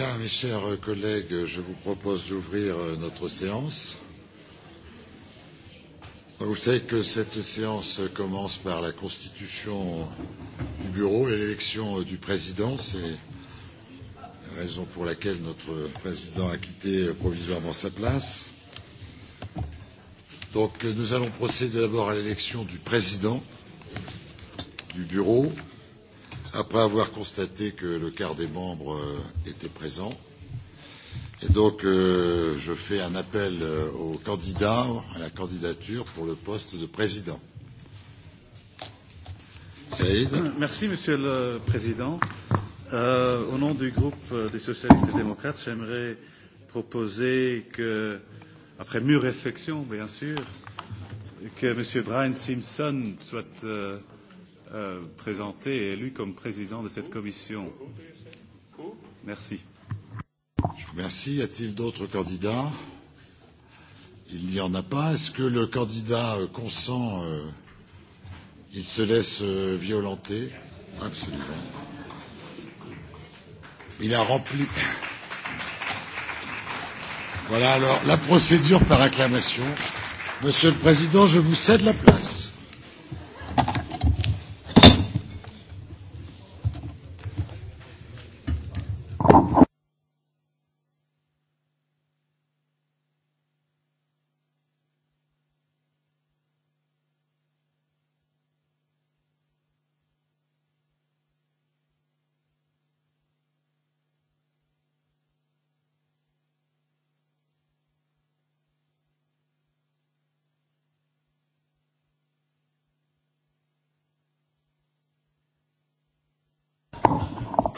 Bien, mes chers collègues, je vous propose d'ouvrir notre séance. Vous savez que cette séance commence par la constitution du bureau et l'élection du président. C'est la raison pour laquelle notre président a quitté provisoirement sa place. Donc nous allons procéder d'abord à l'élection du président du bureau. Euh, après avoir constaté que le quart des membres euh, était présent. Et donc, euh, je fais un appel euh, aux candidats, à la candidature pour le poste de président. Saïd. Merci, Monsieur le Président. Euh, au nom du groupe euh, des socialistes et démocrates, j'aimerais proposer que, après mûre réflexion, bien sûr, que M. Brian Simpson soit euh, euh, présenté et élu comme président de cette commission. Merci. Je vous remercie. Y a-t-il d'autres candidats Il n'y en a pas. Est-ce que le candidat euh, consent euh, Il se laisse euh, violenter Absolument. Il a rempli. Voilà alors la procédure par acclamation. Monsieur le Président, je vous cède la place.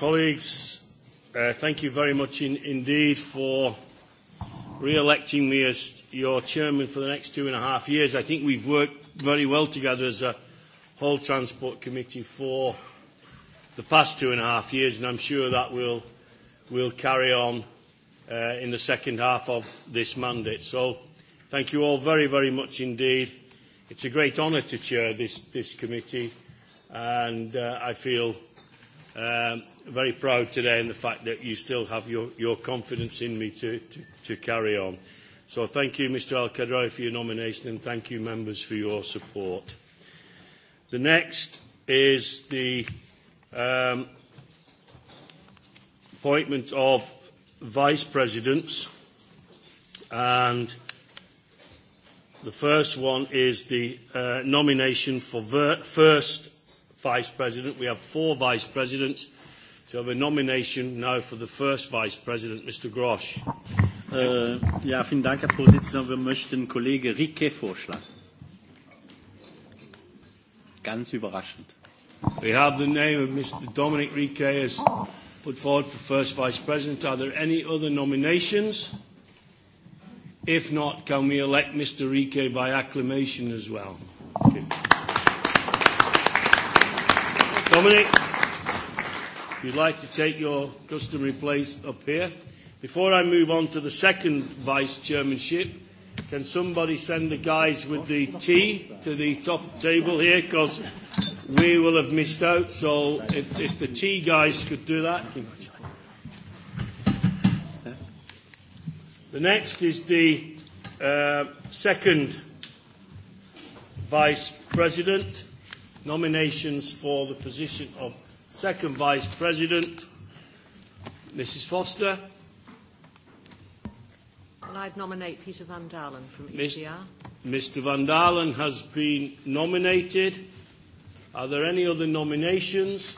colleagues, uh, thank you very much in, indeed for re-electing me as your chairman for the next two and a half years. I think we've worked very well together as a whole transport committee for the past two and a half years, and I'm sure that will will carry on uh, in the second half of this mandate. So thank you all very, very much indeed. It's a great honour to chair this, this committee, and uh, I feel – Um, very proud today in the fact that you still have your, your confidence in me to, to, to carry on. So thank you, Mr Al Qadrawi, for your nomination, and thank you, members, for your support. The next is the um, appointment of vice presidents, and the first one is the uh, nomination for ver- first vice president. We have four vice presidents. So we have a nomination now for the first vice president, Mr. Grosch. Äh, ja, vielen Dank, Herr Vorsitzender. Wir möchten Kollege Rike vorschlagen. Ganz überraschend. We have the name of Mr. Dominic Rike as put forward for first vice president. Are there any other nominations? If not, can we elect Mr. Rike by acclamation as well? Thank you. Dominic, if you'd like to take your customary place up here. Before I move on to the second vice chairmanship, can somebody send the guys with the tea to the top table here? Because we will have missed out. So if, if the tea guys could do that. The next is the uh, second vice president nominations for the position of Second Vice President. Mrs Foster. And I'd nominate Peter Van Dalen from ECR. Ms, Mr Van Dalen has been nominated. Are there any other nominations?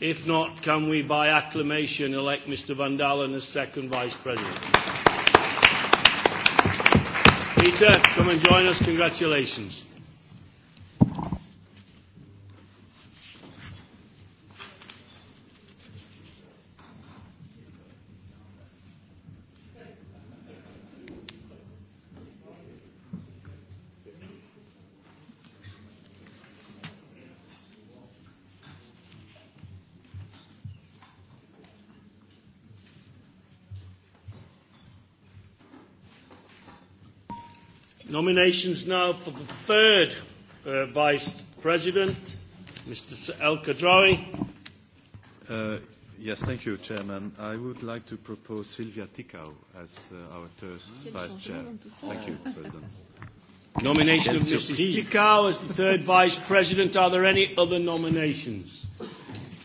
If not, can we by acclamation elect Mr Van Dalen as second Vice President? Peter, come and join us. Congratulations. Nominations now for the third uh, Vice President, Mr. El Khadraoui. Uh, yes, thank you, Chairman. I would like to propose Silvia Ticau as uh, our third Vice Chair. Thank you, President. Nomination of Mrs. Ticau as the third Vice President. Are there any other nominations?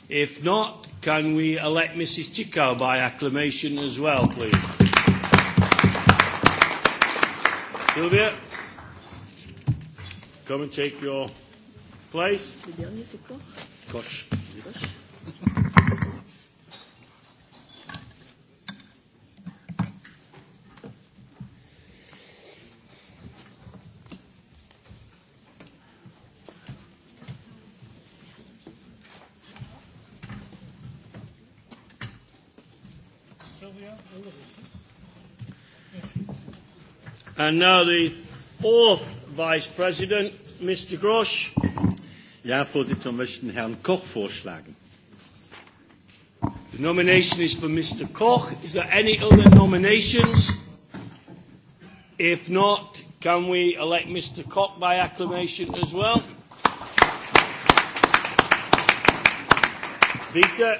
If not, can we elect Mrs. Ticau by acclamation as well, please? Sylvia, come and take your place. Le dernier, c'est quoi Koch. Koch. And now the fourth Vice President, Mr. Grosch. Ja, Vorsitzender, wir möchten Herrn Koch vorschlagen. The nomination is for Mr. Koch. Is there any other nominations? If not, can we elect Mr. Koch by acclamation as well? Peter,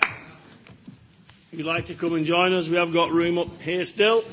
if you'd like to come and join us, we have got room up here still.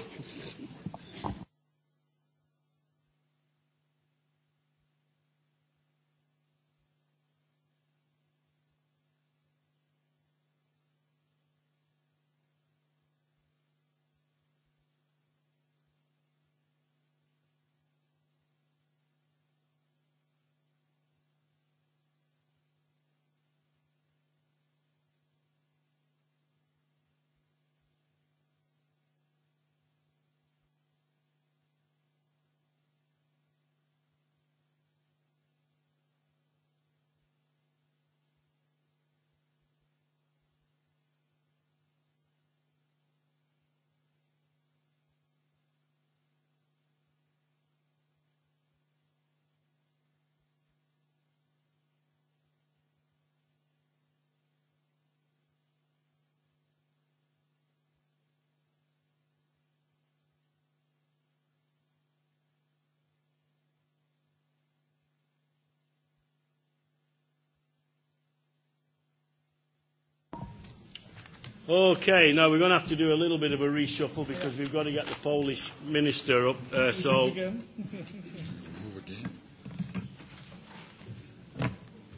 Okay, now we're going to have to do a little bit of a reshuffle because we've got to get the Polish minister up. Uh, so.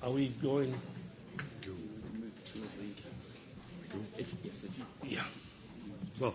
Are we going? Go. If, yes, if you... Yeah. Well.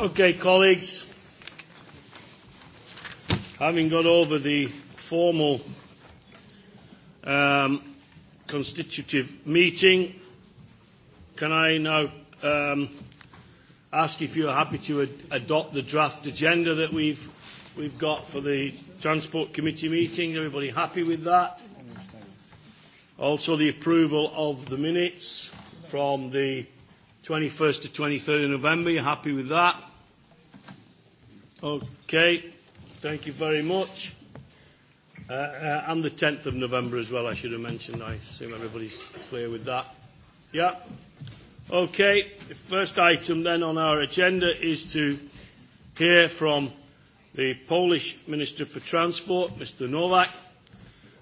Okay, colleagues, having got over the formal um, constitutive meeting, can I now um, ask if you're happy to ad- adopt the draft agenda that we've, we've got for the Transport Committee meeting? Everybody happy with that? Also, the approval of the minutes from the 21st to 23rd of November. You happy with that? Okay, thank you very much. Uh, uh, and the 10th of November as well, I should have mentioned. I assume everybody's clear with that. Yeah. Okay, the first item then on our agenda is to hear from the Polish Minister for Transport, Mr. Nowak,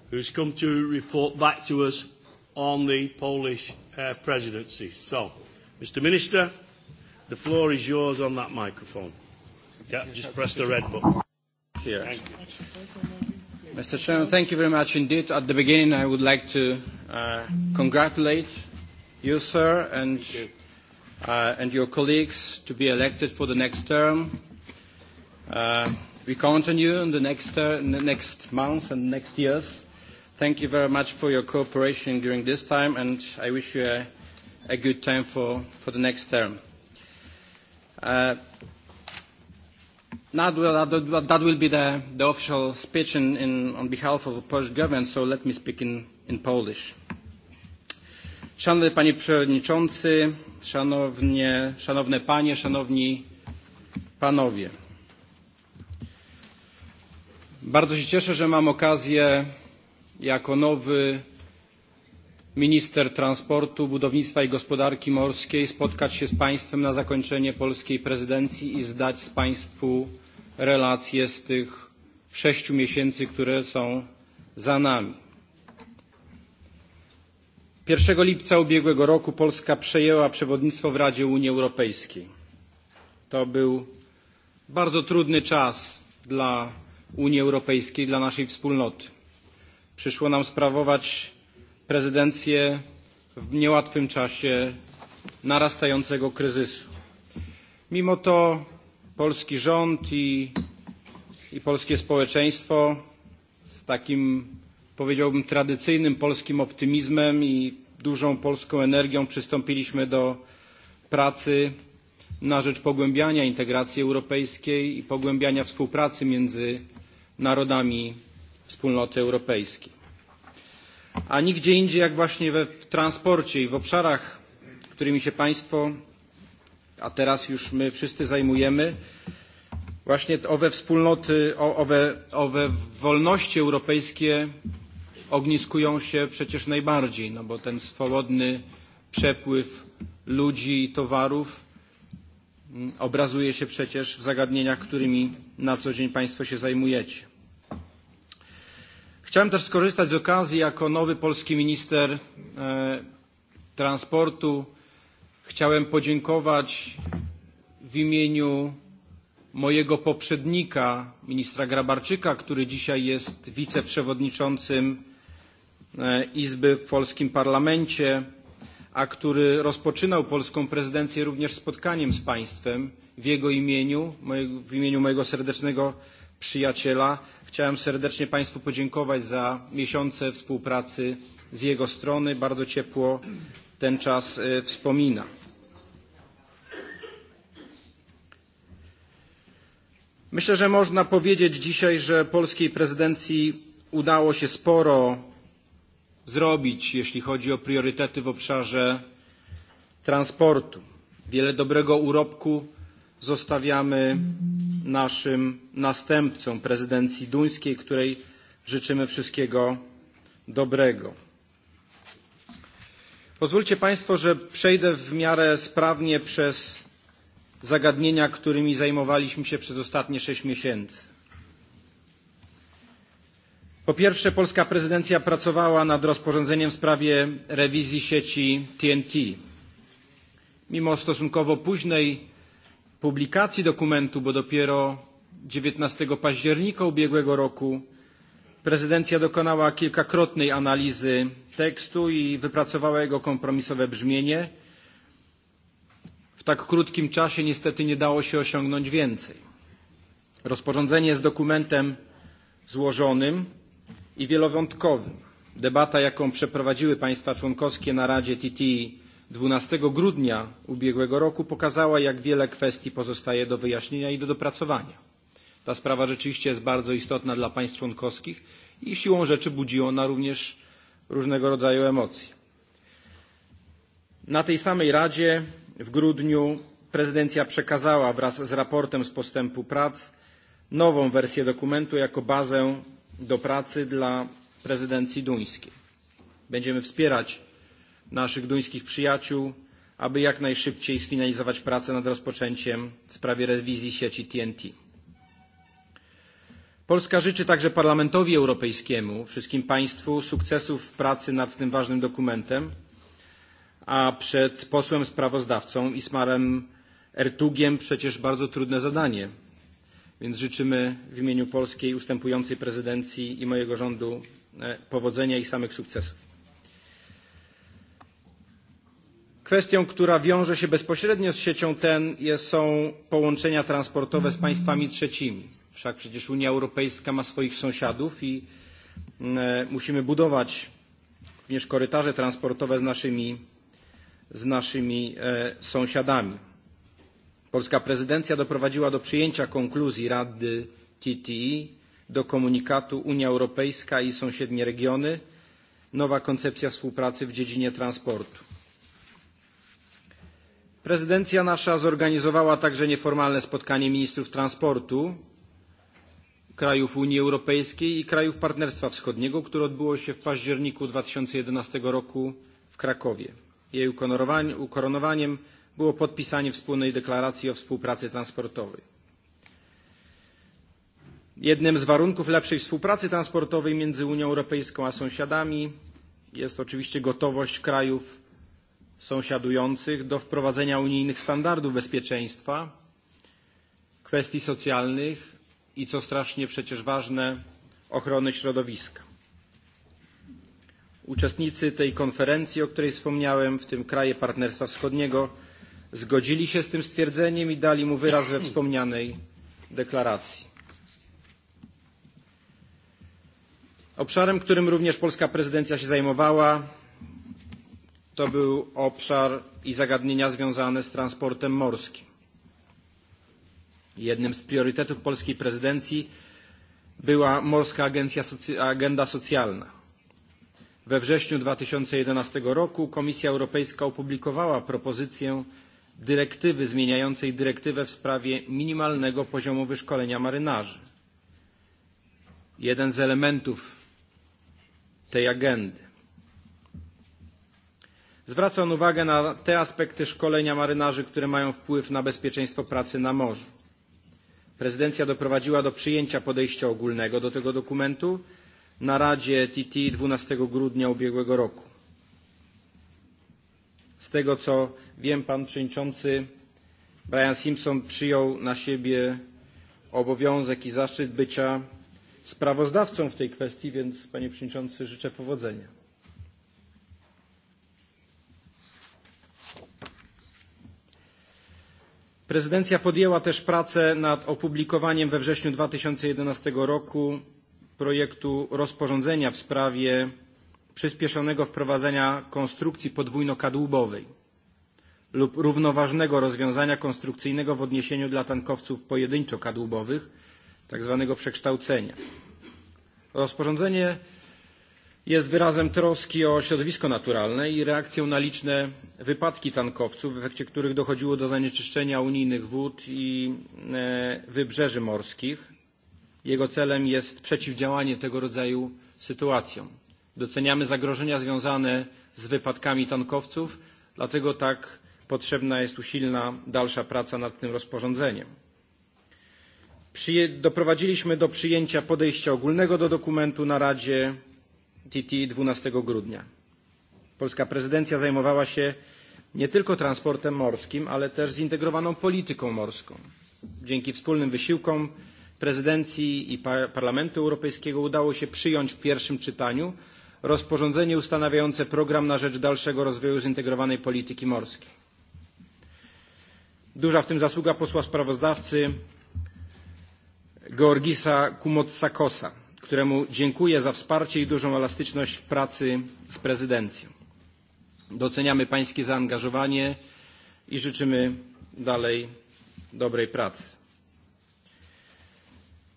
who's come to report back to us on the Polish uh, presidency. So, Mr. Minister, the floor is yours on that microphone. Yeah, just press the red button. Here. Mr. Chairman, thank you very much indeed. At the beginning, I would like to uh, congratulate you, sir, and, you. Uh, and your colleagues to be elected for the next term. Uh, we count on you in the next, uh, in the next months and next years. Thank you very much for your cooperation during this time, and I wish you a, a good time for, for the next term. Uh, Now uh, that will be the, the official speech in, in, on behalf of the Polish government, so let me speak in, in Polish. Szanowny Panie Przewodniczący, szanownie, Szanowne Panie, Szanowni Panowie. Bardzo się cieszę, że mam okazję jako nowy minister transportu, budownictwa i gospodarki morskiej spotkać się z Państwem na zakończenie polskiej prezydencji i zdać z Państwu relacje z tych sześciu miesięcy, które są za nami. 1 lipca ubiegłego roku Polska przejęła przewodnictwo w Radzie Unii Europejskiej. To był bardzo trudny czas dla Unii Europejskiej, dla naszej wspólnoty. Przyszło nam sprawować prezydencję w niełatwym czasie narastającego kryzysu. Mimo to polski rząd i, i polskie społeczeństwo z takim, powiedziałbym, tradycyjnym polskim optymizmem i dużą polską energią przystąpiliśmy do pracy na rzecz pogłębiania integracji europejskiej i pogłębiania współpracy między narodami wspólnoty europejskiej a nigdzie indziej jak właśnie we, w transporcie i w obszarach, którymi się Państwo, a teraz już my wszyscy zajmujemy, właśnie owe wspólnoty, o, owe, owe wolności europejskie ogniskują się przecież najbardziej, no bo ten swobodny przepływ ludzi i towarów mm, obrazuje się przecież w zagadnieniach, którymi na co dzień Państwo się zajmujecie. Chciałem też skorzystać z okazji, jako nowy polski minister e, transportu, chciałem podziękować w imieniu mojego poprzednika, ministra Grabarczyka, który dzisiaj jest wiceprzewodniczącym e, Izby w polskim parlamencie, a który rozpoczynał polską prezydencję również spotkaniem z państwem w jego imieniu, w imieniu mojego serdecznego przyjaciela, Chciałem serdecznie Państwu podziękować za miesiące współpracy z jego strony. Bardzo ciepło ten czas e, wspomina. Myślę, że można powiedzieć dzisiaj, że polskiej prezydencji udało się sporo zrobić, jeśli chodzi o priorytety w obszarze transportu. Wiele dobrego urobku zostawiamy naszym następcom prezydencji duńskiej, której życzymy wszystkiego dobrego. Pozwólcie Państwo, że przejdę w miarę sprawnie przez zagadnienia, którymi zajmowaliśmy się przez ostatnie sześć miesięcy. Po pierwsze, polska prezydencja pracowała nad rozporządzeniem w sprawie rewizji sieci TNT. Mimo stosunkowo późnej publikacji dokumentu, bo dopiero 19 października ubiegłego roku prezydencja dokonała kilkakrotnej analizy tekstu i wypracowała jego kompromisowe brzmienie. W tak krótkim czasie niestety nie dało się osiągnąć więcej. Rozporządzenie jest dokumentem złożonym i wielowątkowym. Debata, jaką przeprowadziły państwa członkowskie na Radzie TTI 12 grudnia ubiegłego roku pokazała, jak wiele kwestii pozostaje do wyjaśnienia i do dopracowania. Ta sprawa rzeczywiście jest bardzo istotna dla państw członkowskich i siłą rzeczy budzi ona również różnego rodzaju emocje. Na tej samej Radzie w grudniu prezydencja przekazała wraz z raportem z postępu prac nową wersję dokumentu jako bazę do pracy dla prezydencji duńskiej. Będziemy wspierać naszych duńskich przyjaciół, aby jak najszybciej sfinalizować pracę nad rozpoczęciem w sprawie rewizji sieci TNT. Polska życzy także Parlamentowi Europejskiemu, wszystkim Państwu sukcesów w pracy nad tym ważnym dokumentem, a przed posłem sprawozdawcą Ismarem Ertugiem przecież bardzo trudne zadanie, więc życzymy w imieniu polskiej ustępującej prezydencji i mojego rządu e, powodzenia i samych sukcesów. Kwestią, która wiąże się bezpośrednio z siecią TEN są połączenia transportowe z mhm. państwami trzecimi. Wszak przecież Unia Europejska ma swoich sąsiadów i mm, e, musimy budować również korytarze transportowe z naszymi, z naszymi e, sąsiadami. Polska prezydencja doprowadziła do przyjęcia konkluzji Rady TTI e, do komunikatu Unia Europejska i sąsiednie regiony nowa koncepcja współpracy w dziedzinie transportu. Prezydencja nasza zorganizowała także nieformalne spotkanie ministrów transportu krajów Unii Europejskiej i krajów Partnerstwa Wschodniego, które odbyło się w październiku 2011 roku w Krakowie. Jej ukoronowaniem było podpisanie wspólnej deklaracji o współpracy transportowej. Jednym z warunków lepszej współpracy transportowej między Unią Europejską a sąsiadami jest oczywiście gotowość krajów sąsiadujących do wprowadzenia unijnych standardów bezpieczeństwa, kwestii socjalnych i, co strasznie przecież ważne, ochrony środowiska. Uczestnicy tej konferencji, o której wspomniałem, w tym kraje Partnerstwa Wschodniego, zgodzili się z tym stwierdzeniem i dali mu wyraz we wspomnianej deklaracji. Obszarem, którym również polska prezydencja się zajmowała, to był obszar i zagadnienia związane z transportem morskim. Jednym z priorytetów polskiej prezydencji była Morska Agencja Socy Agenda Socjalna. We wrześniu 2011 roku Komisja Europejska opublikowała propozycję dyrektywy zmieniającej dyrektywę w sprawie minimalnego poziomu wyszkolenia marynarzy. Jeden z elementów tej agendy Zwraca on uwagę na te aspekty szkolenia marynarzy, które mają wpływ na bezpieczeństwo pracy na morzu. Prezydencja doprowadziła do przyjęcia podejścia ogólnego do tego dokumentu na Radzie TT 12 grudnia ubiegłego roku. Z tego co wiem, pan przewodniczący Brian Simpson przyjął na siebie obowiązek i zaszczyt bycia sprawozdawcą w tej kwestii, więc panie przewodniczący życzę powodzenia. Prezydencja podjęła też pracę nad opublikowaniem we wrześniu 2011 roku projektu rozporządzenia w sprawie przyspieszonego wprowadzenia konstrukcji podwójnokadłubowej lub równoważnego rozwiązania konstrukcyjnego w odniesieniu dla tankowców pojedynczo-kadłubowych, tzw. przekształcenia. Rozporządzenie jest wyrazem troski o środowisko naturalne i reakcją na liczne wypadki tankowców, w efekcie których dochodziło do zanieczyszczenia unijnych wód i e, wybrzeży morskich. Jego celem jest przeciwdziałanie tego rodzaju sytuacjom. Doceniamy zagrożenia związane z wypadkami tankowców, dlatego tak potrzebna jest usilna dalsza praca nad tym rozporządzeniem. Przyje doprowadziliśmy do przyjęcia podejścia ogólnego do dokumentu na Radzie TT 12 grudnia. Polska prezydencja zajmowała się nie tylko transportem morskim, ale też zintegrowaną polityką morską. Dzięki wspólnym wysiłkom prezydencji i par Parlamentu Europejskiego udało się przyjąć w pierwszym czytaniu rozporządzenie ustanawiające program na rzecz dalszego rozwoju zintegrowanej polityki morskiej. Duża w tym zasługa posła sprawozdawcy Georgisa Kumotsakosa któremu dziękuję za wsparcie i dużą elastyczność w pracy z prezydencją. Doceniamy pańskie zaangażowanie i życzymy dalej dobrej pracy.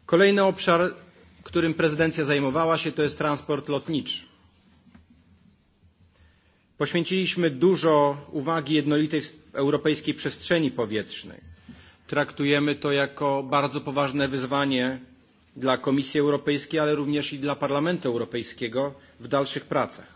Kolejny obszar, którym prezydencja zajmowała się, to jest transport lotniczy. Poświęciliśmy dużo uwagi jednolitej europejskiej przestrzeni powietrznej. Traktujemy to jako bardzo poważne wyzwanie dla Komisji Europejskiej, ale również i dla Parlamentu Europejskiego w dalszych pracach.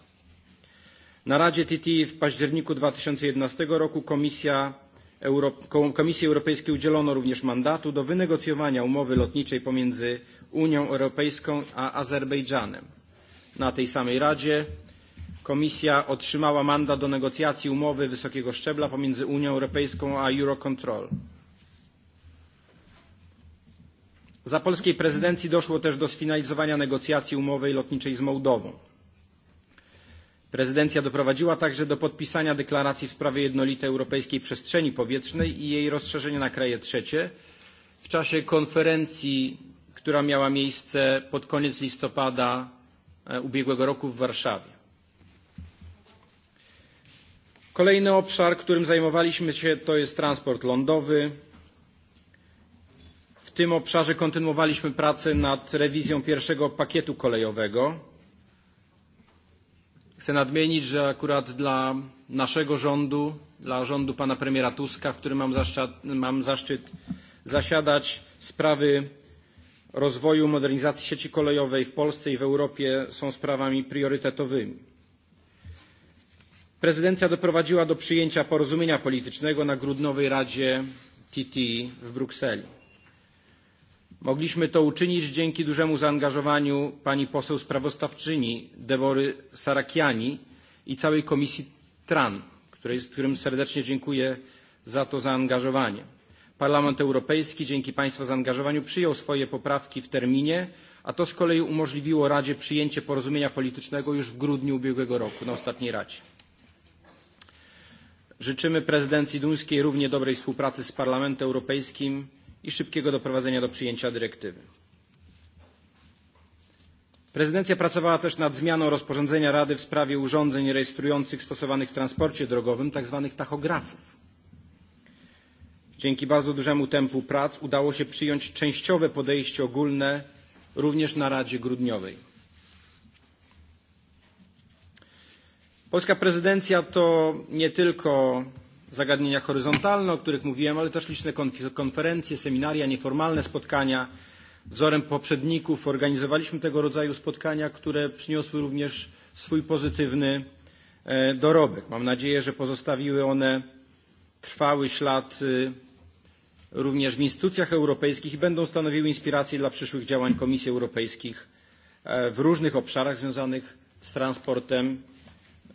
Na Radzie TTI w październiku 2011 roku Komisja Euro Komisji Europejskiej udzielono również mandatu do wynegocjowania umowy lotniczej pomiędzy Unią Europejską a Azerbejdżanem. Na tej samej Radzie Komisja otrzymała mandat do negocjacji umowy wysokiego szczebla pomiędzy Unią Europejską a Eurocontrol. Za polskiej prezydencji doszło też do sfinalizowania negocjacji umowy lotniczej z Mołdową. Prezydencja doprowadziła także do podpisania deklaracji w sprawie jednolitej europejskiej przestrzeni powietrznej i jej rozszerzenia na kraje trzecie w czasie konferencji, która miała miejsce pod koniec listopada e, ubiegłego roku w Warszawie. Kolejny obszar, którym zajmowaliśmy się, to jest transport lądowy tym obszarze kontynuowaliśmy pracę nad rewizją pierwszego pakietu kolejowego. Chcę nadmienić, że akurat dla naszego rządu, dla rządu pana premiera Tuska, w którym mam zaszczyt, mam zaszczyt zasiadać, sprawy rozwoju, modernizacji sieci kolejowej w Polsce i w Europie są sprawami priorytetowymi. Prezydencja doprowadziła do przyjęcia porozumienia politycznego na grudnowej Radzie TTI w Brukseli. Mogliśmy to uczynić dzięki dużemu zaangażowaniu pani poseł sprawozdawczyni Debory Sarakiani i całej komisji TRAN, której, którym serdecznie dziękuję za to zaangażowanie. Parlament Europejski dzięki Państwa zaangażowaniu przyjął swoje poprawki w terminie, a to z kolei umożliwiło Radzie przyjęcie porozumienia politycznego już w grudniu ubiegłego roku na ostatniej Radzie. Życzymy prezydencji duńskiej równie dobrej współpracy z Parlamentem Europejskim i szybkiego doprowadzenia do przyjęcia dyrektywy. Prezydencja pracowała też nad zmianą rozporządzenia Rady w sprawie urządzeń rejestrujących stosowanych w transporcie drogowym, tzw. tachografów. Dzięki bardzo dużemu tempu prac udało się przyjąć częściowe podejście ogólne również na Radzie Grudniowej. Polska prezydencja to nie tylko zagadnienia horyzontalne, o których mówiłem, ale też liczne konferencje, seminaria, nieformalne spotkania. Wzorem poprzedników organizowaliśmy tego rodzaju spotkania, które przyniosły również swój pozytywny e, dorobek. Mam nadzieję, że pozostawiły one trwały ślad również w instytucjach europejskich i będą stanowiły inspirację dla przyszłych działań Komisji Europejskich e, w różnych obszarach związanych z transportem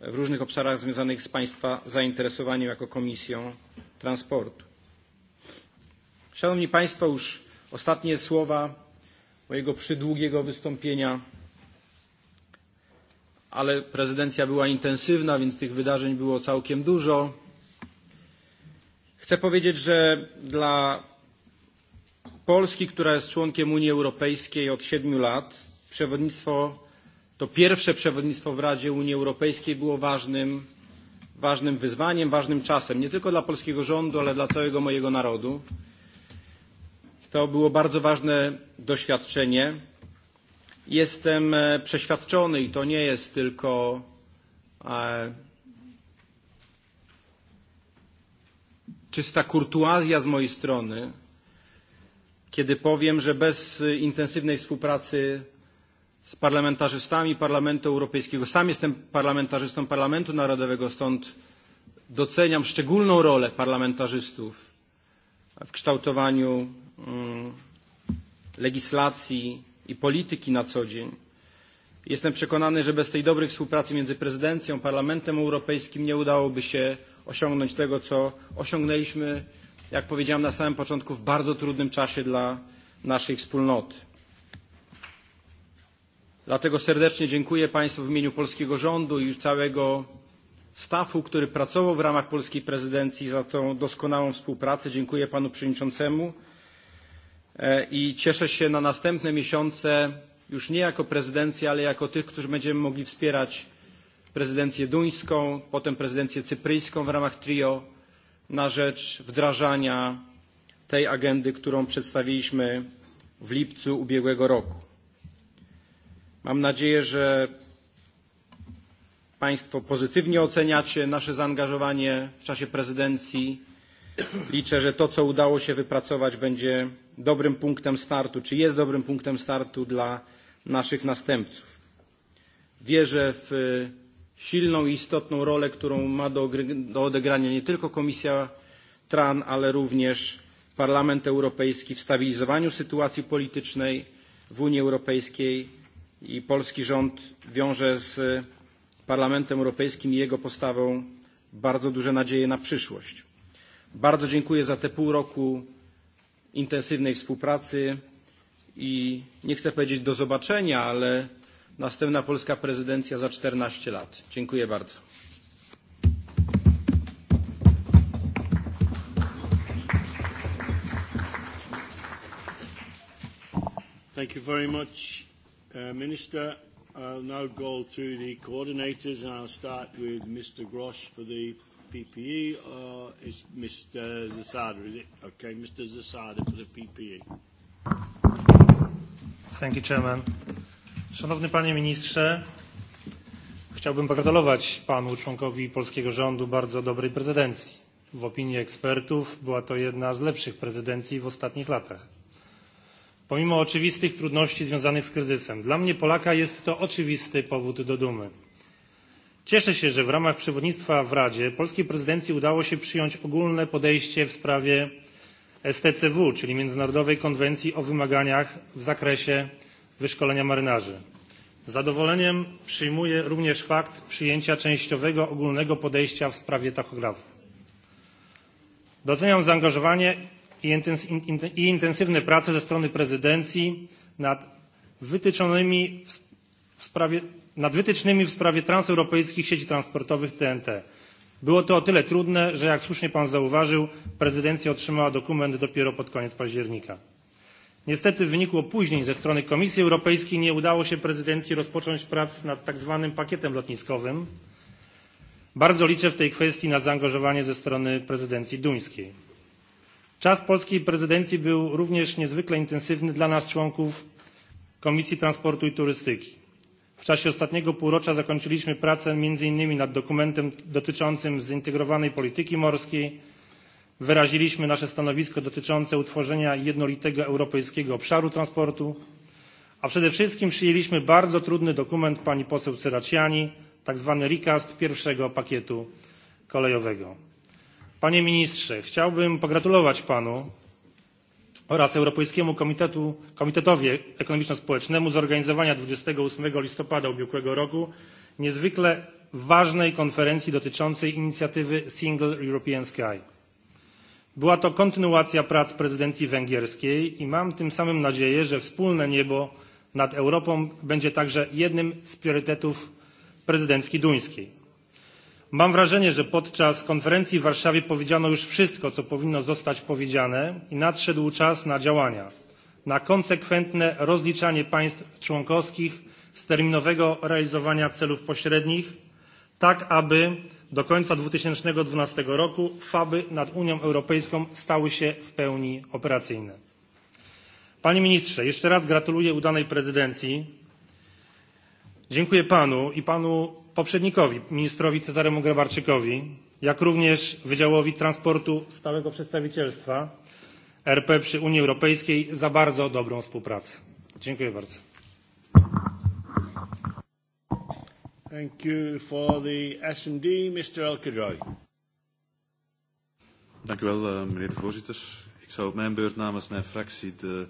w różnych obszarach związanych z Państwa zainteresowaniem jako Komisją Transportu. Szanowni Państwo, już ostatnie słowa mojego przydługiego wystąpienia, ale prezydencja była intensywna, więc tych wydarzeń było całkiem dużo. Chcę powiedzieć, że dla Polski, która jest członkiem Unii Europejskiej od siedmiu lat, przewodnictwo To pierwsze przewodnictwo w Radzie Unii Europejskiej było ważnym, ważnym wyzwaniem, ważnym czasem, nie tylko dla polskiego rządu, ale dla całego mojego narodu. To było bardzo ważne doświadczenie. Jestem e, przeświadczony i to nie jest tylko e, czysta kurtuazja z mojej strony, kiedy powiem, że bez e, intensywnej współpracy z parlamentarzystami Parlamentu Europejskiego. Sam jestem parlamentarzystą Parlamentu Narodowego, stąd doceniam szczególną rolę parlamentarzystów w kształtowaniu mm, legislacji i polityki na co dzień. Jestem przekonany, że bez tej dobrej współpracy między prezydencją, Parlamentem Europejskim nie udałoby się osiągnąć tego, co osiągnęliśmy, jak powiedziałem na samym początku, w bardzo trudnym czasie dla naszej wspólnoty. Dlatego serdecznie dziękuję Państwu w imieniu polskiego rządu i całego stafu, który pracował w ramach polskiej prezydencji za tą doskonałą współpracę. Dziękuję Panu Przewodniczącemu e, i cieszę się na następne miesiące już nie jako prezydencja, ale jako tych, którzy będziemy mogli wspierać prezydencję duńską, potem prezydencję cypryjską w ramach trio na rzecz wdrażania tej agendy, którą przedstawiliśmy w lipcu ubiegłego roku. Mam nadzieję, że Państwo pozytywnie oceniacie nasze zaangażowanie w czasie prezydencji. Liczę, że to, co udało się wypracować, będzie dobrym punktem startu, czy jest dobrym punktem startu dla naszych następców. Wierzę w silną i istotną rolę, którą ma do, do odegrania nie tylko Komisja TRAN, ale również Parlament Europejski w stabilizowaniu sytuacji politycznej w Unii Europejskiej i polski rząd wiąże z Parlamentem Europejskim i jego postawą bardzo duże nadzieje na przyszłość. Bardzo dziękuję za te pół roku intensywnej współpracy i nie chcę powiedzieć do zobaczenia, ale następna polska prezydencja za 14 lat. Dziękuję bardzo. Thank you very much uh, Minister. I'll now go to the coordinators, and I'll start with Mr. Grosh for the PPE, or uh, is Mr. Zasada, is it? Okay, Mr. Zasada for the PPE. Thank you, Chairman. Szanowny Panie Ministrze, chciałbym pogratulować Panu, członkowi polskiego rządu, bardzo dobrej prezydencji. W opinii ekspertów była to jedna z lepszych prezydencji w ostatnich latach pomimo oczywistych trudności związanych z kryzysem. Dla mnie Polaka jest to oczywisty powód do dumy. Cieszę się, że w ramach przewodnictwa w Radzie polskiej prezydencji udało się przyjąć ogólne podejście w sprawie STCW, czyli Międzynarodowej Konwencji o wymaganiach w zakresie wyszkolenia marynarzy. Z zadowoleniem przyjmuję również fakt przyjęcia częściowego ogólnego podejścia w sprawie tachografu. Doceniam zaangażowanie i intensywne prace ze strony prezydencji nad wytyczonymi w sprawie, nad wytycznymi w sprawie transeuropejskich sieci transportowych TNT. Było to o tyle trudne, że jak słusznie Pan zauważył, prezydencja otrzymała dokument dopiero pod koniec października. Niestety w wyniku opóźnień ze strony Komisji Europejskiej nie udało się prezydencji rozpocząć prac nad tak zwanym pakietem lotniskowym. Bardzo liczę w tej kwestii na zaangażowanie ze strony prezydencji duńskiej. Czas polskiej prezydencji był również niezwykle intensywny dla nas, członków Komisji Transportu i Turystyki. W czasie ostatniego półrocza zakończyliśmy pracę m.in. nad dokumentem dotyczącym zintegrowanej polityki morskiej. Wyraziliśmy nasze stanowisko dotyczące utworzenia jednolitego europejskiego obszaru transportu, a przede wszystkim przyjęliśmy bardzo trudny dokument pani poseł Cyraciani, tak zwany recast pierwszego pakietu kolejowego. Panie ministrze, chciałbym pogratulować panu oraz Europejskiemu Komitetu, Komitetowi Ekonomiczno-Społecznemu zorganizowania 28 listopada ubiegłego roku niezwykle ważnej konferencji dotyczącej inicjatywy Single European Sky. Była to kontynuacja prac prezydencji węgierskiej i mam tym samym nadzieję, że wspólne niebo nad Europą będzie także jednym z priorytetów prezydencji duńskiej. Mam wrażenie, że podczas konferencji w Warszawie powiedziano już wszystko, co powinno zostać powiedziane i nadszedł czas na działania, na konsekwentne rozliczanie państw członkowskich z terminowego realizowania celów pośrednich, tak aby do końca 2012 roku faby nad Unią Europejską stały się w pełni operacyjne. Panie ministrze, jeszcze raz gratuluję udanej prezydencji. Dziękuję panu i panu poprzednikowi, ministrowi Cezaremu Grabarczykowi, jak również Wydziałowi Transportu Stałego Przedstawicielstwa RP przy Unii Europejskiej za bardzo dobrą współpracę. Dziękuję bardzo. Thank you for the S&D, Mr. Elkedroy. Dank u wel, eh, meneer de voorzitter. Ik zou op mijn beurt namens mijn fractie de,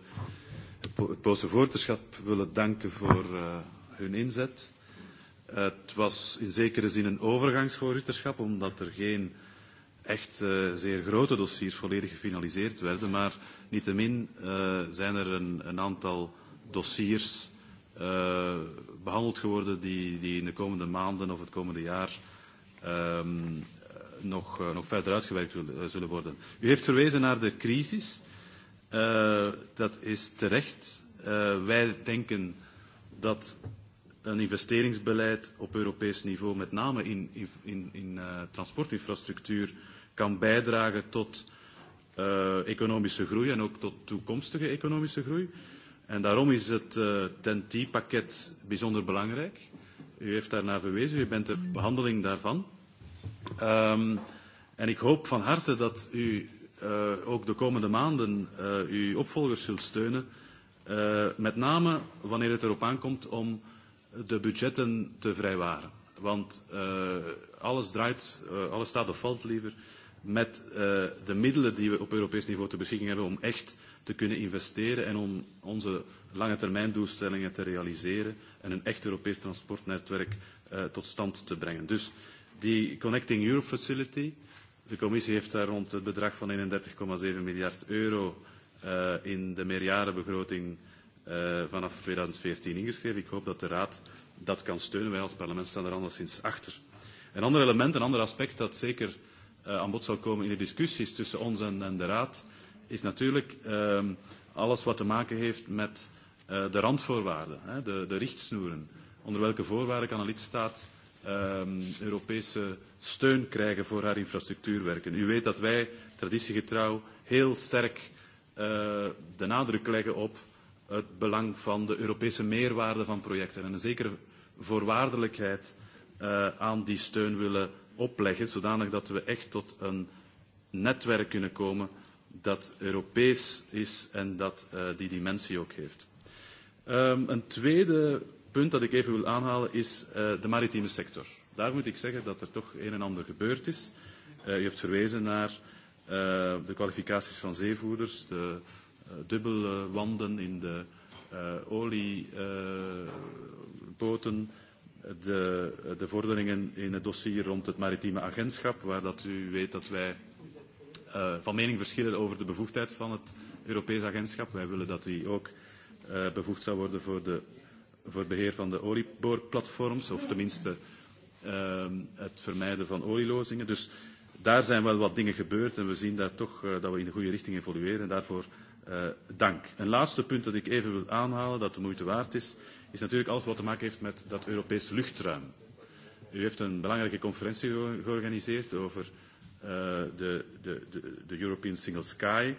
het Poolse voorzitterschap willen danken voor uh, hun inzet. Het was in zekere zin een overgangsvoorzitterschap, omdat er geen echt uh, zeer grote dossiers volledig gefinaliseerd werden. Maar niettemin uh, zijn er een, een aantal dossiers uh, behandeld geworden die, die in de komende maanden of het komende jaar um, nog, uh, nog verder uitgewerkt wil, uh, zullen worden. U heeft verwezen naar de crisis. Uh, dat is terecht. Uh, wij denken dat een investeringsbeleid op Europees niveau, met name in, in, in uh, transportinfrastructuur, kan bijdragen tot uh, economische groei en ook tot toekomstige economische groei. En daarom is het uh, eh, TEN-T-pakket bijzonder belangrijk. U heeft daarnaar verwezen, u bent de behandeling daarvan. Um, en ik hoop van harte dat u uh, ook de komende maanden uh, uw opvolgers zult steunen, uh, met name wanneer het erop aankomt om de budgetten te vrijwaren. Want uh, alles draait, uh, alles staat of valt liever met uh, de middelen die we op Europees niveau te beschikking hebben om echt te kunnen investeren en om onze lange termijn doelstellingen te realiseren en een echt Europees transportnetwerk uh, tot stand te brengen. Dus die Connecting Europe Facility, de commissie heeft daar rond het bedrag van 31,7 miljard euro uh, in de meerjarenbegroting uh, uh, vanaf 2014 ingeschreven. Ik hoop dat de Raad dat kan steunen. Wij als parlement staan er anderszins achter. Een ander element, een ander aspect dat zeker uh, aan bod zal komen in de discussies tussen ons en, en de Raad, is natuurlijk uh, alles wat te maken heeft met uh, de randvoorwaarden, hè, de, de richtsnoeren. Onder welke voorwaarden kan een lidstaat uh, Europese steun krijgen voor haar infrastructuurwerken? U weet dat wij traditiegetrouw heel sterk uh, de nadruk leggen op het belang van de Europese meerwaarde van projecten en een zekere voorwaardelijkheid uh, aan die steun willen opleggen, zodanig dat we echt tot een netwerk kunnen komen dat Europees is en dat uh, die dimensie ook heeft. Um, een tweede punt dat ik even wil aanhalen is uh, de maritieme sector. Daar moet ik zeggen dat er toch een en ander gebeurd is. Uh, u heeft verwezen naar uh, de kwalificaties van zeevoerders, de Eh, dubbele wanden in de uh, olieboten, uh, de, de vorderingen in het dossier rond het maritieme agentschap, waar dat u weet dat wij uh, van mening verschillen over de bevoegdheid van het Europees agentschap. Wij willen dat die ook uh, bevoegd zou worden voor, de, voor het beheer van de olieboorplatforms, of tenminste uh, het vermijden van olielozingen. Dus daar zijn wel wat dingen gebeurd en we zien daar toch uh, dat we in de goede richting evolueren. En daarvoor uh, uh, dank. Een laatste punt dat ik even wil aanhalen, dat de moeite waard is, is natuurlijk alles wat te maken heeft met dat Europees luchtruim. U heeft een belangrijke conferentie ge georganiseerd over uh, de, de, de, de European Single Sky.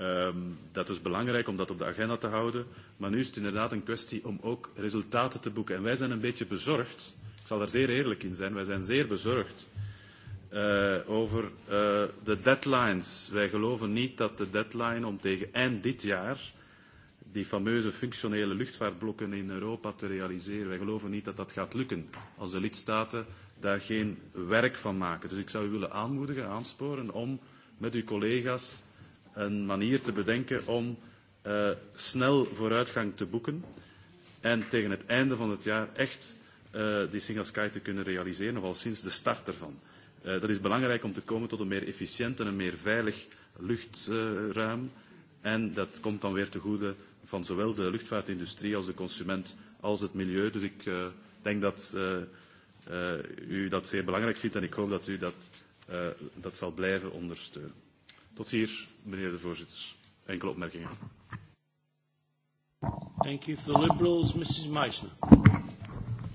Um, dat is belangrijk om dat op de agenda te houden. Maar nu is het inderdaad een kwestie om ook resultaten te boeken. En wij zijn een beetje bezorgd, ik zal daar zeer eerlijk in zijn, wij zijn zeer bezorgd uh, over uh, de deadlines. Wij geloven niet dat de deadline om tegen eind dit jaar die fameuze functionele luchtvaartblokken in Europa te realiseren. Wij geloven niet dat dat gaat lukken als de lidstaten daar geen werk van maken. Dus ik zou u willen aanmoedigen, aansporen om met uw collega's een manier te bedenken om uh, snel vooruitgang te boeken en tegen het einde van het jaar echt uh, die Single Sky te kunnen realiseren, of al sinds de start ervan. Uh, dat is belangrijk om te komen tot een meer efficiënt en een meer veilig luchtruim. Uh, en dat komt dan weer te goede van zowel de luchtvaartindustrie als de consument als het milieu. Dus ik uh, denk dat uh, uh, u dat zeer belangrijk vindt en ik hoop dat u dat, uh, dat zal blijven ondersteunen. Tot hier, meneer de voorzitter. Enkele opmerkingen. Thank you for the Liberals, Mrs. Meissner.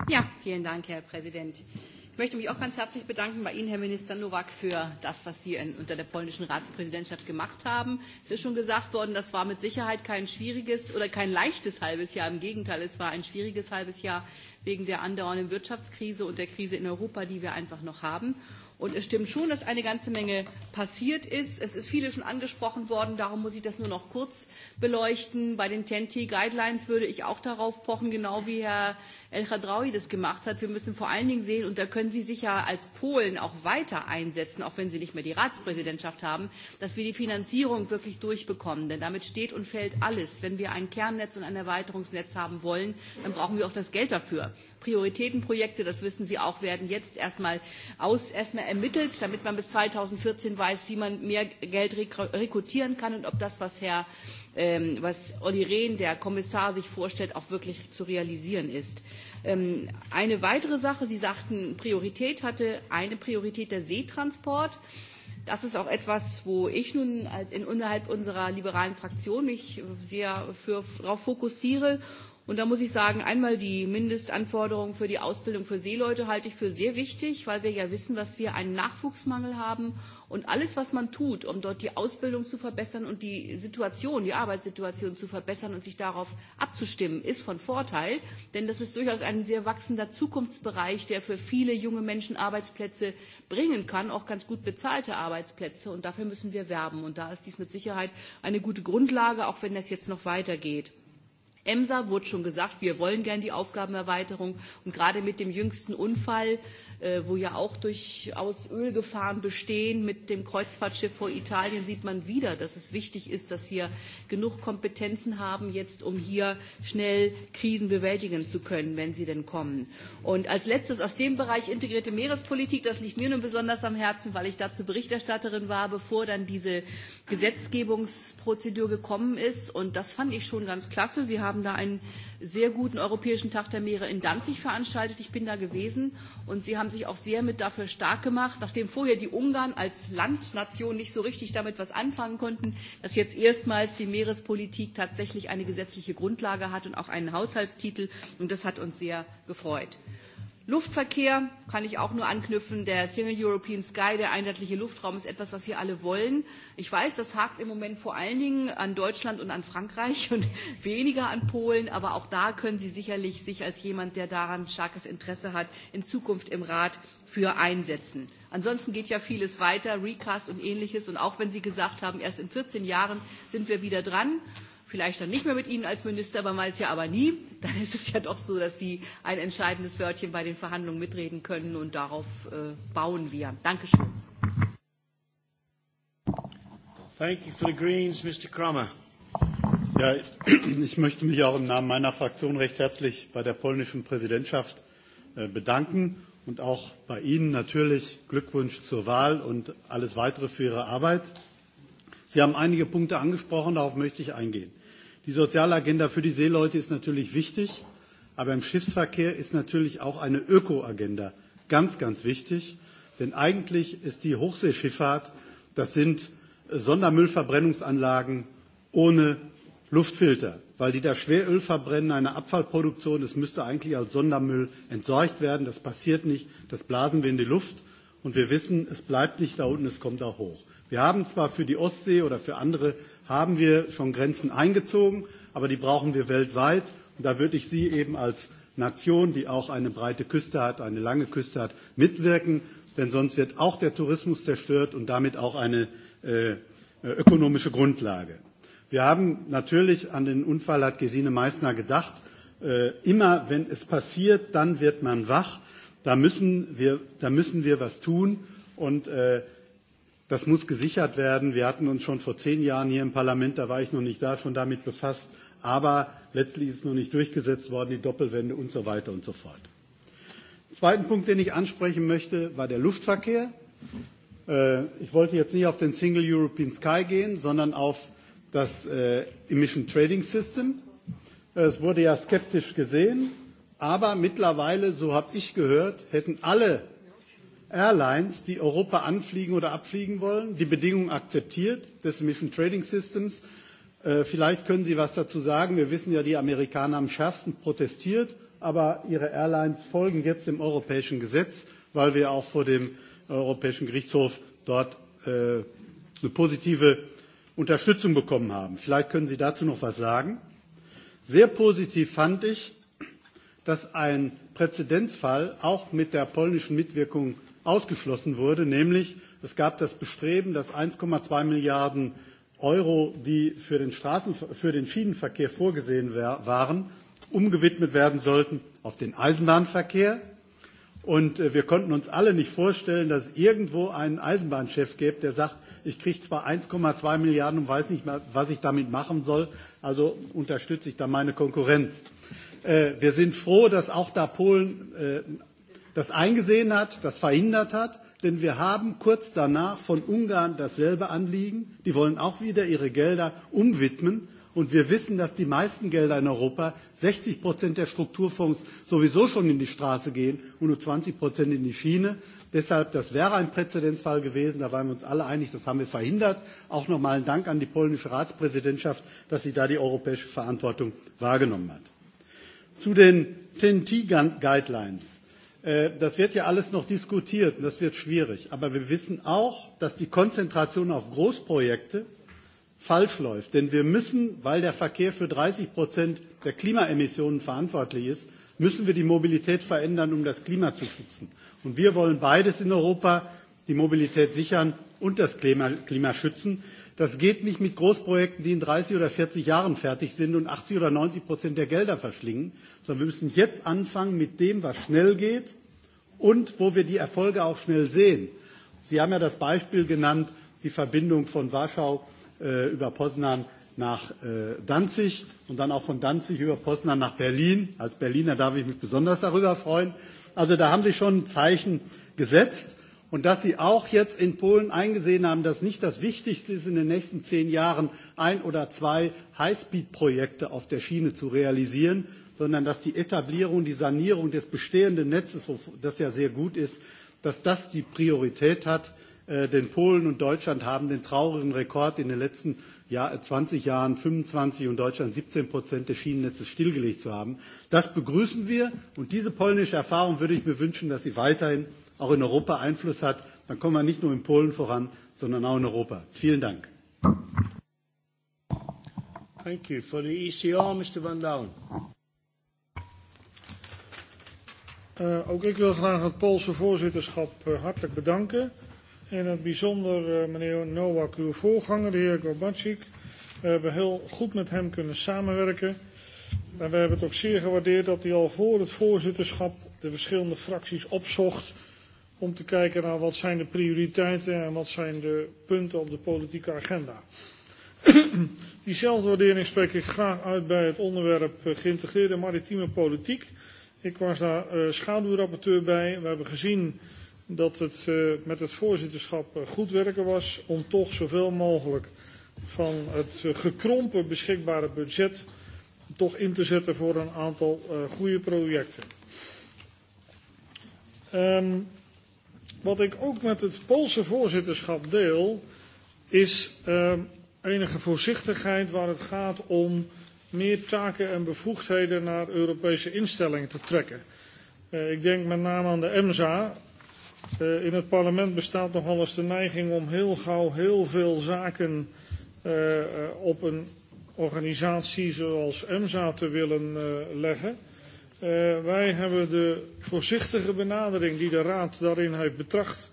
Ja, vielen Dank, Herr Präsident. Uh, Ich möchte mich auch ganz herzlich bedanken bei Ihnen, Herr Minister Nowak, für das, was Sie in, unter der polnischen Ratspräsidentschaft gemacht haben. Es ist schon gesagt worden, das war mit Sicherheit kein schwieriges oder kein leichtes halbes Jahr. Im Gegenteil, es war ein schwieriges halbes Jahr wegen der andauernden Wirtschaftskrise und der Krise in Europa, die wir einfach noch haben. Und es stimmt schon, dass eine ganze Menge passiert ist. Es ist viele schon angesprochen worden, darum muss ich das nur noch kurz beleuchten. Bei den TNT Guidelines würde ich auch darauf pochen, genau wie Herr El Khadraoui das gemacht hat. Wir müssen vor allen Dingen sehen, und da können Sie sich ja als Polen auch weiter einsetzen, auch wenn Sie nicht mehr die Ratspräsidentschaft haben, dass wir die Finanzierung wirklich durchbekommen. Denn damit steht und fällt alles. Wenn wir ein Kernnetz und ein Erweiterungsnetz haben wollen, dann brauchen wir auch das Geld dafür. Prioritätenprojekte, das wissen Sie auch, werden jetzt erstmal aus, erstmal ermittelt, damit man bis 2014 weiß, wie man mehr Geld rekrutieren kann und ob das, was Herr, ähm, was Olli Rehn, der Kommissar, sich vorstellt, auch wirklich zu realisieren ist. Ähm, eine weitere Sache, Sie sagten, Priorität hatte eine Priorität der Seetransport. Das ist auch etwas, wo ich nun in, innerhalb unserer liberalen Fraktion mich sehr für, darauf fokussiere Und da muss ich sagen, einmal die Mindestanforderungen für die Ausbildung für Seeleute halte ich für sehr wichtig, weil wir ja wissen, dass wir einen Nachwuchsmangel haben. Und alles, was man tut, um dort die Ausbildung zu verbessern und die Situation, die Arbeitssituation zu verbessern und sich darauf abzustimmen, ist von Vorteil. Denn das ist durchaus ein sehr wachsender Zukunftsbereich, der für viele junge Menschen Arbeitsplätze bringen kann, auch ganz gut bezahlte Arbeitsplätze. Und dafür müssen wir werben. Und da ist dies mit Sicherheit eine gute Grundlage, auch wenn das jetzt noch weitergeht. EMSA wurde schon gesagt, wir wollen gern die Aufgabenerweiterung. Und gerade mit dem jüngsten Unfall Äh, wo ja auch durchaus Ölgefahren bestehen. Mit dem Kreuzfahrtschiff vor Italien sieht man wieder, dass es wichtig ist, dass wir genug Kompetenzen haben, jetzt um hier schnell Krisen bewältigen zu können, wenn sie denn kommen. Und als letztes aus dem Bereich integrierte Meerespolitik, das liegt mir nun besonders am Herzen, weil ich dazu Berichterstatterin war, bevor dann diese Gesetzgebungsprozedur gekommen ist. Und das fand ich schon ganz klasse. Sie haben da einen sehr guten Europäischen Tag der Meere in Danzig veranstaltet. Ich bin da gewesen und Sie haben sich auch sehr mit dafür stark gemacht, nachdem vorher die Ungarn als Landnation nicht so richtig damit was anfangen konnten, dass jetzt erstmals die Meerespolitik tatsächlich eine gesetzliche Grundlage hat und auch einen Haushaltstitel. Und das hat uns sehr gefreut. Luftverkehr kann ich auch nur anknüpfen. Der Single European Sky, der einheitliche Luftraum, ist etwas, was wir alle wollen. Ich weiß, das hakt im Moment vor allen Dingen an Deutschland und an Frankreich und weniger an Polen. Aber auch da können Sie sicherlich sich als jemand, der daran starkes Interesse hat, in Zukunft im Rat für einsetzen. Ansonsten geht ja vieles weiter, Recast und ähnliches. Und auch wenn Sie gesagt haben, erst in 14 Jahren sind wir wieder dran, vielleicht dann nicht mehr mit Ihnen als Minister, man weiß ja aber nie, dann ist es ja doch so, dass Sie ein entscheidendes Wörtchen bei den Verhandlungen mitreden können und darauf äh, bauen wir. Dankeschön. Thank you for the Greens, Mr. Kramer. Ja, ich möchte mich auch im Namen meiner Fraktion recht herzlich bei der polnischen Präsidentschaft äh, bedanken und auch bei Ihnen natürlich Glückwunsch zur Wahl und alles weitere für Ihre Arbeit. Sie haben einige Punkte angesprochen, darauf möchte ich eingehen. Die Sozialagenda für die Seeleute ist natürlich wichtig, aber im Schiffsverkehr ist natürlich auch eine Ökoagenda ganz, ganz wichtig. Denn eigentlich ist die Hochseeschifffahrt, das sind äh, Sondermüllverbrennungsanlagen ohne Luftfilter, weil die da Schweröl verbrennen, eine Abfallproduktion, das müsste eigentlich als Sondermüll entsorgt werden. Das passiert nicht, das blasen wir in die Luft und wir wissen, es bleibt nicht da unten, es kommt auch hoch. Wir haben zwar für die Ostsee oder für andere haben wir schon Grenzen eingezogen, aber die brauchen wir weltweit. Und da würde ich Sie eben als Nation, die auch eine breite Küste hat, eine lange Küste hat, mitwirken, denn sonst wird auch der Tourismus zerstört und damit auch eine äh, äh ökonomische Grundlage. Wir haben natürlich an den Unfall hat Gesine Meissner gedacht. Äh, immer wenn es passiert, dann wird man wach. Da müssen wir, da müssen wir was tun. Und äh, Das muss gesichert werden. Wir hatten uns schon vor zehn Jahren hier im Parlament, da war ich noch nicht da, schon damit befasst. Aber letztlich ist noch nicht durchgesetzt worden, die Doppelwände und so weiter und so fort. Den zweiten Punkt, den ich ansprechen möchte, war der Luftverkehr. Äh, ich wollte jetzt nicht auf den Single European Sky gehen, sondern auf das äh, Emission Trading System. Äh, es wurde ja skeptisch gesehen, aber mittlerweile, so habe ich gehört, hätten alle Airlines, die Europa anfliegen oder abfliegen wollen, die Bedingungen akzeptiert des Emission Trading Systems. Äh, vielleicht können Sie was dazu sagen. Wir wissen ja, die Amerikaner haben schärfsten protestiert, aber ihre Airlines folgen jetzt dem europäischen Gesetz, weil wir auch vor dem äh, Europäischen Gerichtshof dort äh, eine positive Unterstützung bekommen haben. Vielleicht können Sie dazu noch was sagen. Sehr positiv fand ich, dass ein Präzedenzfall auch mit der polnischen Mitwirkung ausgeschlossen wurde, nämlich es gab das Bestreben, dass 1,2 Milliarden Euro, die für den, Straßen, für den Schienenverkehr vorgesehen waren, umgewidmet werden sollten auf den Eisenbahnverkehr. Und äh, wir konnten uns alle nicht vorstellen, dass es irgendwo einen Eisenbahnchef gibt, der sagt, ich kriege zwar 1,2 Milliarden und weiß nicht mehr, was ich damit machen soll, also unterstütze ich da meine Konkurrenz. Äh, wir sind froh, dass auch da Polen äh, das eingesehen hat, das verhindert hat, denn wir haben kurz danach von Ungarn dasselbe Anliegen. Die wollen auch wieder ihre Gelder umwidmen. Und wir wissen, dass die meisten Gelder in Europa, 60 Prozent der Strukturfonds, sowieso schon in die Straße gehen und nur 20 Prozent in die Schiene. Deshalb, das wäre ein Präzedenzfall gewesen, da waren wir uns alle einig, das haben wir verhindert. Auch nochmal ein Dank an die polnische Ratspräsidentschaft, dass sie da die europäische Verantwortung wahrgenommen hat. Zu den TNT-Guidelines. Äh, das wird ja alles noch diskutiert und das wird schwierig. Aber wir wissen auch, dass die Konzentration auf Großprojekte falsch läuft. Denn wir müssen, weil der Verkehr für 30 Prozent der Klimaemissionen verantwortlich ist, müssen wir die Mobilität verändern, um das Klima zu schützen. Und wir wollen beides in Europa, die Mobilität sichern und das Klima, Klima schützen. Das geht nicht mit Großprojekten, die in 30 oder 40 Jahren fertig sind und 80 oder 90 Prozent der Gelder verschlingen, sondern wir müssen jetzt anfangen mit dem, was schnell geht und wo wir die Erfolge auch schnell sehen. Sie haben ja das Beispiel genannt, die Verbindung von Warschau äh, über Poznan nach äh, Danzig und dann auch von Danzig über Poznan nach Berlin. Als Berliner darf ich mich besonders darüber freuen. Also da haben Sie schon ein Zeichen gesetzt und dass Sie auch jetzt in Polen eingesehen haben, dass nicht das Wichtigste ist, in den nächsten zehn Jahren ein oder zwei Highspeed-Projekte auf der Schiene zu realisieren, sondern dass die Etablierung, die Sanierung des bestehenden Netzes, das ja sehr gut ist, dass das die Priorität hat. Äh, denn Polen und Deutschland haben den traurigen Rekord in den letzten Jahr, 20 Jahren 25 und Deutschland 17 Prozent des Schienennetzes stillgelegt zu haben. Das begrüßen wir und diese polnische Erfahrung würde ich mir wünschen, dass sie weiterhin auch in Europa Einfluss hat, dann kommen wir nicht nur in Polen voran, sondern auch in Europa. Vielen Dank. Thank you. For the ECR, Mr. Van Dalen. Uh, ook ik wil graag het Poolse voorzitterschap uh, hartelijk bedanken. In het bijzonder uh, meneer Nowak, uw voorganger, de heer Gorbatsik. We hebben heel goed met hem kunnen samenwerken. En we hebben het ook zeer gewaardeerd dat hij al voor het voorzitterschap de verschillende fracties opzocht om te kijken naar wat zijn de prioriteiten en wat zijn de punten op de politieke agenda. Diezelfde waardering spreek ik graag uit bij het onderwerp eh, geïntegreerde maritieme politiek. Ik was daar uh, schaduwrapporteur bij. We hebben gezien dat het uh, met het voorzitterschap uh, goed werken was om toch zoveel mogelijk van het uh, gekrompen beschikbare budget toch in te zetten voor een aantal uh, goede projecten. Um, Wat ik ook met het Poolse voorzitterschap deel, is uh, enige voorzichtigheid waar het gaat om meer taken en bevoegdheden naar Europese instellingen te trekken. Uh, ik denk met name aan de EMSA. Uh, in het parlement bestaat nogal eens de neiging om heel gauw heel veel zaken uh, op een organisatie zoals EMSA te willen uh, leggen. Uh, Uh, wij hebben de voorzichtige benadering die de Raad daarin heeft betracht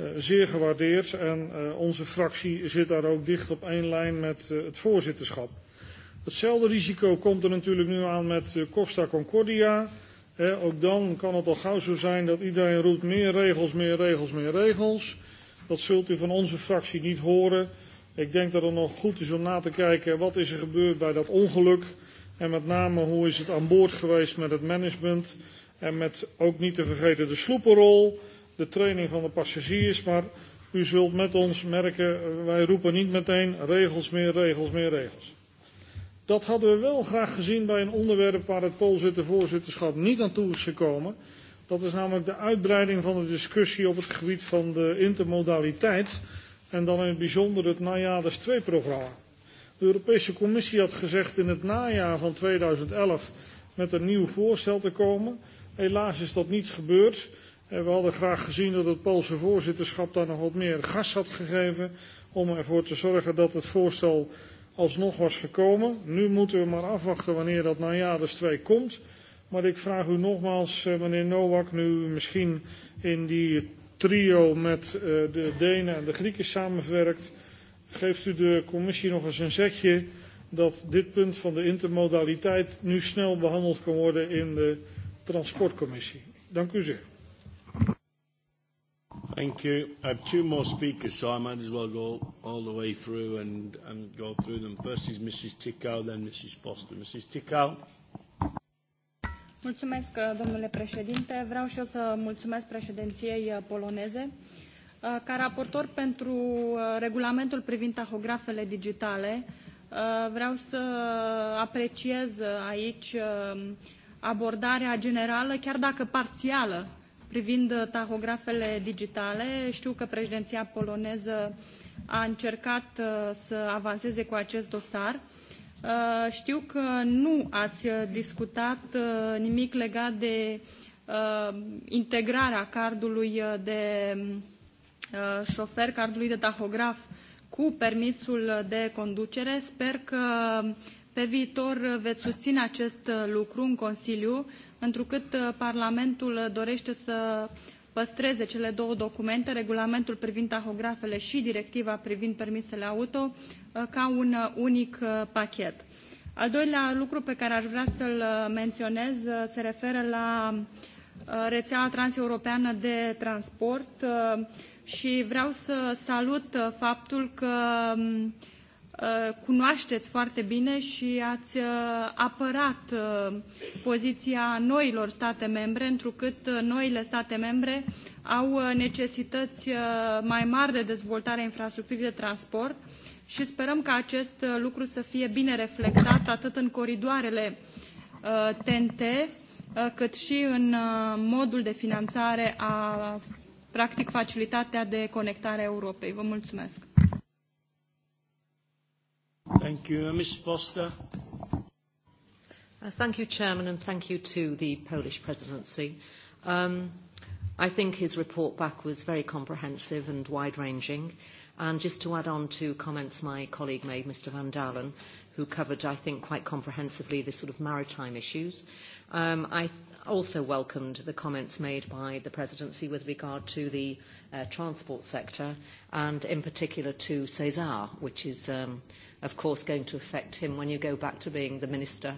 uh, zeer gewaardeerd. En uh, onze fractie zit daar ook dicht op één lijn met uh, het voorzitterschap. Hetzelfde risico komt er natuurlijk nu aan met uh, Costa Concordia. Eh, ook dan kan het al gauw zo zijn dat iedereen roept meer regels, meer regels, meer regels. Dat zult u van onze fractie niet horen. Ik denk dat het nog goed is om na te kijken wat is er gebeurd bij dat ongeluk. En met name hoe is het aan boord geweest met het management. En met ook niet te vergeten de sloepenrol, de training van de passagiers. Maar u zult met ons merken, wij roepen niet meteen regels meer, regels meer, regels. Dat hadden we wel graag gezien bij een onderwerp waar het Poolse voorzitterschap niet aan toe is gekomen. Dat is namelijk de uitbreiding van de discussie op het gebied van de intermodaliteit. En dan in het bijzonder het Najades 2-programma. De Europese Commissie had gezegd in het najaar van 2011 met een nieuw voorstel te komen. Helaas is dat niet gebeurd. En we hadden graag gezien dat het Poolse voorzitterschap daar nog wat meer gas had gegeven om ervoor te zorgen dat het voorstel alsnog was gekomen. Nu moeten we maar afwachten wanneer dat Najades 2 komt. Maar ik vraag u nogmaals, eh, meneer Nowak, nu misschien in die trio met eh, de Denen en de Grieken samenwerkt, geeft u de commissie nog eens een zetje dat dit punt van de intermodaliteit nu snel behandeld kan worden in de transportcommissie. Dank u zeer. Thank you. I have two more speakers, so I might as well go all the way through and, and go through them. First is Mrs. Tickow, then Mrs. Foster. Mrs. Tickow. Mulțumesc, domnule președinte. Vreau și eu să mulțumesc președinției poloneze. Uh, Uh, ca raportor pentru uh, regulamentul privind tahografele digitale, uh, vreau să apreciez aici abordarea generală, chiar dacă parțială, privind tahografele digitale. Știu că președinția poloneză a încercat să avanseze cu acest dosar. Știu că nu ați discutat nimic legat de integrarea cardului de Uh, șofer cardului de tahograf cu permisul de conducere. Sper că pe viitor veți susține acest lucru în Consiliu, întrucât uh, Parlamentul dorește să păstreze cele două documente, regulamentul privind tahografele și directiva privind permisele auto, uh, ca un unic pachet. Al doilea lucru pe care aș vrea să-l menționez se referă la rețeaua transeuropeană de transport și vreau să salut uh, faptul că um, uh, cunoașteți foarte bine și ați uh, apărat poziția noilor state membre, întrucât noile state membre au necesități mai mari de dezvoltare a infrastructurii de transport și sperăm ca acest lucru să fie bine reflectat atât în coridoarele TNT, cât și în modul de finanțare a practic, facilitatea de conectare a Europei. Vă mulțumesc. Thank you, Ms. Foster. Uh, thank you, Chairman, and thank you to the Polish presidency. Um, I think his report back was very comprehensive and wide-ranging. And just to add on to comments my colleague made, Mr Van Dalen, who covered, I think, quite comprehensively the sort of maritime issues, um, I, also welcomed the comments made by the presidency with regard to the uh, transport sector and in particular to Cesar, which is um, of course going to affect him when you go back to being the minister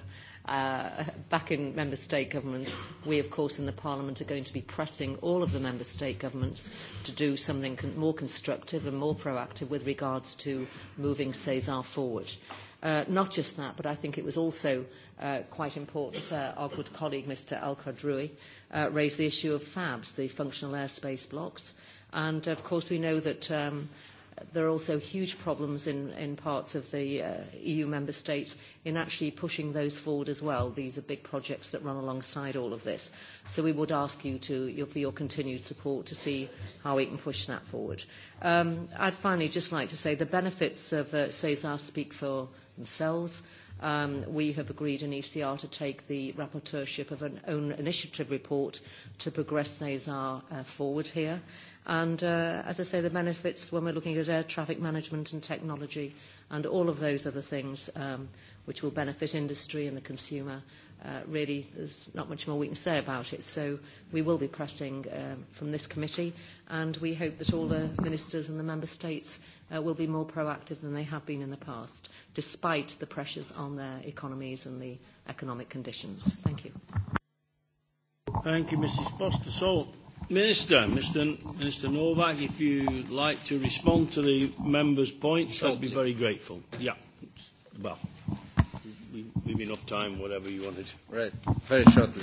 uh, back in member state governments, we of course in the parliament are going to be pressing all of the member state governments to do something con- more constructive and more proactive with regards to moving Cesar forward. Uh, Uh, not just that, but I think it was also uh, quite important. Uh, our good colleague, Mr. Al Qadrui, uh, raised the issue of FABs, the functional airspace blocks. And of course, we know that um, there are also huge problems in, in parts of the uh, EU member states in actually pushing those forward as well. These are big projects that run alongside all of this. So we would ask you to, your, for your continued support to see how we can push that forward. Um, I'd finally just like to say the benefits of uh, CESAR speak for themselves. Um, we have agreed in ECR to take the rapporteurship of an own initiative report to progress SESAR uh, forward here. And uh, as I say, the benefits when we're looking at air traffic management and technology and all of those other things um, which will benefit industry and the consumer, uh, really there's not much more we can say about it. So we will be pressing um, from this committee and we hope that all the ministers and the member states uh, will be more proactive than they have been in the past, despite the pressures on their economies and the economic conditions. Thank you. Thank you, Mrs. Foster. So, Minister, Mr. Minister Novak, if you'd like to respond to the members' points, Shortly. I'd be very grateful. Yeah. Well, we, we've enough time, whatever you wanted. Right. Very shortly.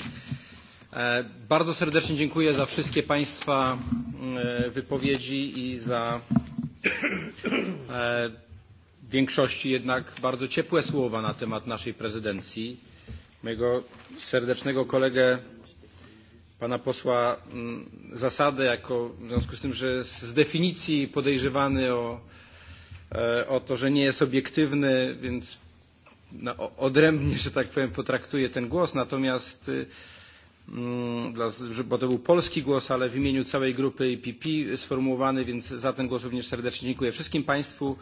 E, bardzo serdecznie dziękuję za wszystkie Państwa e, wypowiedzi i za E, w większości jednak bardzo ciepłe słowa na temat naszej prezydencji. Mojego serdecznego kolegę, pana posła mm, Zasadę, jako w związku z tym, że jest z definicji podejrzewany o, e, o to, że nie jest obiektywny, więc no, odrębnie, że tak powiem, potraktuję ten głos. Natomiast y, Mm, dla, bo to był polski głos, ale w imieniu całej grupy IPP sformułowany, więc za ten głos również serdecznie dziękuję wszystkim Państwu.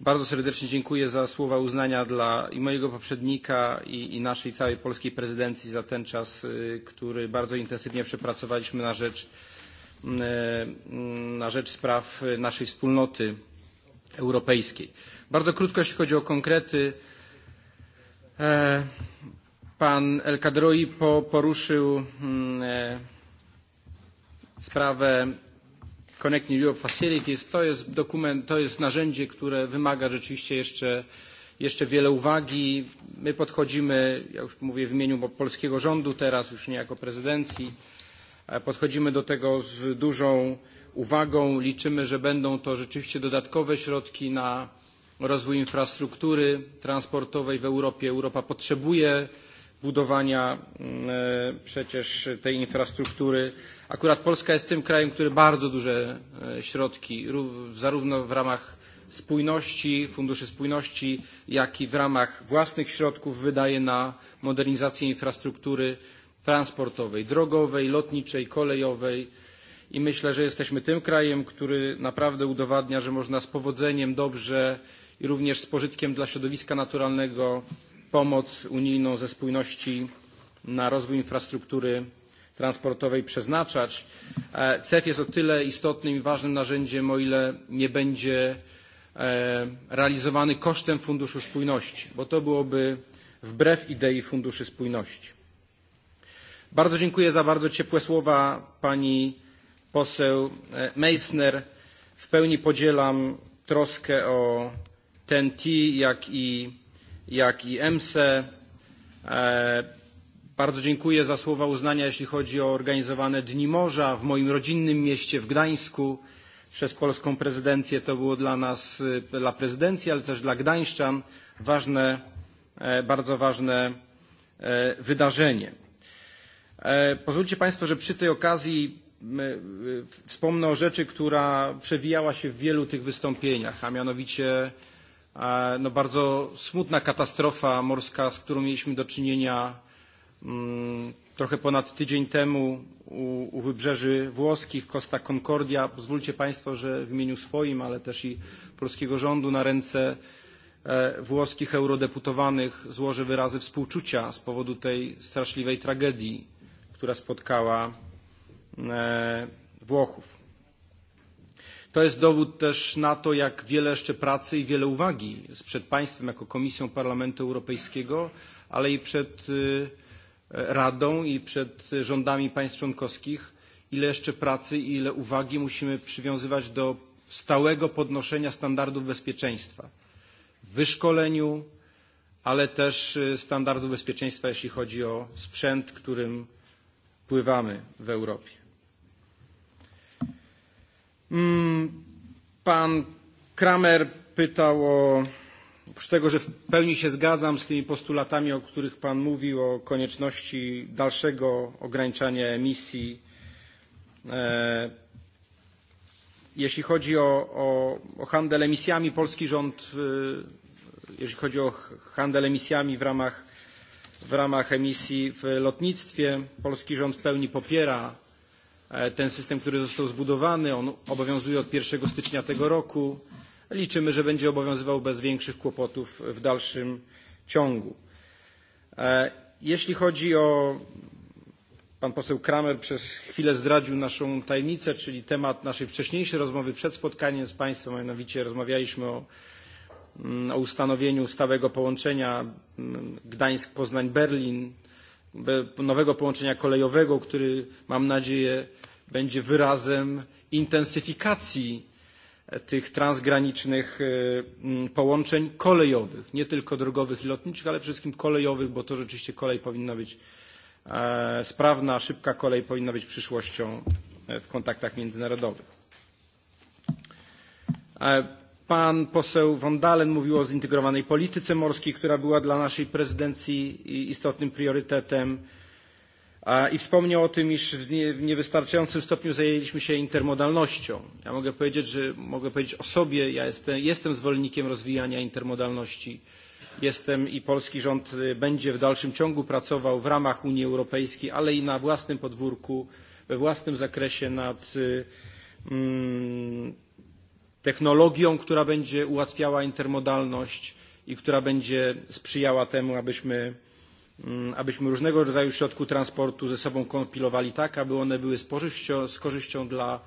Bardzo serdecznie dziękuję za słowa uznania dla i mojego poprzednika i, i naszej całej polskiej prezydencji za ten czas, który bardzo intensywnie przepracowaliśmy na rzecz, mm, e, mm, na rzecz spraw naszej wspólnoty europejskiej. Bardzo krótko, jeśli chodzi o konkrety. E, Pan El Kadroi po, poruszył hmm, sprawę Connecting Europe Facilities. To jest dokument, to jest narzędzie, które wymaga rzeczywiście jeszcze, jeszcze wiele uwagi. My podchodzimy, ja już mówię w imieniu polskiego rządu teraz, już nie jako prezydencji, e, podchodzimy do tego z dużą uwagą. Liczymy, że będą to rzeczywiście dodatkowe środki na rozwój infrastruktury transportowej w Europie. Europa potrzebuje budowania mm, e, przecież tej infrastruktury. Akurat Polska jest tym krajem, który bardzo duże e, środki zarówno w ramach spójności, funduszy spójności, jak i w ramach własnych środków wydaje na modernizację infrastruktury transportowej, drogowej, lotniczej, kolejowej i myślę, że jesteśmy tym krajem, który naprawdę udowadnia, że można z powodzeniem dobrze i również z pożytkiem dla środowiska naturalnego pomoc unijną ze spójności na rozwój infrastruktury transportowej przeznaczać. E, CEF jest o tyle istotnym i ważnym narzędziem, o ile nie będzie e, realizowany kosztem Funduszu Spójności, bo to byłoby wbrew idei Funduszy Spójności. Bardzo dziękuję za bardzo ciepłe słowa pani poseł e, Meissner. W pełni podzielam troskę o TEN-T, jak i jak i EMSE. E, bardzo dziękuję za słowa uznania, jeśli chodzi o organizowane Dni Morza w moim rodzinnym mieście w Gdańsku. Przez polską prezydencję to było dla nas, e, dla prezydencji, ale też dla gdańszczan ważne, e, bardzo ważne wydarzenie. Pozwólcie Państwo, że przy tej okazji wspomnę o rzeczy, która przewijała się w wielu tych wystąpieniach, a mianowicie no bardzo smutna katastrofa morska, z którą mieliśmy do czynienia mm, trochę ponad tydzień temu u, u wybrzeży włoskich, Costa Concordia. Pozwólcie Państwo, że w imieniu swoim, ale też i polskiego rządu na ręce e, włoskich eurodeputowanych złożę wyrazy współczucia z powodu tej straszliwej tragedii, która spotkała e, Włochów. To jest dowód też na to, jak wiele jeszcze pracy i wiele uwagi jest przed Państwem jako Komisją Parlamentu Europejskiego, ale i przed e, Radą i przed rządami państw członkowskich, ile jeszcze pracy i ile uwagi musimy przywiązywać do stałego podnoszenia standardów bezpieczeństwa w wyszkoleniu, ale też e, standardów bezpieczeństwa, jeśli chodzi o sprzęt, którym pływamy w Europie. Mm, pan Kramer pytał o, oprócz tego, że w pełni się zgadzam z tymi postulatami, o których Pan mówił, o konieczności dalszego ograniczania emisji. E, jeśli chodzi o, o, o handel emisjami, polski rząd, e, jeśli chodzi o handel emisjami w ramach, w ramach emisji w lotnictwie, polski rząd w pełni popiera E, ten system, który został zbudowany, on obowiązuje od 1 stycznia tego roku. Liczymy, że będzie obowiązywał bez większych kłopotów w dalszym ciągu. E, jeśli chodzi o pan poseł Kramer przez chwilę zdradził naszą tajemnicę, czyli temat naszej wcześniejszej rozmowy przed spotkaniem z państwem, a mianowicie rozmawialiśmy o, mm, o ustanowieniu stałego połączenia mm, Gdańsk-Poznań-Berlin nowego połączenia kolejowego, który mam nadzieję będzie wyrazem intensyfikacji e, tych transgranicznych e, połączeń kolejowych, nie tylko drogowych i lotniczych, ale przede wszystkim kolejowych, bo to rzeczywiście kolej powinna być e, sprawna, szybka kolej powinna być przyszłością w kontaktach międzynarodowych. Pan poseł von Dalen mówił o zintegrowanej polityce morskiej, która była dla naszej prezydencji istotnym priorytetem i wspomniał o tym, iż w niewystarczającym stopniu zajęliśmy się intermodalnością. Ja mogę powiedzieć, że mogę powiedzieć o sobie, ja jestem, jestem zwolennikiem rozwijania intermodalności. Jestem i polski rząd będzie w dalszym ciągu pracował w ramach Unii Europejskiej, ale i na własnym podwórku, we własnym zakresie nad mm, technologią, która będzie ułatwiała intermodalność i która będzie sprzyjała temu, abyśmy, mm, abyśmy różnego rodzaju środków transportu ze sobą kompilowali tak, aby one były z, korzyścią, z korzyścią dla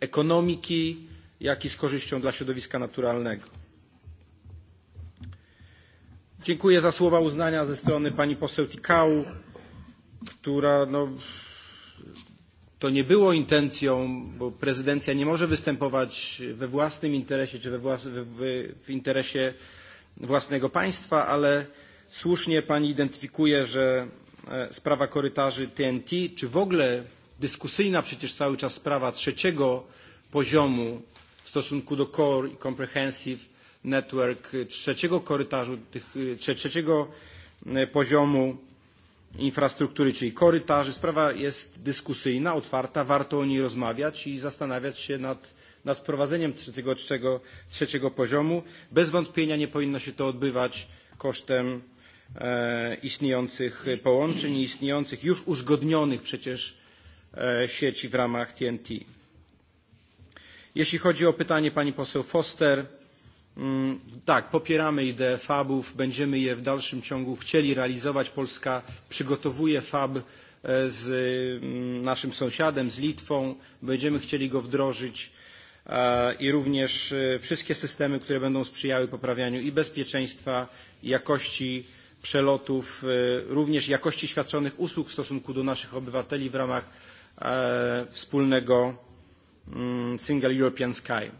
ekonomiki, jak i z korzyścią dla środowiska naturalnego. Dziękuję za słowa uznania ze strony pani poseł Tikału, która no, To nie było intencją, bo prezydencja nie może występować we własnym interesie czy we włas w, w, w interesie własnego państwa, ale słusznie Pani identyfikuje, że e, sprawa korytarzy TNT, czy w ogóle dyskusyjna przecież cały czas sprawa trzeciego poziomu w stosunku do Core i Comprehensive Network trzeciego korytarzu, tych, e, trzeciego e, poziomu infrastruktury, czyli korytarzy. Sprawa jest dyskusyjna, otwarta, warto o niej rozmawiać i zastanawiać się nad, nad wprowadzeniem tego trzeciego, trzeciego poziomu. Bez wątpienia nie powinno się to odbywać kosztem e, istniejących połączeń i istniejących już uzgodnionych przecież e, sieci w ramach TNT. Jeśli chodzi o pytanie pani poseł Foster, Mm, tak, popieramy ideę fabów, będziemy je w dalszym ciągu chcieli realizować. Polska przygotowuje fab e, z mm, naszym sąsiadem, z Litwą. Będziemy chcieli go wdrożyć e, i również e, wszystkie systemy, które będą sprzyjały poprawianiu i bezpieczeństwa, i jakości przelotów, również jakości świadczonych usług w stosunku do naszych obywateli w ramach wspólnego mm, Single European Sky.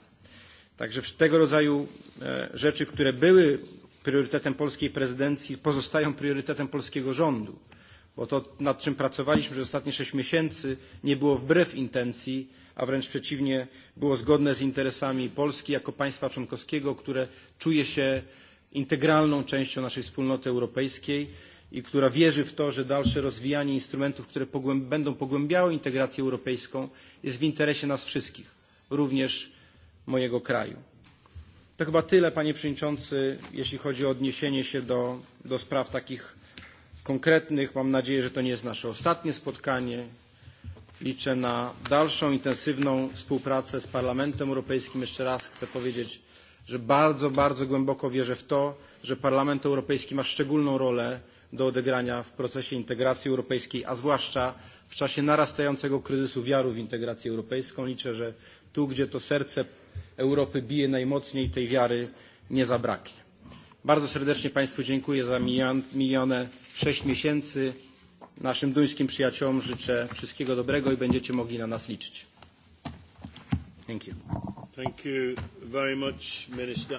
Także tego rodzaju e, rzeczy, które były priorytetem polskiej prezydencji, pozostają priorytetem polskiego rządu. Bo to, nad czym pracowaliśmy przez ostatnie sześć miesięcy, nie było wbrew intencji, a wręcz przeciwnie, było zgodne z interesami Polski jako państwa członkowskiego, które czuje się integralną częścią naszej wspólnoty europejskiej i która wierzy w to, że dalsze rozwijanie instrumentów, które pogłęb będą pogłębiały integrację europejską, jest w interesie nas wszystkich, również mojego kraju. To chyba tyle, panie przewodniczący, jeśli chodzi o odniesienie się do, do spraw takich konkretnych. Mam nadzieję, że to nie jest nasze ostatnie spotkanie. Liczę na dalszą intensywną współpracę z Parlamentem Europejskim. Jeszcze raz chcę powiedzieć, że bardzo, bardzo głęboko wierzę w to, że Parlament Europejski ma szczególną rolę do odegrania w procesie integracji europejskiej, a zwłaszcza w czasie narastającego kryzysu wiary w integrację europejską. Liczę, że tu, gdzie to serce Europy bije najmocniej, tej wiary nie zabraknie. Bardzo serdecznie Państwu dziękuję za minione sześć miesięcy. Naszym duńskim przyjaciołom życzę wszystkiego dobrego i będziecie mogli na nas liczyć. Thank you. Thank you very much, Minister.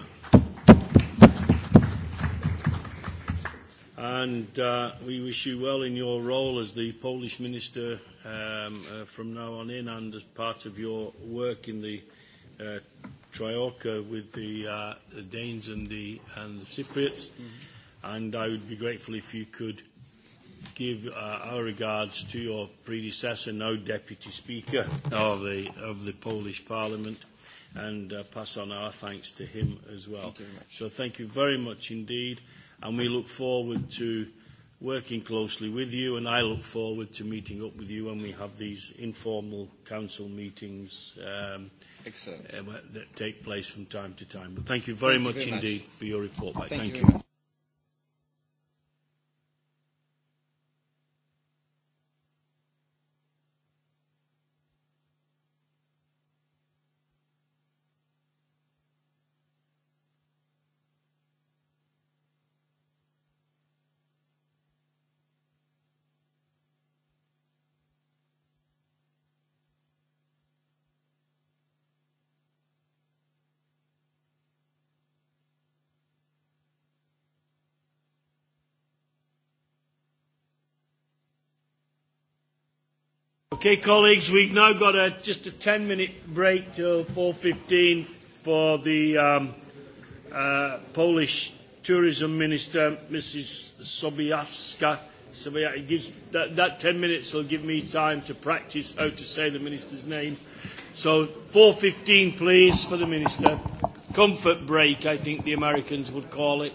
and uh, we wish you well in your role as the Polish minister um, uh, from now on in and as part of your work in the uh, Triorca with the, uh, the Danes and the, and the Cypriots. Mm-hmm. And I would be grateful if you could give uh, our regards to your predecessor, now Deputy Speaker of the, of the Polish Parliament, and uh, pass on our thanks to him as well. Thank you very much. So thank you very much indeed, and we look forward to working closely with you, and I look forward to meeting up with you when we have these informal council meetings um, Excellent. Uh, that take place from time to time. But thank you very thank much you very indeed much. for your report. Mate. Thank, thank you. you. Okay, colleagues, we've now got a, just a 10-minute break till 4.15 for the um, uh, Polish Tourism Minister, Mrs. Sobiewska. Sobiewska it gives, that, that 10 minutes will give me time to practice how to say the minister's name. So 4.15, please, for the minister. Comfort break, I think the Americans would call it.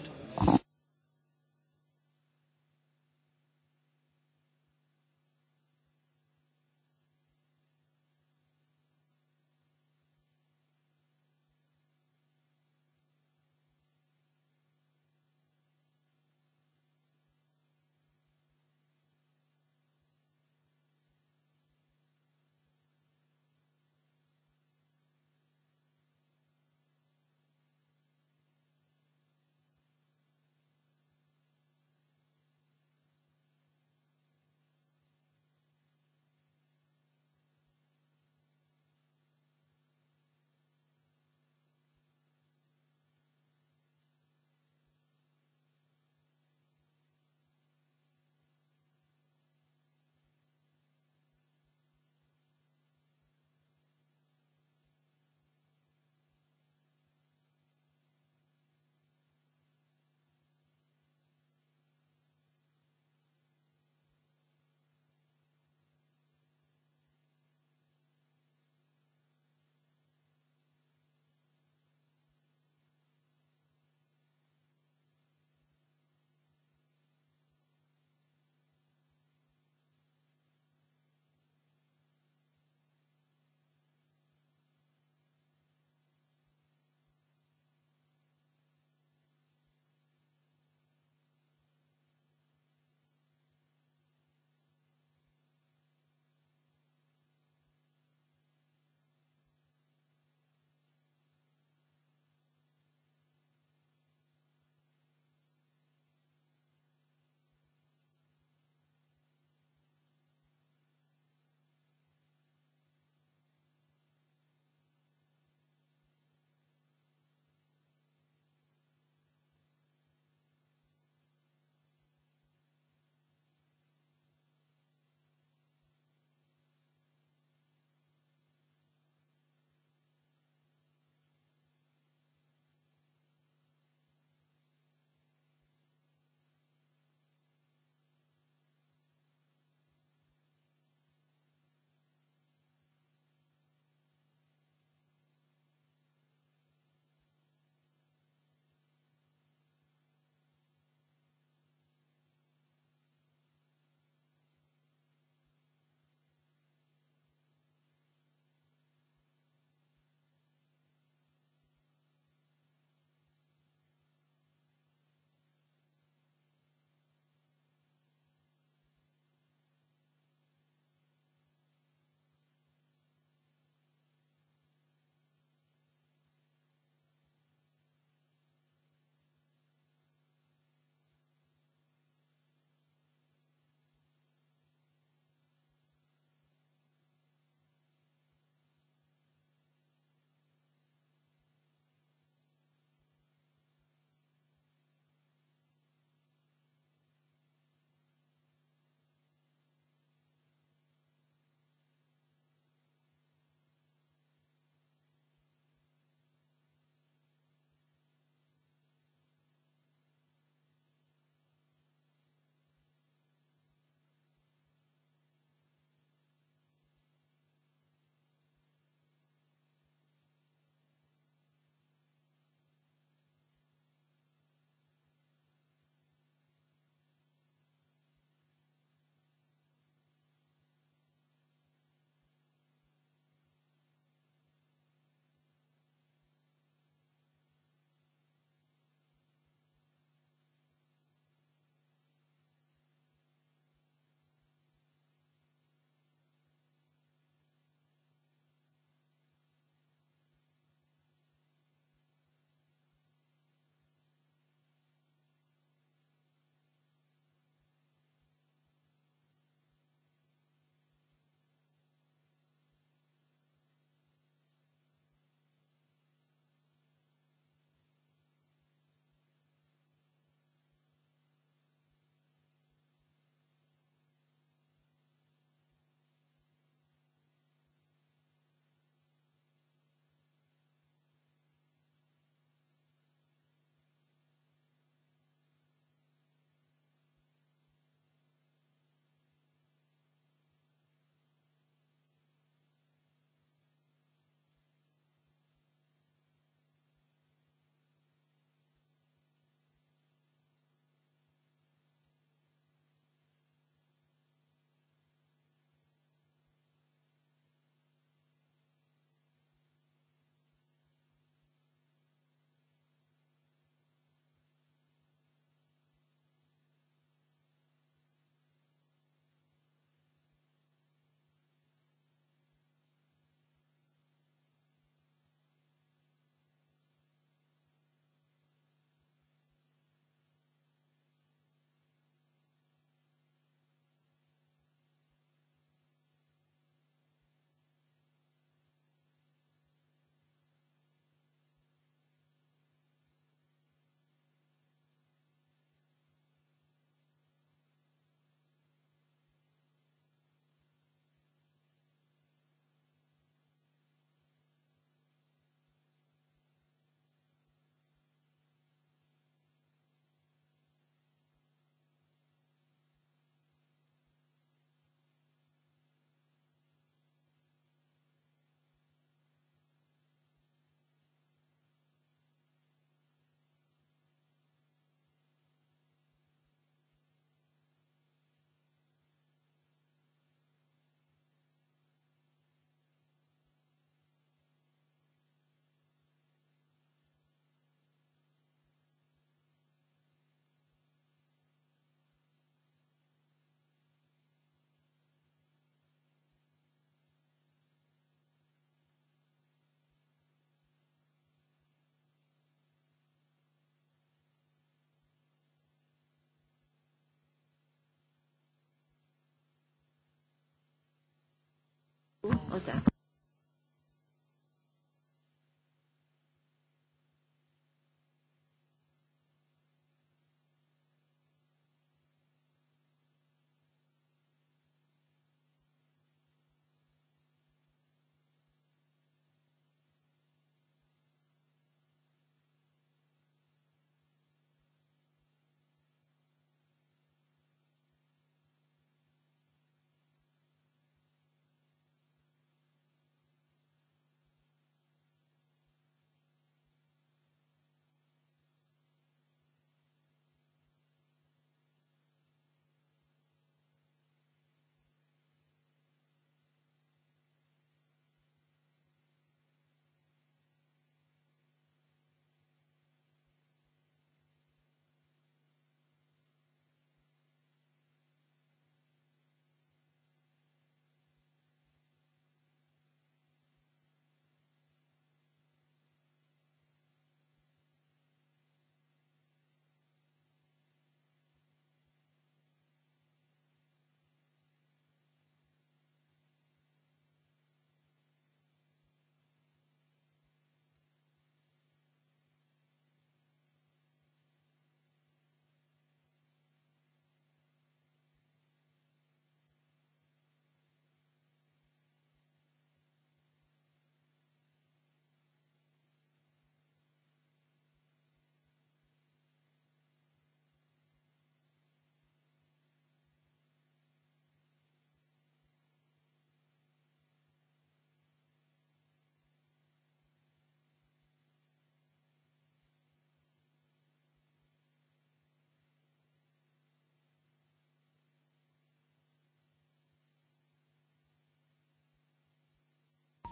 Oda.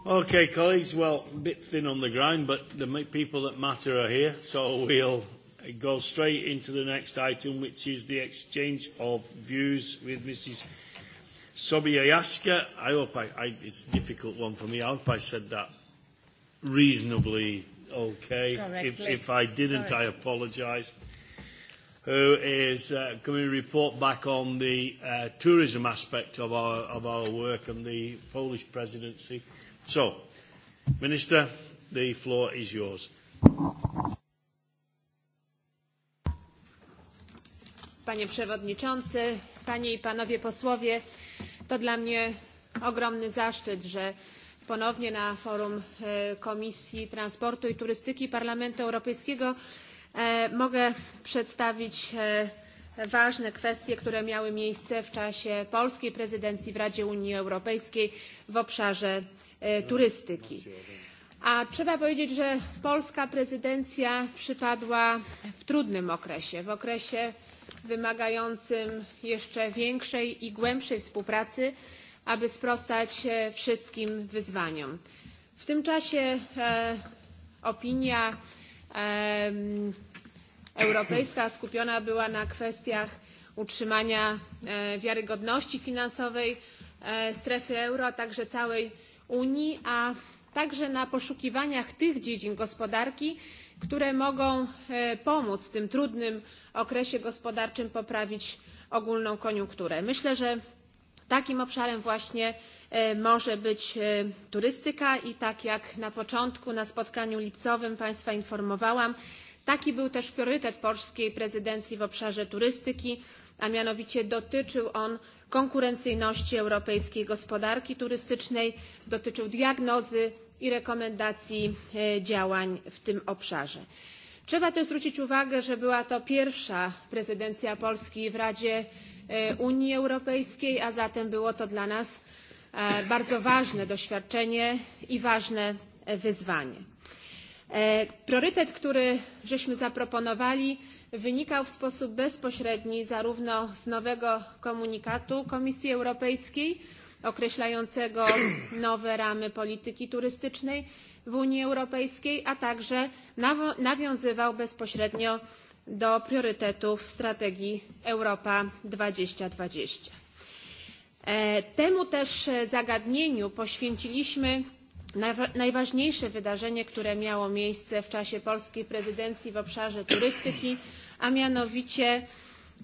Okay, colleagues, well, a bit thin on the ground, but the people that matter are here, so we'll go straight into the next item, which is the exchange of views with Mrs. Sobiejaska. I hope I, I it's a difficult one for me. I hope I said that reasonably okay. Correctly. If, if I didn't, Correctly. I apologise. Who is uh, coming to report back on the uh, tourism aspect of our, of our work and the Polish presidency. Uh, So, Minister, the floor is yours. Panie Przewodniczący, Panie i Panowie Posłowie, to dla mnie ogromny zaszczyt, że ponownie na forum e, Komisji Transportu i Turystyki Parlamentu Europejskiego e, mogę przedstawić e, ważne kwestie, które miały miejsce w czasie polskiej prezydencji w Radzie Unii Europejskiej w obszarze e, turystyki. A trzeba powiedzieć, że polska prezydencja przypadła w trudnym okresie, w okresie wymagającym jeszcze większej i głębszej współpracy, aby sprostać e, wszystkim wyzwaniom. W tym czasie e, opinia e, Europejska skupiona była na kwestiach utrzymania e, wiarygodności finansowej e, strefy euro, a także całej Unii, a także na poszukiwaniach tych dziedzin gospodarki, które mogą e, pomóc w tym trudnym okresie gospodarczym poprawić ogólną koniunkturę. Myślę, że takim obszarem właśnie może być turystyka i tak jak na początku na spotkaniu lipcowym Państwa informowałam, Taki był też priorytet polskiej prezydencji w obszarze turystyki, a mianowicie dotyczył on konkurencyjności europejskiej gospodarki turystycznej, dotyczył diagnozy i rekomendacji e, działań w tym obszarze. Trzeba też zwrócić uwagę, że była to pierwsza prezydencja Polski w Radzie e, Unii Europejskiej, a zatem było to dla nas e, bardzo ważne doświadczenie i ważne wyzwanie. E, priorytet, który żeśmy zaproponowali, wynikał w sposób bezpośredni zarówno z nowego komunikatu Komisji Europejskiej określającego nowe ramy polityki turystycznej w Unii Europejskiej, a także nawiązywał bezpośrednio do priorytetów strategii Europa 2020. E, temu też zagadnieniu poświęciliśmy najważniejsze wydarzenie, które miało miejsce w czasie polskiej prezydencji w obszarze turystyki, a mianowicie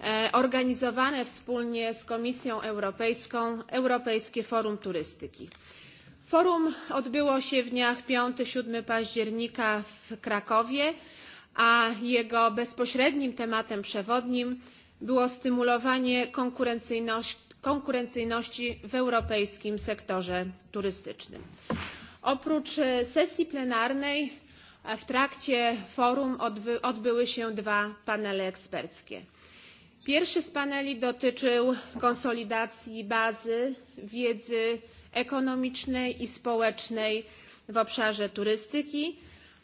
e, organizowane wspólnie z Komisją Europejską Europejskie Forum Turystyki. Forum odbyło się w dniach 5-7 października w Krakowie, a jego bezpośrednim tematem przewodnim było stymulowanie konkurencyjności, konkurencyjności w europejskim sektorze turystycznym. Oprócz e, sesji plenarnej e, w trakcie forum odby odbyły się dwa panele eksperckie. Pierwszy z paneli dotyczył konsolidacji bazy wiedzy ekonomicznej i społecznej w obszarze turystyki,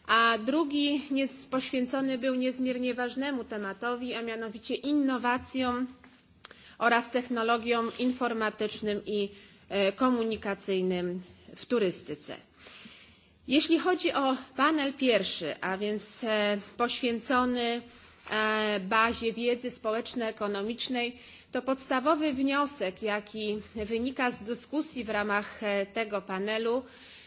a drugi jest poświęcony był niezmiernie ważnemu tematowi, a mianowicie innowacjom oraz technologiom informatycznym i e, komunikacyjnym w turystyce. Jeśli chodzi o panel pierwszy, a więc e, poświęcony e, bazie wiedzy społeczno-ekonomicznej, to podstawowy wniosek, jaki wynika z dyskusji w ramach e, tego panelu,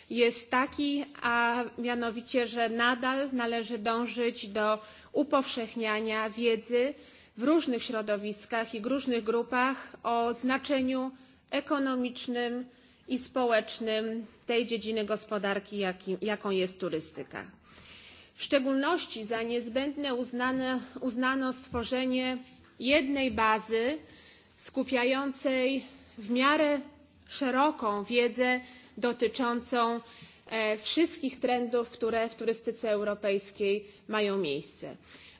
jest taki, a mianowicie, że nadal należy dążyć do upowszechniania wiedzy w różnych środowiskach i w różnych grupach o znaczeniu ekonomicznym, i społecznym tej dziedziny gospodarki, jakim, jaką jest turystyka. W szczególności za niezbędne uznane, uznano stworzenie jednej bazy skupiającej w miarę szeroką wiedzę dotyczącą e, wszystkich trendów, które w turystyce europejskiej mają miejsce.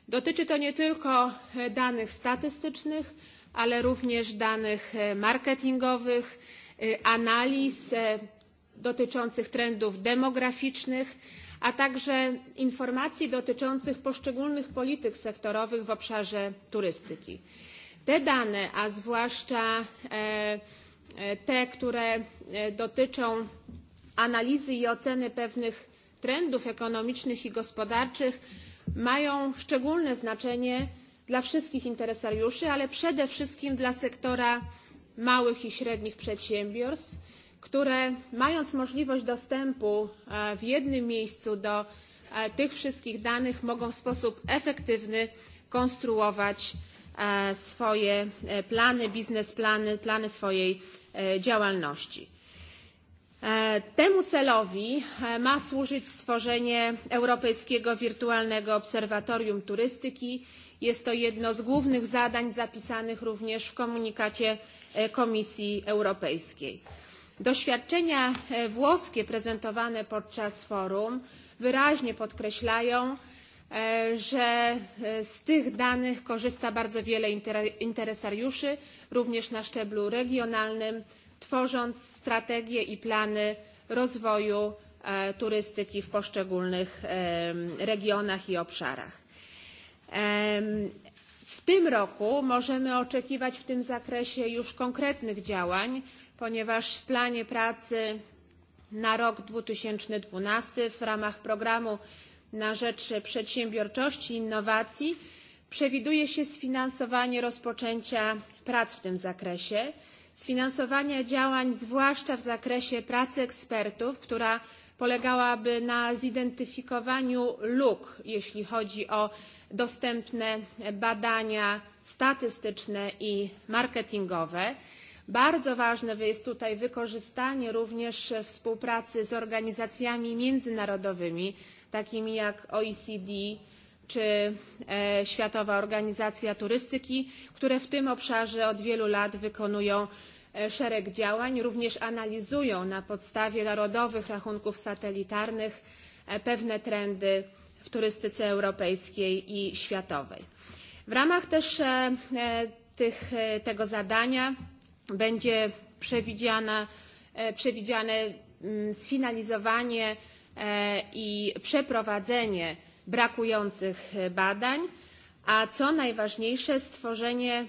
Dotyczy to nie tylko e, danych statystycznych, ale również danych e, marketingowych, E, analiz e, dotyczących trendów demograficznych, a także informacji dotyczących poszczególnych polityk sektorowych w obszarze turystyki. Te dane, a zwłaszcza e, te, które dotyczą analizy i oceny pewnych trendów ekonomicznych i gospodarczych, mają szczególne znaczenie dla wszystkich interesariuszy, ale przede wszystkim dla sektora małych i średnich przedsiębiorstw, które mając możliwość dostępu e, w jednym miejscu do e, tych wszystkich danych mogą w sposób efektywny konstruować e, swoje plany, biznesplany, plany swojej działalności. Temu celowi ma służyć stworzenie Europejskiego Wirtualnego Obserwatorium Turystyki. Jest to jedno z głównych zadań zapisanych również w komunikacie E, Komisji Europejskiej. Doświadczenia e, włoskie prezentowane podczas forum wyraźnie podkreślają, e, że z tych danych korzysta bardzo wiele interesariuszy, również na szczeblu regionalnym, tworząc strategie i plany rozwoju turystyki w poszczególnych regionach i obszarach. W tym roku możemy oczekiwać w tym zakresie już konkretnych działań, ponieważ w planie pracy na rok 2012 w ramach programu na rzecz przedsiębiorczości i innowacji przewiduje się sfinansowanie rozpoczęcia prac w tym zakresie, sfinansowanie działań zwłaszcza w zakresie pracy ekspertów, która polegałaby na zidentyfikowaniu luk, jeśli chodzi o dostępne badania statystyczne i marketingowe. Bardzo ważne jest tutaj wykorzystanie również współpracy z organizacjami międzynarodowymi, takimi jak OECD czy e, Światowa Organizacja Turystyki, które w tym obszarze od wielu lat wykonują e, szereg działań, również analizują na podstawie narodowych rachunków satelitarnych e, pewne trendy w turystyce europejskiej i światowej. W ramach też e, e, tych, e, tego zadania będzie przewidziane, przewidziane mm, sfinalizowanie i przeprowadzenie brakujących badań, a co najważniejsze stworzenie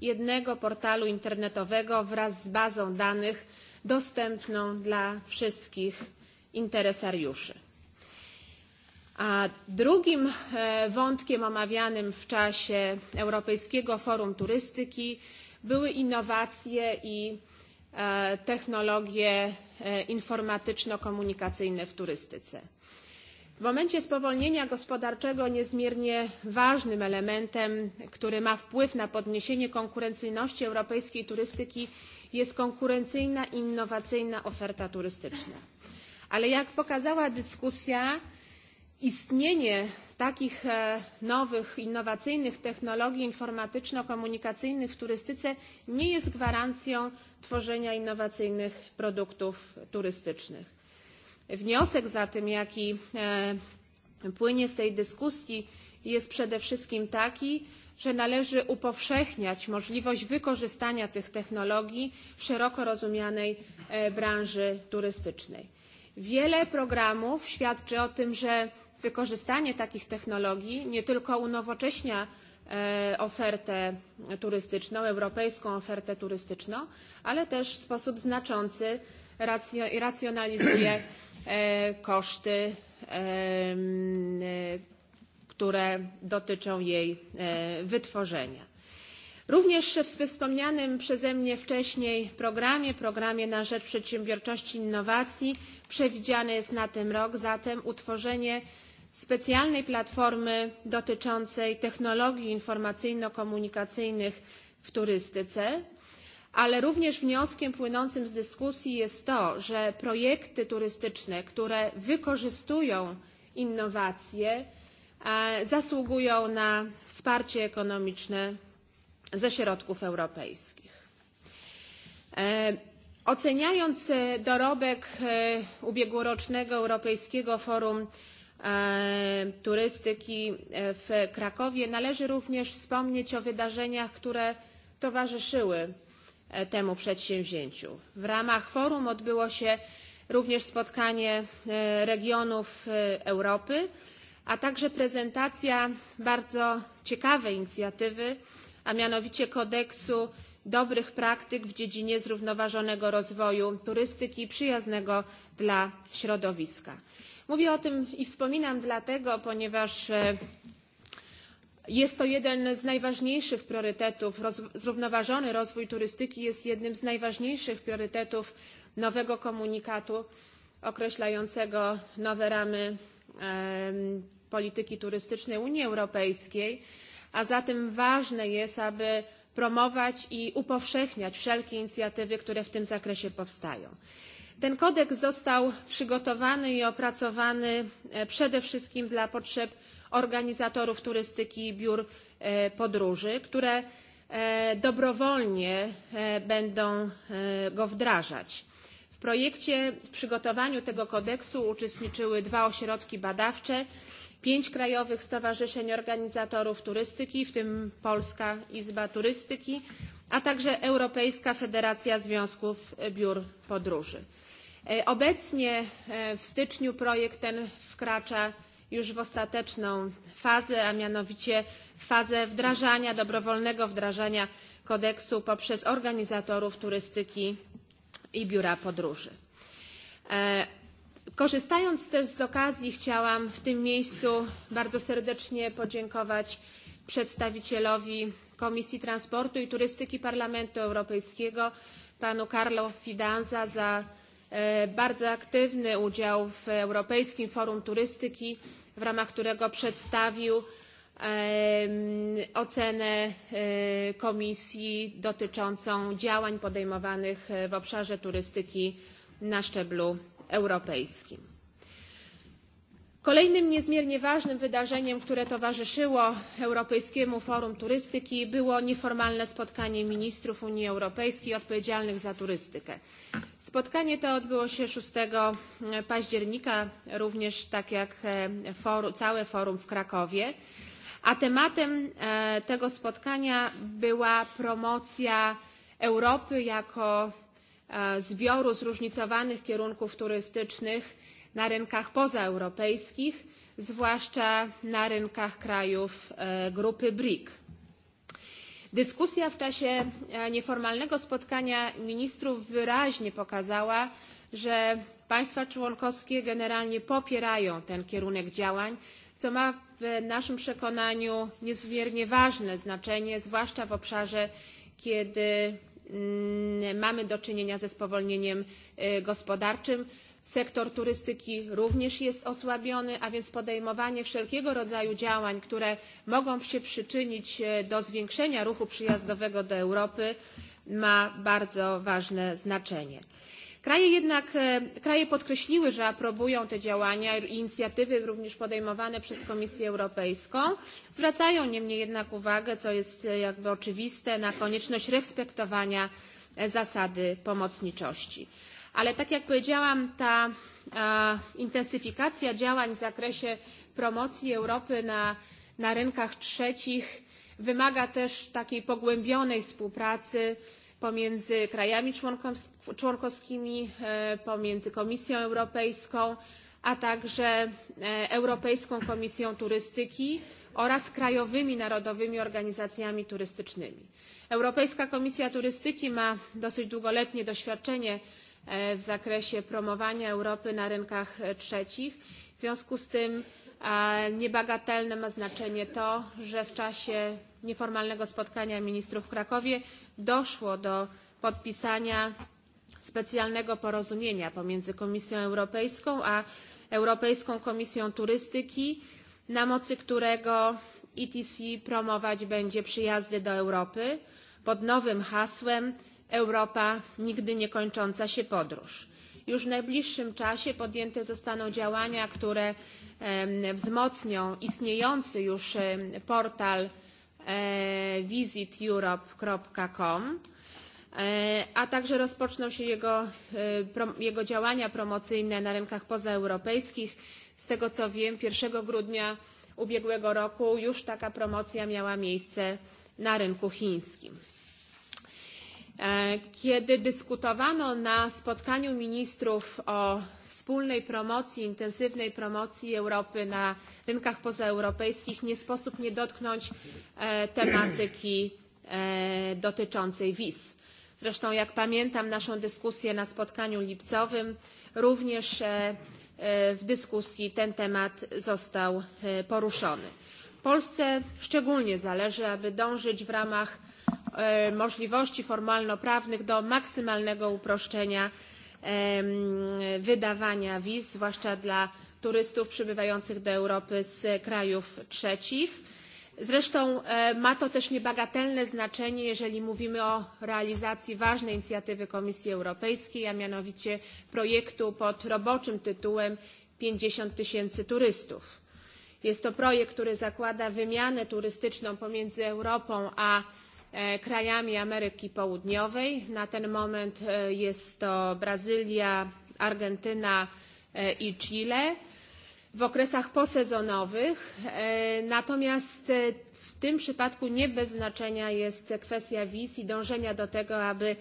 jednego portalu internetowego wraz z bazą danych dostępną dla wszystkich interesariuszy. A drugim e, wątkiem omawianym w czasie Europejskiego Forum Turystyki były innowacje i e, technologie e, informatyczno-komunikacyjne w turystyce. W momencie spowolnienia gospodarczego niezmiernie ważnym elementem, który ma wpływ na podniesienie konkurencyjności europejskiej turystyki jest konkurencyjna i innowacyjna oferta turystyczna. Ale jak pokazała dyskusja, istnienie takich e, nowych, innowacyjnych technologii informatyczno-komunikacyjnych w turystyce nie jest gwarancją tworzenia innowacyjnych produktów turystycznych. Wniosek zatem, jaki e, płynie z tej dyskusji, jest przede wszystkim taki, że należy upowszechniać możliwość wykorzystania tych technologii w szeroko rozumianej e, branży turystycznej. Wiele programów świadczy o tym, że wykorzystanie takich technologii nie tylko unowocześnia e, ofertę turystyczną, europejską ofertę turystyczną, ale też w sposób znaczący racjonalizuje e, koszty, e, które dotyczą jej wytworzenia. Również w wspomnianym przeze mnie wcześniej programie, programie na rzecz przedsiębiorczości i innowacji przewidziane jest na ten rok zatem utworzenie specjalnej platformy dotyczącej technologii informacyjno-komunikacyjnych w turystyce, ale również wnioskiem płynącym z dyskusji jest to, że projekty turystyczne, które wykorzystują innowacje, e, zasługują na wsparcie ekonomiczne ze środków europejskich. E, oceniając e, dorobek ubiegłorocznego Europejskiego Forum E, turystyki e, w Krakowie. Należy również wspomnieć o wydarzeniach, które towarzyszyły e, temu przedsięwzięciu. W ramach forum odbyło się również spotkanie regionów Europy, a także prezentacja bardzo ciekawej inicjatywy, a mianowicie kodeksu dobrych praktyk w dziedzinie zrównoważonego rozwoju turystyki przyjaznego dla środowiska. Mówię o tym i wspominam dlatego, ponieważ e, jest to jeden z najważniejszych priorytetów. Roz, zrównoważony rozwój turystyki jest jednym z najważniejszych priorytetów nowego komunikatu określającego nowe ramy e, polityki turystycznej Unii Europejskiej, a zatem ważne jest, aby promować i upowszechniać wszelkie inicjatywy, które w tym zakresie powstają. Ten kodeks został przygotowany i opracowany e, przede wszystkim dla potrzeb organizatorów turystyki i biur e, podróży, które e, dobrowolnie będą go wdrażać. W projekcie w przygotowaniu tego kodeksu uczestniczyły dwa ośrodki badawcze, pięć krajowych stowarzyszeń organizatorów turystyki, w tym Polska Izba Turystyki, a także Europejska Federacja Związków Biur Podróży. E, obecnie e, w styczniu projekt ten wkracza już w ostateczną fazę, a mianowicie fazę wdrażania, dobrowolnego wdrażania kodeksu poprzez organizatorów turystyki i biura podróży. E, korzystając też z okazji chciałam w tym miejscu bardzo serdecznie podziękować przedstawicielowi Komisji Transportu i Turystyki Parlamentu Europejskiego, panu Carlo Fidanza za E, bardzo aktywny udział w Europejskim Forum Turystyki, w ramach którego przedstawił ocenę e, Komisji dotyczącą działań podejmowanych w obszarze turystyki na szczeblu europejskim. Kolejnym niezmiernie ważnym wydarzeniem, które towarzyszyło Europejskiemu Forum Turystyki było nieformalne spotkanie ministrów Unii Europejskiej odpowiedzialnych za turystykę. Spotkanie to odbyło się 6 października, również tak jak e, forum, całe forum w Krakowie, a tematem e, tego spotkania była promocja Europy jako e, zbioru zróżnicowanych kierunków turystycznych na rynkach pozaeuropejskich, zwłaszcza na rynkach krajów e, grupy BRIC. Dyskusja w czasie e, nieformalnego spotkania ministrów wyraźnie pokazała, że państwa członkowskie generalnie popierają ten kierunek działań, co ma w naszym przekonaniu niezmiernie ważne znaczenie, zwłaszcza w obszarze, kiedy mm, mamy do czynienia ze spowolnieniem e, gospodarczym, Sektor turystyki również jest osłabiony, a więc podejmowanie wszelkiego rodzaju działań, które mogą się przyczynić e, do zwiększenia ruchu przyjazdowego do Europy ma bardzo ważne znaczenie. Kraje jednak, e, kraje podkreśliły, że aprobują te działania i inicjatywy również podejmowane przez Komisję Europejską. Zwracają niemniej jednak uwagę, co jest e, jakby oczywiste, na konieczność respektowania zasady pomocniczości. Ale tak jak powiedziałam, ta a, e, intensyfikacja działań w zakresie promocji Europy na, na rynkach trzecich wymaga też takiej pogłębionej współpracy pomiędzy krajami członkos członkowskimi, e, pomiędzy Komisją Europejską, a także e, Europejską Komisją Turystyki oraz krajowymi narodowymi organizacjami turystycznymi. Europejska Komisja Turystyki ma dosyć długoletnie doświadczenie E, w zakresie promowania Europy na rynkach e, trzecich. W związku z tym niebagatelne ma znaczenie to, że w czasie nieformalnego spotkania ministrów w Krakowie doszło do podpisania specjalnego porozumienia pomiędzy Komisją Europejską a Europejską Komisją Turystyki, na mocy którego ETC promować będzie przyjazdy do Europy pod nowym hasłem Europa nigdy niekończąca się podróż. Już w najbliższym czasie podjęte zostaną działania, które wzmocnią istniejący już portal e, visiteurope.com, e, a także rozpoczną się jego, e, jego działania promocyjne na rynkach pozaeuropejskich. Z tego co wiem, 1 grudnia ubiegłego roku już taka promocja miała miejsce na rynku chińskim. E, kiedy dyskutowano na spotkaniu ministrów o wspólnej promocji, intensywnej promocji Europy na rynkach pozaeuropejskich, nie sposób nie dotknąć e, tematyki e, dotyczącej wiz. Zresztą, jak pamiętam naszą dyskusję na spotkaniu lipcowym, również w dyskusji ten temat został poruszony. Polsce szczególnie zależy, aby dążyć w ramach E, możliwości formalno-prawnych do maksymalnego uproszczenia wydawania wiz, zwłaszcza dla turystów przybywających do Europy z krajów trzecich. Zresztą e, ma to też niebagatelne znaczenie, jeżeli mówimy o realizacji ważnej inicjatywy Komisji Europejskiej, a mianowicie projektu pod roboczym tytułem 50 tysięcy turystów. Jest to projekt, który zakłada wymianę turystyczną pomiędzy Europą a E, krajami Ameryki Południowej. Na ten moment e, jest to Brazylia, Argentyna e, i Chile w okresach posezonowych. Natomiast w tym przypadku nie bez znaczenia jest kwestia wiz i dążenia do tego, aby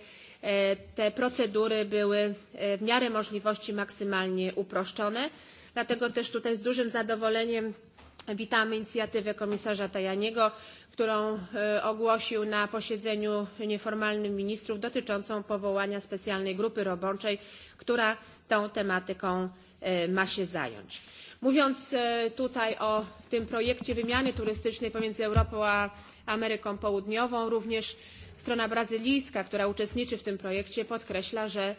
te procedury były w miarę możliwości maksymalnie uproszczone. Dlatego też tutaj z dużym zadowoleniem witamy inicjatywę komisarza Tajaniego, którą e, ogłosił na posiedzeniu nieformalnym ministrów dotyczącą powołania specjalnej grupy roboczej, która tą tematyką e, ma się zająć. Mówiąc e, tutaj o tym projekcie wymiany turystycznej pomiędzy Europą a Ameryką Południową, również strona brazylijska, która uczestniczy w tym projekcie, podkreśla, że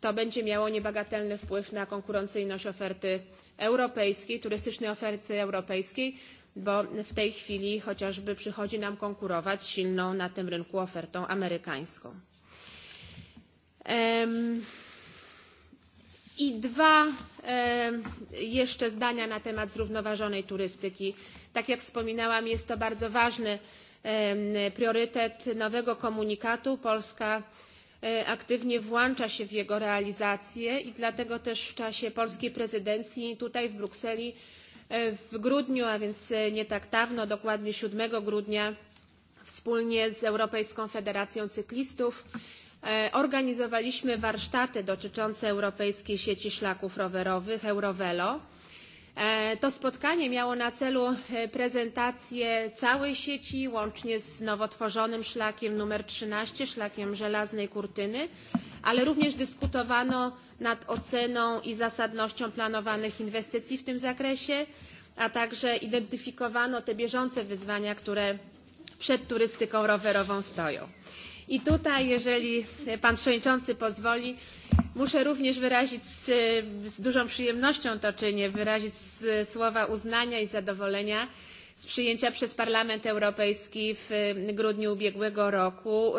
to będzie miało niebagatelny wpływ na konkurencyjność oferty europejskiej, turystycznej oferty europejskiej, bo w tej chwili chociażby przychodzi nam konkurować silną na tym rynku ofertą amerykańską. Ehm, I dwa e, jeszcze zdania na temat zrównoważonej turystyki. Tak jak wspominałam, jest to bardzo ważny e, priorytet nowego komunikatu. Polska e, aktywnie włącza się w jego realizację i dlatego też w czasie polskiej prezydencji tutaj w Brukseli E, w grudniu, a więc e, nie tak dawno, dokładnie 7 grudnia, wspólnie z Europejską Federacją Cyklistów e, organizowaliśmy warsztaty dotyczące Europejskiej Sieci Szlaków Rowerowych Eurovelo E, to spotkanie miało na celu e, prezentację całej sieci, łącznie z nowotworzonym szlakiem nr 13, szlakiem żelaznej kurtyny, ale również dyskutowano nad oceną i zasadnością planowanych inwestycji w tym zakresie, a także identyfikowano te bieżące wyzwania, które przed turystyką rowerową stoją. I tutaj, jeżeli pan przewodniczący pozwoli, muszę również wyrazić z, e, z dużą przyjemnością to czynię, wyrazić e, słowa uznania i zadowolenia z przyjęcia przez Parlament Europejski w e, grudniu ubiegłego roku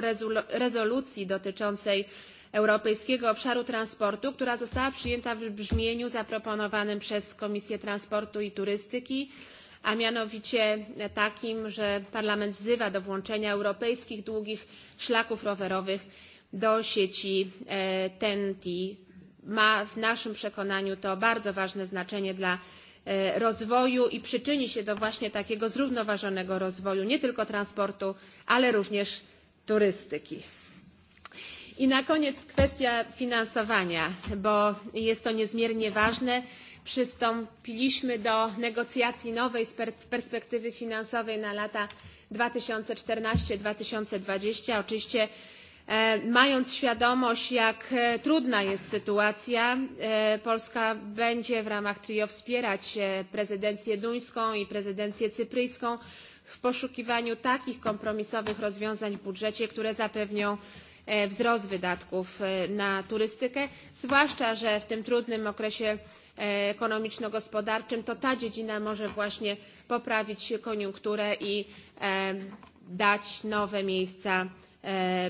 rezolucji dotyczącej Europejskiego Obszaru Transportu, która została przyjęta w brzmieniu zaproponowanym przez Komisję Transportu i Turystyki a mianowicie takim, że Parlament wzywa do włączenia europejskich długich szlaków rowerowych do sieci TEN-T. Ma w naszym przekonaniu to bardzo ważne znaczenie dla e, rozwoju i przyczyni się do właśnie takiego zrównoważonego rozwoju nie tylko transportu, ale również turystyki. I na koniec kwestia finansowania, bo jest to niezmiernie ważne przystąpiliśmy do negocjacji nowej perspektywy finansowej na lata 2014-2020. Oczywiście e, mając świadomość jak e, trudna jest sytuacja e, polska będzie w ramach trio wspierać prezydencję duńską i prezydencję cypryjską w poszukiwaniu takich kompromisowych rozwiązań w budżecie które zapewnią E, wzrost wydatków e, na turystykę, zwłaszcza, że w tym trudnym okresie e, ekonomiczno-gospodarczym to ta dziedzina może właśnie poprawić koniunkturę i dać nowe miejsca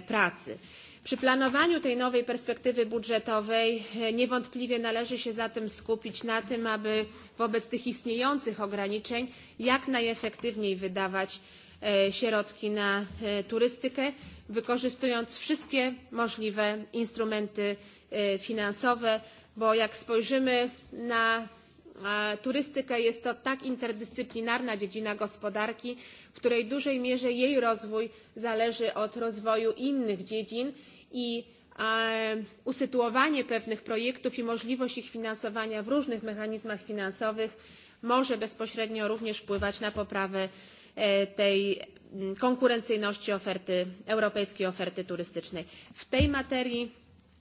pracy. Przy planowaniu tej nowej perspektywy budżetowej niewątpliwie należy się zatem skupić na tym, aby wobec tych istniejących ograniczeń jak najefektywniej wydawać środki na turystykę, wykorzystując wszystkie możliwe instrumenty e, finansowe, bo jak spojrzymy na e, turystykę jest to tak interdyscyplinarna dziedzina gospodarki, w której w dużej mierze jej rozwój zależy od rozwoju innych dziedzin i e, usytuowanie pewnych projektów i możliwość ich finansowania w różnych mechanizmach finansowych może bezpośrednio również wpływać na poprawę tej konkurencyjności oferty, europejskiej oferty turystycznej. W tej materii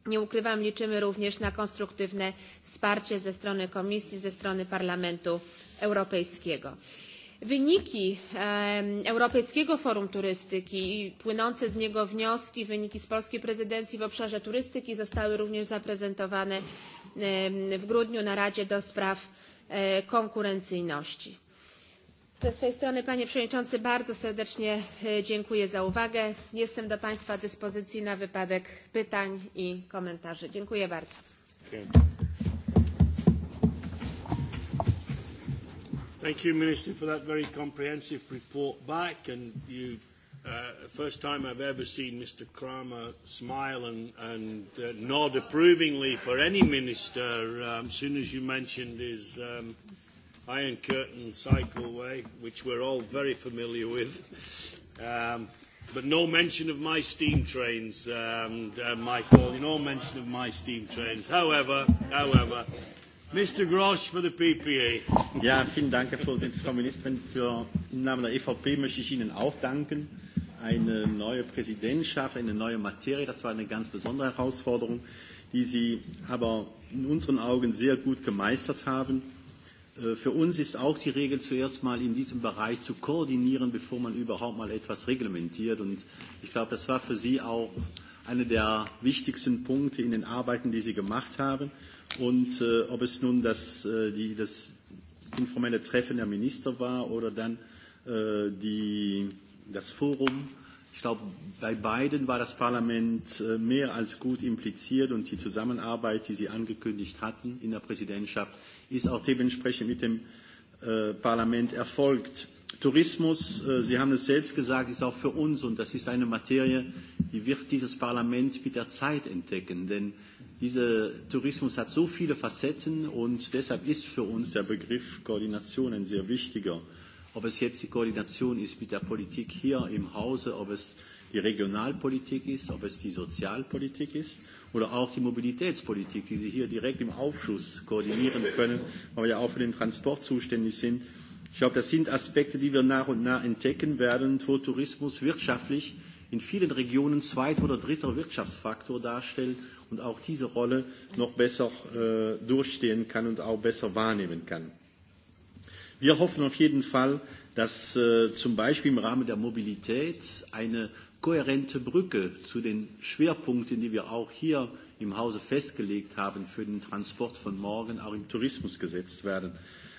nie ukrywam, liczymy również na konstruktywne wsparcie ze strony Komisji, ze strony Parlamentu Europejskiego. Wyniki e, Europejskiego Forum Turystyki i płynące z niego wnioski, wyniki z polskiej prezydencji w obszarze turystyki zostały również zaprezentowane e, w grudniu na Radzie do Spraw e, Konkurencyjności. Ze swojej strony, panie przewodniczący, bardzo serdecznie e, dziękuję za uwagę. Jestem do państwa dyspozycji na wypadek pytań i komentarzy. Dziękuję bardzo. Thank you, Minister, for that very comprehensive report back. And you've, uh, first time I've ever seen Mr. Kramer smile and, and uh, nod approvingly for any minister. Um, as soon as you mentioned his um, uh, Iron Curtain cycleway, which we're all very familiar with. Um, but no mention of my steam trains, um, uh, Michael. No mention of my steam trains. However, however, Mr. Grosch für die PPA. E. Ja, vielen Dank, Herr Vorsitzender, Frau Ministerin. Für, Im Namen der EVP möchte ich Ihnen auch danken. Eine neue Präsidentschaft, eine neue Materie, das war eine ganz besondere Herausforderung, die Sie aber in unseren Augen sehr gut gemeistert haben. Äh, für uns ist auch die Regel zuerst mal in diesem Bereich zu koordinieren, bevor man überhaupt mal etwas reglementiert. Und ich glaube, das war für Sie auch einer der wichtigsten Punkte in den Arbeiten, die Sie gemacht haben. Und äh, ob es nun das, äh, die, das informelle Treffen der Minister war oder dann äh, die, das Forum Ich glaube, bei beiden war das Parlament äh, mehr als gut impliziert und die Zusammenarbeit, die Sie angekündigt hatten in der Präsidentschaft, ist auch dementsprechend mit dem äh, Parlament erfolgt. Tourismus, äh, Sie haben es selbst gesagt, ist auch für uns und das ist eine Materie, die wird dieses Parlament mit der Zeit entdecken, denn dieser Tourismus hat so viele Facetten und deshalb ist für uns der Begriff Koordination ein sehr wichtiger ob es jetzt die Koordination ist mit der Politik hier im Hause, ob es die Regionalpolitik ist, ob es die Sozialpolitik ist oder auch die Mobilitätspolitik, die Sie hier direkt im Ausschuss koordinieren können, weil wir ja auch für den Transport zuständig sind. Ich glaube, das sind Aspekte, die wir nach und nach entdecken werden, wo Tourismus wirtschaftlich in vielen Regionen zweiter oder dritter Wirtschaftsfaktor darstellt und auch diese Rolle noch besser äh, durchstehen kann und auch besser wahrnehmen kann. Wir hoffen auf jeden Fall, dass äh, zum Beispiel im Rahmen der Mobilität eine kohärente Brücke zu den Schwerpunkten, die wir auch hier im Hause festgelegt haben für den Transport von morgen, auch im Tourismus gesetzt werden.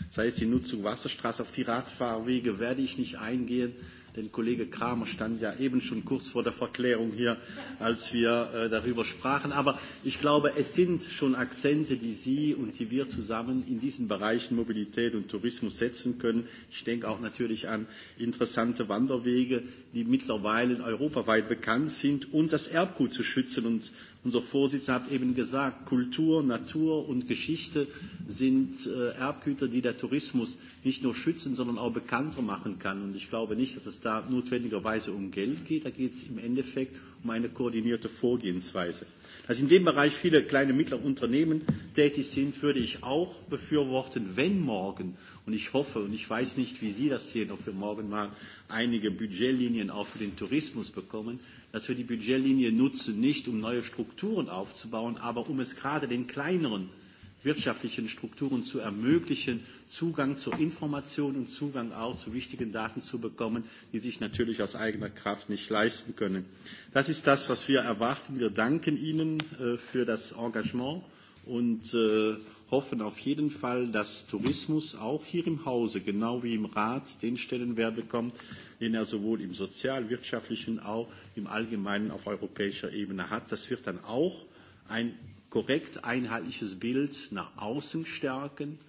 Das heißt, die Nutzung Wasserstraßen auf die Radfahrwege werde ich nicht eingehen. Äh, Denn Kollege Kramer stand ja eben schon kurz vor der Verklärung hier, als wir äh, darüber sprachen. Aber ich glaube, es sind schon Akzente, die Sie und die wir zusammen in diesen Bereichen Mobilität und Tourismus setzen können. Ich denke auch natürlich an interessante Wanderwege, die mittlerweile europaweit bekannt sind, und das Erbgut zu schützen und Unser Vorsitzender hat eben gesagt, Kultur, Natur und Geschichte sind äh, Erbgüter, die der Tourismus nicht nur schützen, sondern auch bekannter machen kann. Und ich glaube nicht, dass es da notwendigerweise um Geld geht. Da geht es im Endeffekt um eine koordinierte Vorgehensweise. Dass in dem Bereich viele kleine und mittlere Unternehmen tätig sind, würde ich auch befürworten, wenn morgen, und ich hoffe, und ich weiß nicht, wie Sie das sehen, ob wir morgen mal einige Budgetlinien auch für den Tourismus bekommen, dass wir die Budgetlinie nutzen, nicht um neue Strukturen aufzubauen, aber um es gerade den kleineren wirtschaftlichen Strukturen zu ermöglichen, Zugang zur Information und Zugang auch zu wichtigen Daten zu bekommen, die sich natürlich aus eigener Kraft nicht leisten können. Das ist das, was wir erwarten. Wir danken Ihnen äh, für das Engagement und äh, hoffen auf jeden Fall, dass Tourismus auch hier im Hause, genau wie im Rat, den Stellenwert bekommt, den er sowohl im sozialwirtschaftlichen auch im Allgemeinen auf europäischer Ebene hat. Das wird dann auch ein korrekt einheitliches Bild nach außen stärken,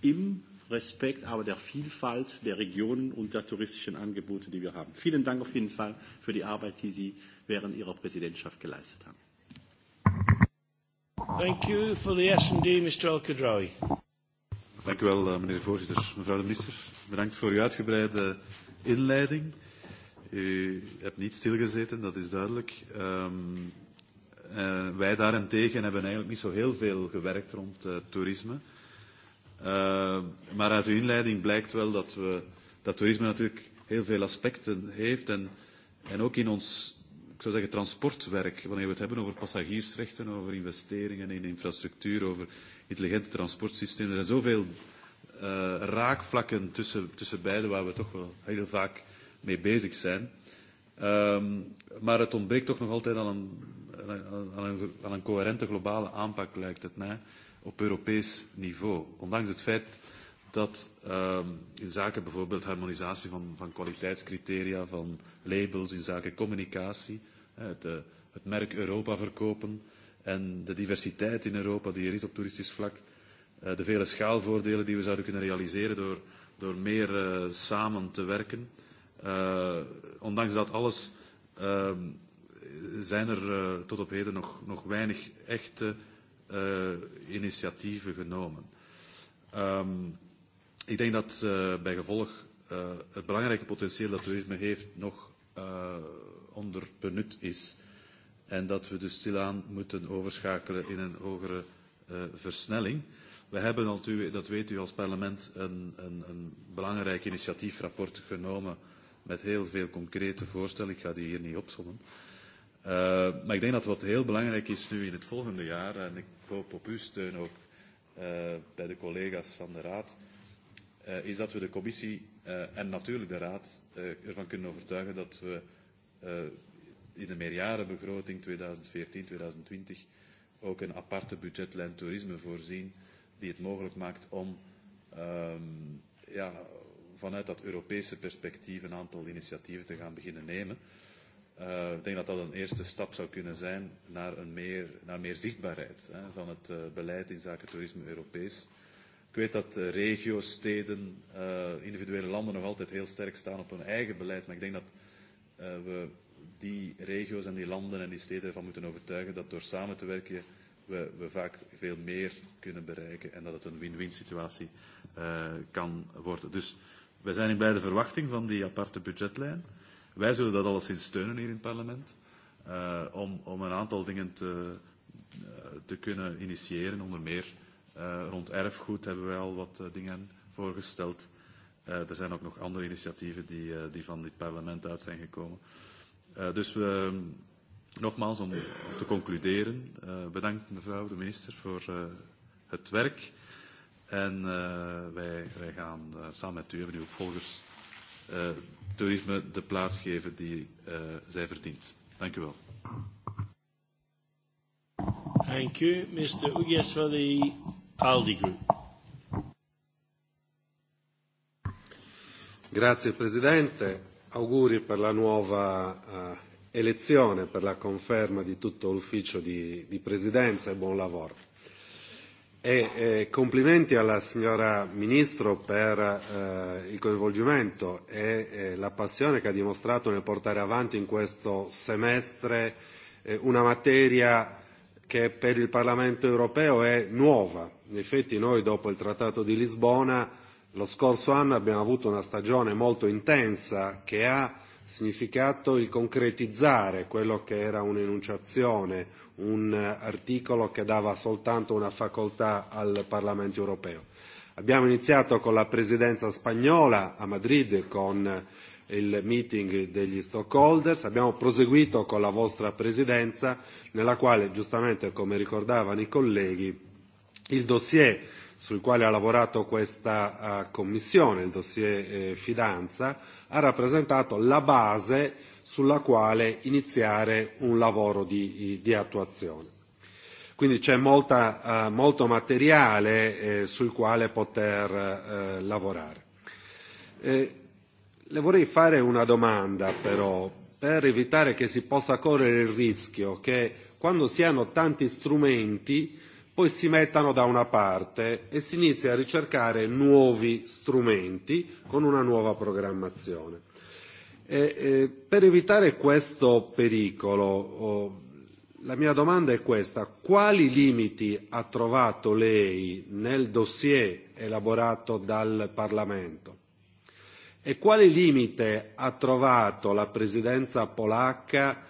im Respekt aber der Vielfalt der Regionen und der touristischen Angebote, die wir haben. Vielen Dank auf jeden Fall für die Arbeit, die Sie während Ihrer Präsidentschaft geleistet haben. Thank you for the S&D, Mr. El-Khadraoui. Dank u wel, eh, meneer de voorzitter. Mevrouw de minister, bedankt voor uw uitgebreide inleiding. U hebt niet stilgezeten, dat is duidelijk. Um, uh, wij daarentegen hebben eigenlijk niet zo heel veel gewerkt rond uh, toerisme. Uh, maar uit uw inleiding blijkt wel dat, we, dat toerisme natuurlijk heel veel aspecten heeft en, en ook in ons ik zou zeggen, transportwerk. Wanneer we het hebben over passagiersrechten, over investeringen in infrastructuur, over intelligente transportsystemen. Er zijn zoveel uh, raakvlakken tussen, tussen beide waar we toch wel heel vaak mee bezig zijn. Um, maar het ontbreekt toch nog altijd aan een, aan, een, aan een coherente globale aanpak, lijkt het mij, op Europees niveau. Ondanks het feit uh, dat um, in zaken bijvoorbeeld harmonisatie van, van kwaliteitscriteria, van labels, in zaken communicatie, het, uh, het merk Europa verkopen en de diversiteit in Europa die er is op toeristisch vlak, uh, de vele schaalvoordelen die we zouden kunnen realiseren door, door meer uh, samen te werken. Uh, ondanks dat alles uh, zijn er uh, tot op heden nog, nog weinig echte uh, initiatieven genomen. Um, Ik denk dat uh, bij gevolg uh, het belangrijke potentieel dat toerisme heeft nog uh, onderbenut is. En dat we dus stilaan moeten overschakelen in een hogere uh, versnelling. We hebben natuurlijk, dat weet u als parlement, een, een, een belangrijk initiatiefrapport genomen met heel veel concrete voorstellen. Ik ga die hier niet opzommen. Uh, maar ik denk dat wat heel belangrijk is nu in het volgende jaar, en ik hoop op uw steun ook uh, bij de collega's van de Raad, uh, uh, is dat we de commissie uh, en natuurlijk de raad uh, ervan kunnen overtuigen dat we uh, in de meerjarenbegroting 2014-2020 ook een aparte budgetlijn toerisme voorzien die het mogelijk maakt om um, ja, vanuit dat Europese perspectief een aantal initiatieven te gaan beginnen nemen. Uh, ik denk dat dat een eerste stap zou kunnen zijn naar, een meer, naar meer zichtbaarheid hè, van het uh, beleid in zaken toerisme Europees. Uh, Ik weet dat uh, regio's, steden, uh, individuele landen nog altijd heel sterk staan op hun eigen beleid. Maar ik denk dat uh, we die regio's en die landen en die steden ervan moeten overtuigen dat door samen te werken we, we vaak veel meer kunnen bereiken en dat het een win-win situatie uh, kan worden. Dus wij zijn in blijde verwachting van die aparte budgetlijn. Wij zullen dat alleszins steunen hier in het parlement uh, om, om een aantal dingen te, uh, te kunnen initiëren, onder meer uh, Uh, rond erfgoed hebben wij al wat uh, dingen voorgesteld. Uh, er zijn ook nog andere initiatieven die, uh, die van dit parlement uit zijn gekomen. Uh, dus we, uh, nogmaals om, om te concluderen, uh, bedankt mevrouw de minister voor uh, het werk. En uh, wij, wij gaan uh, samen met u en uw volgers uh, toerisme de plaats geven die uh, zij verdient. Dank u wel. Thank you, Mr. Ugias, for the ALDI Group. Grazie Presidente, auguri per la nuova uh, elezione, per la conferma di tutto l'ufficio di, di Presidenza e buon lavoro. E eh, complimenti alla signora Ministro per eh, il coinvolgimento e eh, la passione che ha dimostrato nel portare avanti in questo semestre eh, una materia che per il Parlamento europeo è nuova. In effetti noi dopo il Trattato di Lisbona lo scorso anno abbiamo avuto una stagione molto intensa che ha significato il concretizzare quello che era un'enunciazione, un articolo che dava soltanto una facoltà al Parlamento europeo. Abbiamo iniziato con la presidenza spagnola a Madrid con il meeting degli stockholders, abbiamo proseguito con la vostra presidenza nella quale giustamente, come ricordavano i colleghi, il dossier sul quale ha lavorato questa uh, commissione, il dossier eh, fidanza, ha rappresentato la base sulla quale iniziare un lavoro di, di attuazione. Quindi c'è molta, uh, molto materiale eh, sul quale poter eh, lavorare. Eh, Le vorrei fare una domanda però, per evitare che si possa correre il rischio che quando si hanno tanti strumenti poi si mettano da una parte e si inizia a ricercare nuovi strumenti con una nuova programmazione. E, eh, per evitare questo pericolo, oh, la mia domanda è questa. Quali limiti ha trovato lei nel dossier elaborato dal Parlamento? E quale limite ha trovato la presidenza polacca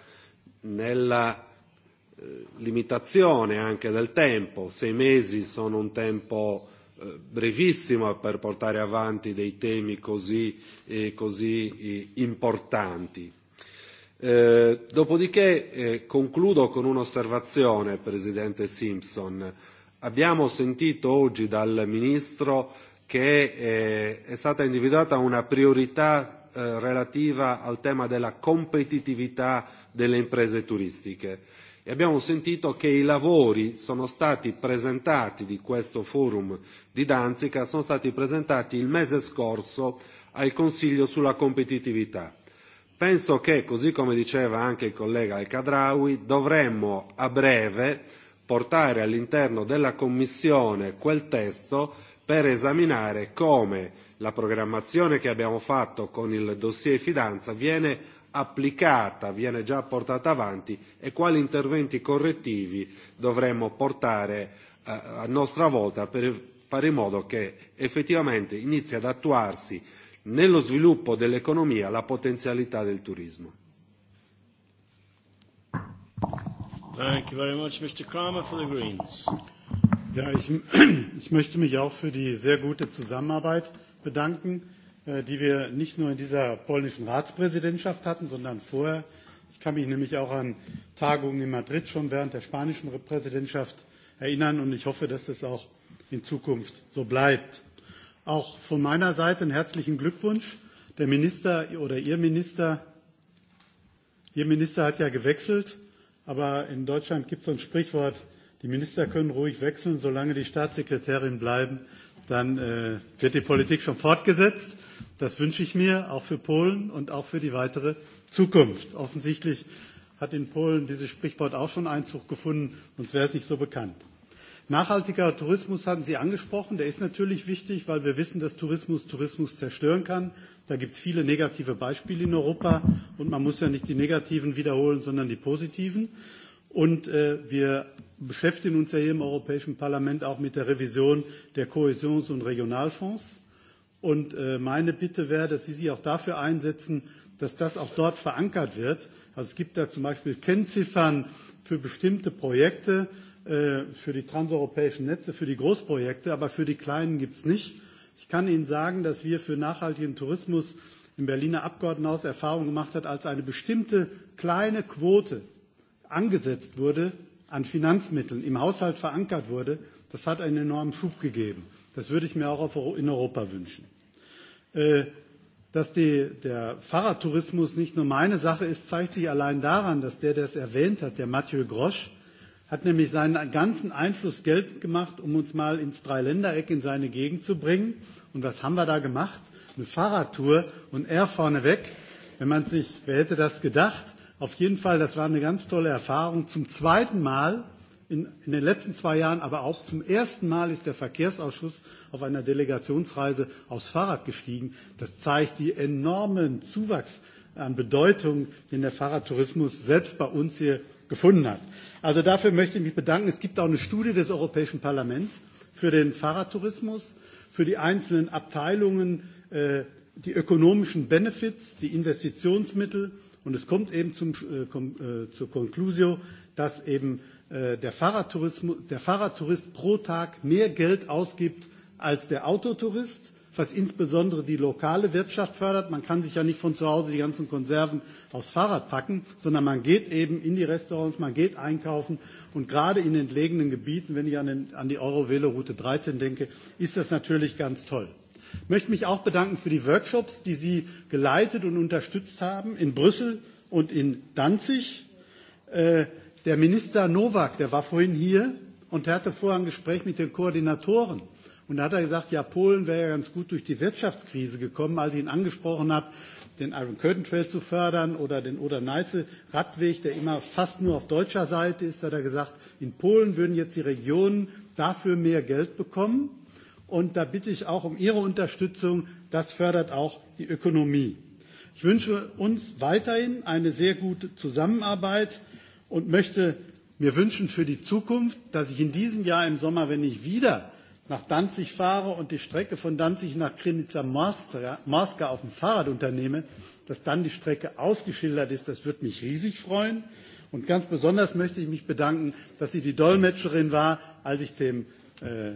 nella eh, limitazione anche del tempo? Sei mesi sono un tempo eh, brevissimo per portare avanti dei temi così, eh, così eh, importanti. Eh, dopodiché eh, concludo con un'osservazione, Presidente Simpson. Abbiamo sentito oggi dal Ministro che eh, è stata individuata una priorità eh, relativa al tema della competitività delle imprese turistiche e abbiamo sentito che i lavori sono stati presentati di questo forum di Danzica, sono stati presentati il mese scorso al Consiglio sulla competitività. Penso che, così come diceva anche il collega El Cadraui, dovremmo a breve portare all'interno della Commissione quel testo per esaminare come la programmazione che abbiamo fatto con il dossier fidanza viene applicata, viene già portata avanti e quali interventi correttivi dovremmo portare eh, a nostra volta per fare in modo che effettivamente inizi ad attuarsi nello sviluppo dell'economia la potenzialità del turismo. Thank you very much, Mr. Kramer for the Greens. Ja, ich, ich möchte mich auch für die sehr gute Zusammenarbeit bedanken, äh, die wir nicht nur in dieser polnischen Ratspräsidentschaft hatten, sondern vorher. Ich kann mich nämlich auch an Tagungen in Madrid schon während der spanischen Präsidentschaft erinnern und ich hoffe, dass das auch in Zukunft so bleibt. Auch von meiner Seite einen herzlichen Glückwunsch. Der Minister oder Ihr Minister, Ihr Minister hat ja gewechselt Aber in Deutschland gibt es so ein Sprichwort, die Minister können ruhig wechseln, solange die Staatssekretärin bleiben, dann äh, wird die Politik schon fortgesetzt. Das wünsche ich mir auch für Polen und auch für die weitere Zukunft. Offensichtlich hat in Polen dieses Sprichwort auch schon Einzug gefunden, sonst wäre es nicht so bekannt. Nachhaltiger Tourismus hatten Sie angesprochen. Der ist natürlich wichtig, weil wir wissen, dass Tourismus Tourismus zerstören kann. Da gibt es viele negative Beispiele in Europa. Und man muss ja nicht die negativen wiederholen, sondern die positiven. Und äh, wir beschäftigen uns ja hier im Europäischen Parlament auch mit der Revision der Kohäsions- und Regionalfonds. Und äh, meine Bitte wäre, dass Sie sich auch dafür einsetzen, dass das auch dort verankert wird. Also es gibt da zum Beispiel Kennziffern für bestimmte Projekte, Äh, für die transeuropäischen Netze, für die Großprojekte, aber für die kleinen gibt es nicht. Ich kann Ihnen sagen, dass wir für nachhaltigen Tourismus im Berliner Abgeordnetenhaus Erfahrung gemacht hat, als eine bestimmte kleine Quote angesetzt wurde an Finanzmitteln, im Haushalt verankert wurde, das hat einen enormen Schub gegeben. Das würde ich mir auch auf, in Europa wünschen. Äh, dass die, der Fahrradtourismus nicht nur meine Sache ist, zeigt sich allein daran, dass der, der es erwähnt hat, der Mathieu Grosch, hat nämlich seinen ganzen Einfluss geltend gemacht, um uns mal ins Dreiländereck in seine Gegend zu bringen. Und was haben wir da gemacht? Eine Fahrradtour und er vorneweg. Wenn man sich, wer hätte das gedacht? Auf jeden Fall, das war eine ganz tolle Erfahrung. Zum zweiten Mal in, in den letzten zwei Jahren, aber auch zum ersten Mal ist der Verkehrsausschuss auf einer Delegationsreise aufs Fahrrad gestiegen. Das zeigt die enormen Zuwachs an Bedeutung, den der Fahrradtourismus selbst bei uns hier gefunden hat. Also dafür möchte ich mich bedanken. Es gibt auch eine Studie des Europäischen Parlaments für den Fahrradtourismus, für die einzelnen Abteilungen, äh, die ökonomischen Benefits, die Investitionsmittel. Und es kommt eben zum, äh, kom, äh, zur Conclusio, dass eben äh, der, Fahrradtourismus, der Fahrradtourist pro Tag mehr Geld ausgibt als der Autotourist was insbesondere die lokale Wirtschaft fördert. Man kann sich ja nicht von zu Hause die ganzen Konserven aufs Fahrrad packen, sondern man geht eben in die Restaurants, man geht einkaufen. Und gerade in entlegenen Gebieten, wenn ich an, den, an die Eurovelo-Route 13 denke, ist das natürlich ganz toll. Ich möchte mich auch bedanken für die Workshops, die Sie geleitet und unterstützt haben in Brüssel und in Danzig. Äh, der Minister Nowak, der war vorhin hier und er hatte vorher ein Gespräch mit den Koordinatoren. Und da hat er gesagt, ja, Polen wäre ja ganz gut durch die Wirtschaftskrise gekommen, als ich ihn angesprochen habe, den Iron Curtain Trail zu fördern oder den Oder-Neiße-Radweg, der immer fast nur auf deutscher Seite ist, hat er gesagt, in Polen würden jetzt die Regionen dafür mehr Geld bekommen. Und da bitte ich auch um Ihre Unterstützung. Das fördert auch die Ökonomie. Ich wünsche uns weiterhin eine sehr gute Zusammenarbeit und möchte mir wünschen für die Zukunft, dass ich in diesem Jahr im Sommer, wenn ich wieder nach Danzig fahre und die Strecke von Danzig nach Krinica Marska auf dem Fahrrad unternehme, dass dann die Strecke ausgeschildert ist, das würde mich riesig freuen. Und ganz besonders möchte ich mich bedanken, dass sie die Dolmetscherin war, als ich dem, äh,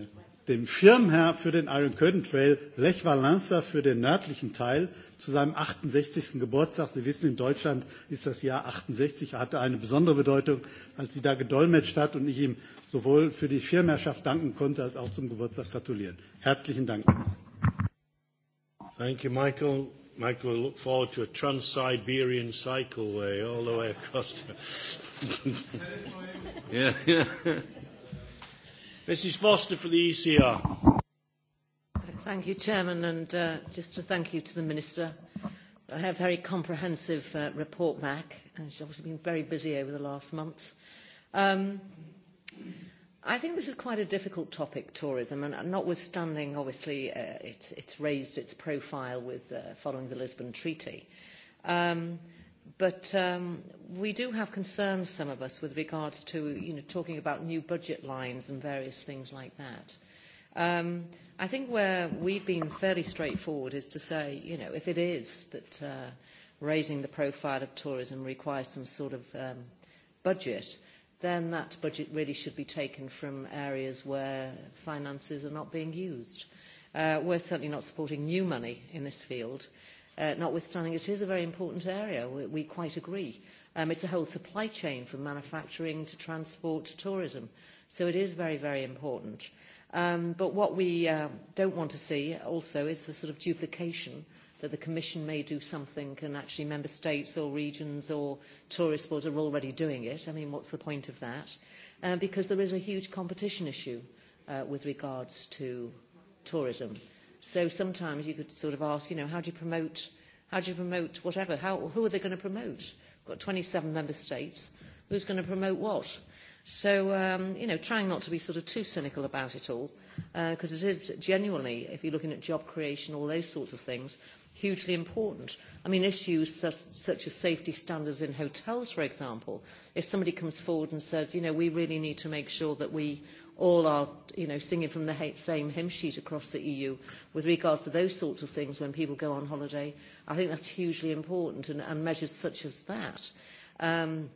dem Schirmherr für den Iron Curtain Trail, Lech Walensa für den nördlichen Teil, zu seinem 68. Geburtstag, Sie wissen, in Deutschland ist das Jahr 68, hatte eine besondere Bedeutung, als sie da gedolmetscht hat und ich ihm sowohl für die Schirmherrschaft danken konnte, als auch zum Geburtstag gratulieren. Herzlichen Dank. Thank you, Michael. Michael, I look forward to a Trans-Siberian cycleway all the way across. To... yeah, yeah. Mrs. Foster for the ECR. Thank you, Chairman, and uh, just to thank you to the Minister. I have a very comprehensive uh, report back, and she's obviously been very busy over the last months. Um, I think this is quite a difficult topic, tourism, and notwithstanding, obviously, uh, it, it's raised its profile with uh, following the Lisbon Treaty. Um, but um, we do have concerns, some of us, with regards to you know, talking about new budget lines and various things like that. Um, I think where we've been fairly straightforward is to say, you know, if it is that uh, raising the profile of tourism requires some sort of um, budget, uh, then that budget really should be taken from areas where finances are not being used. Uh, we're certainly not supporting new money in this field, uh, notwithstanding it is a very important area. We, we quite agree. Um, it's a whole supply chain from manufacturing to transport to tourism. So it is very, very important. Um, but what we uh, don't want to see also is the sort of duplication uh, that the Commission may do something and actually Member States or regions or tourist boards are already doing it. I mean, what's the point of that? Uh, because there is a huge competition issue uh, with regards to tourism. So sometimes you could sort of ask, you know, how do you promote, how do you promote whatever? How, who are they going to promote? We've got 27 member states. Who's going to promote what? So, um, you know, trying not to be sort of too cynical about it all, because uh, it is genuinely, if you're looking at job creation, all those sorts of things, hugely important. I mean, issues such, such as safety standards in hotels, for example. If somebody comes forward and says, you know, we really need to make sure that we all are, you know, singing from the same hymn sheet across the EU with regards to those sorts of things when people go on holiday, I think that's hugely important, and, and measures such as that. Um,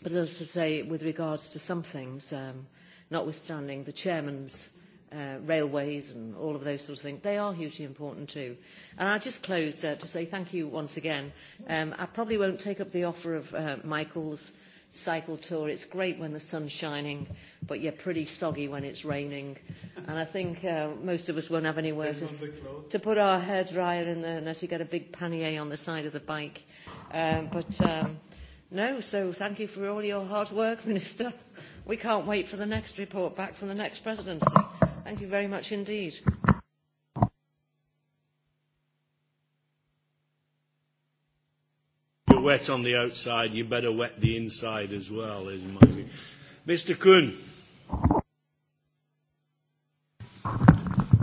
but as I say, with regards to some things, um, notwithstanding the chairman's uh, uh, railways and all of those sorts of things, they are hugely important too. And I'll just close uh, to say thank you once again. Um, I probably won't take up the offer of uh, Michael's cycle tour. It's great when the sun's shining, but you're pretty soggy when it's raining. And I think uh, most of us won't have anywhere to, to put our hairdryer in there unless you get a big pannier on the side of the bike. Um, but um, no, so thank you for all your hard work, Minister. We can't wait for the next report back from the next presidency. Thank you very much indeed. You're wet on the outside, you better wet the inside as well, is my view. Mr. Kuhn.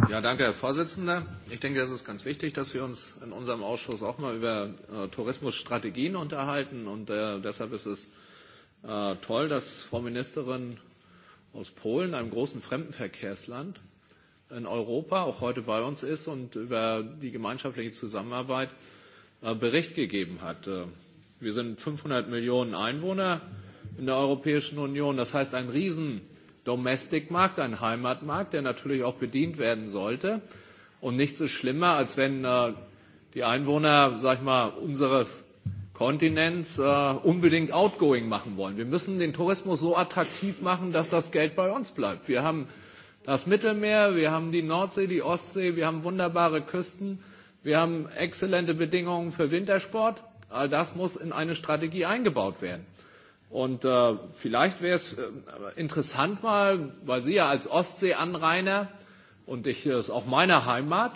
Ja, danke, Herr Vorsitzender. Ich denke, es ist ganz wichtig, dass wir uns in unserem Ausschuss auch mal über äh, Tourismusstrategien unterhalten. Und äh, deshalb ist es äh, toll, dass Frau Ministerin aus Polen, einem großen Fremdenverkehrsland in Europa, auch heute bei uns ist und über die gemeinschaftliche Zusammenarbeit äh, Bericht gegeben hat. Äh, wir sind 500 Millionen Einwohner in der Europäischen Union. Das heißt, ein riesen Domestic-Markt, ein Heimatmarkt, der natürlich auch bedient werden sollte. Und nichts ist schlimmer, als wenn äh, die Einwohner, sag ich mal, unseres Kontinents äh, unbedingt outgoing machen wollen. Wir müssen den Tourismus so attraktiv machen, dass das Geld bei uns bleibt. Wir haben das Mittelmeer, wir haben die Nordsee, die Ostsee, wir haben wunderbare Küsten, wir haben exzellente Bedingungen für Wintersport. All das muss in eine Strategie eingebaut werden. Und äh, vielleicht wäre es äh, interessant mal, weil Sie ja als Ostseeanrainer und ich äh, ist auch meine Heimat,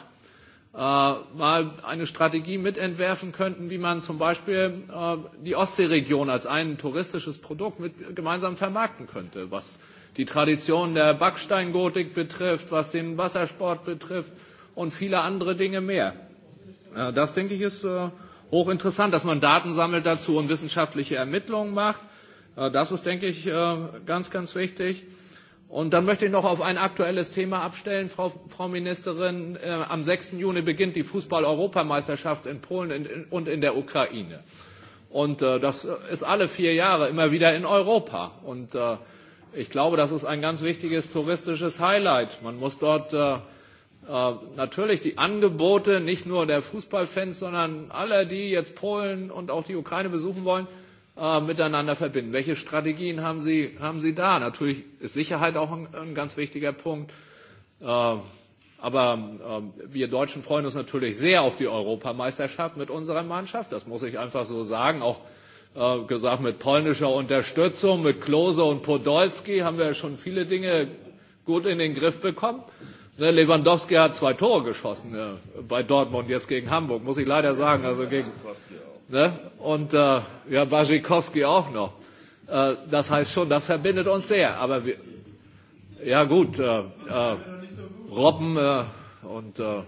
äh, mal eine Strategie mitentwerfen könnten, wie man zum Beispiel äh, die Ostseeregion als ein touristisches Produkt mit, gemeinsam vermarkten könnte, was die Tradition der Backsteingotik betrifft, was den Wassersport betrifft und viele andere Dinge mehr. Äh, das, denke ich, ist äh, hochinteressant, dass man Daten sammelt dazu und wissenschaftliche Ermittlungen macht. Äh, das ist, denke ich, äh, ganz, ganz wichtig. Äh, Und dann möchte ich noch auf ein aktuelles Thema abstellen, Frau, Frau Ministerin. Äh, am 6. Juni beginnt die Fußball-Europameisterschaft in Polen in, in, und in der Ukraine. Und äh, das ist alle vier Jahre immer wieder in Europa. Und äh, ich glaube, das ist ein ganz wichtiges touristisches Highlight. Man muss dort äh, äh, natürlich die Angebote nicht nur der Fußballfans, sondern aller, die jetzt Polen und auch die Ukraine besuchen wollen, äh, äh, miteinander verbinden? Welche Strategien haben Sie, haben Sie da? Natürlich ist Sicherheit auch ein, ein ganz wichtiger Punkt. Äh, aber äh, wir Deutschen freuen uns natürlich sehr auf die Europameisterschaft mit unserer Mannschaft. Das muss ich einfach so sagen. Auch äh, gesagt mit polnischer Unterstützung, mit Klose und Podolski haben wir schon viele Dinge gut in den Griff bekommen. Ne, Lewandowski hat zwei Tore geschossen ne, äh, bei Dortmund jetzt gegen Hamburg, muss ich leider sagen. Also gegen, Ne? Und äh, ja, Bajikowski auch noch. Äh, das heißt schon, das verbindet uns sehr. Aber wir, ja gut, äh, äh, Robben äh, und äh, äh,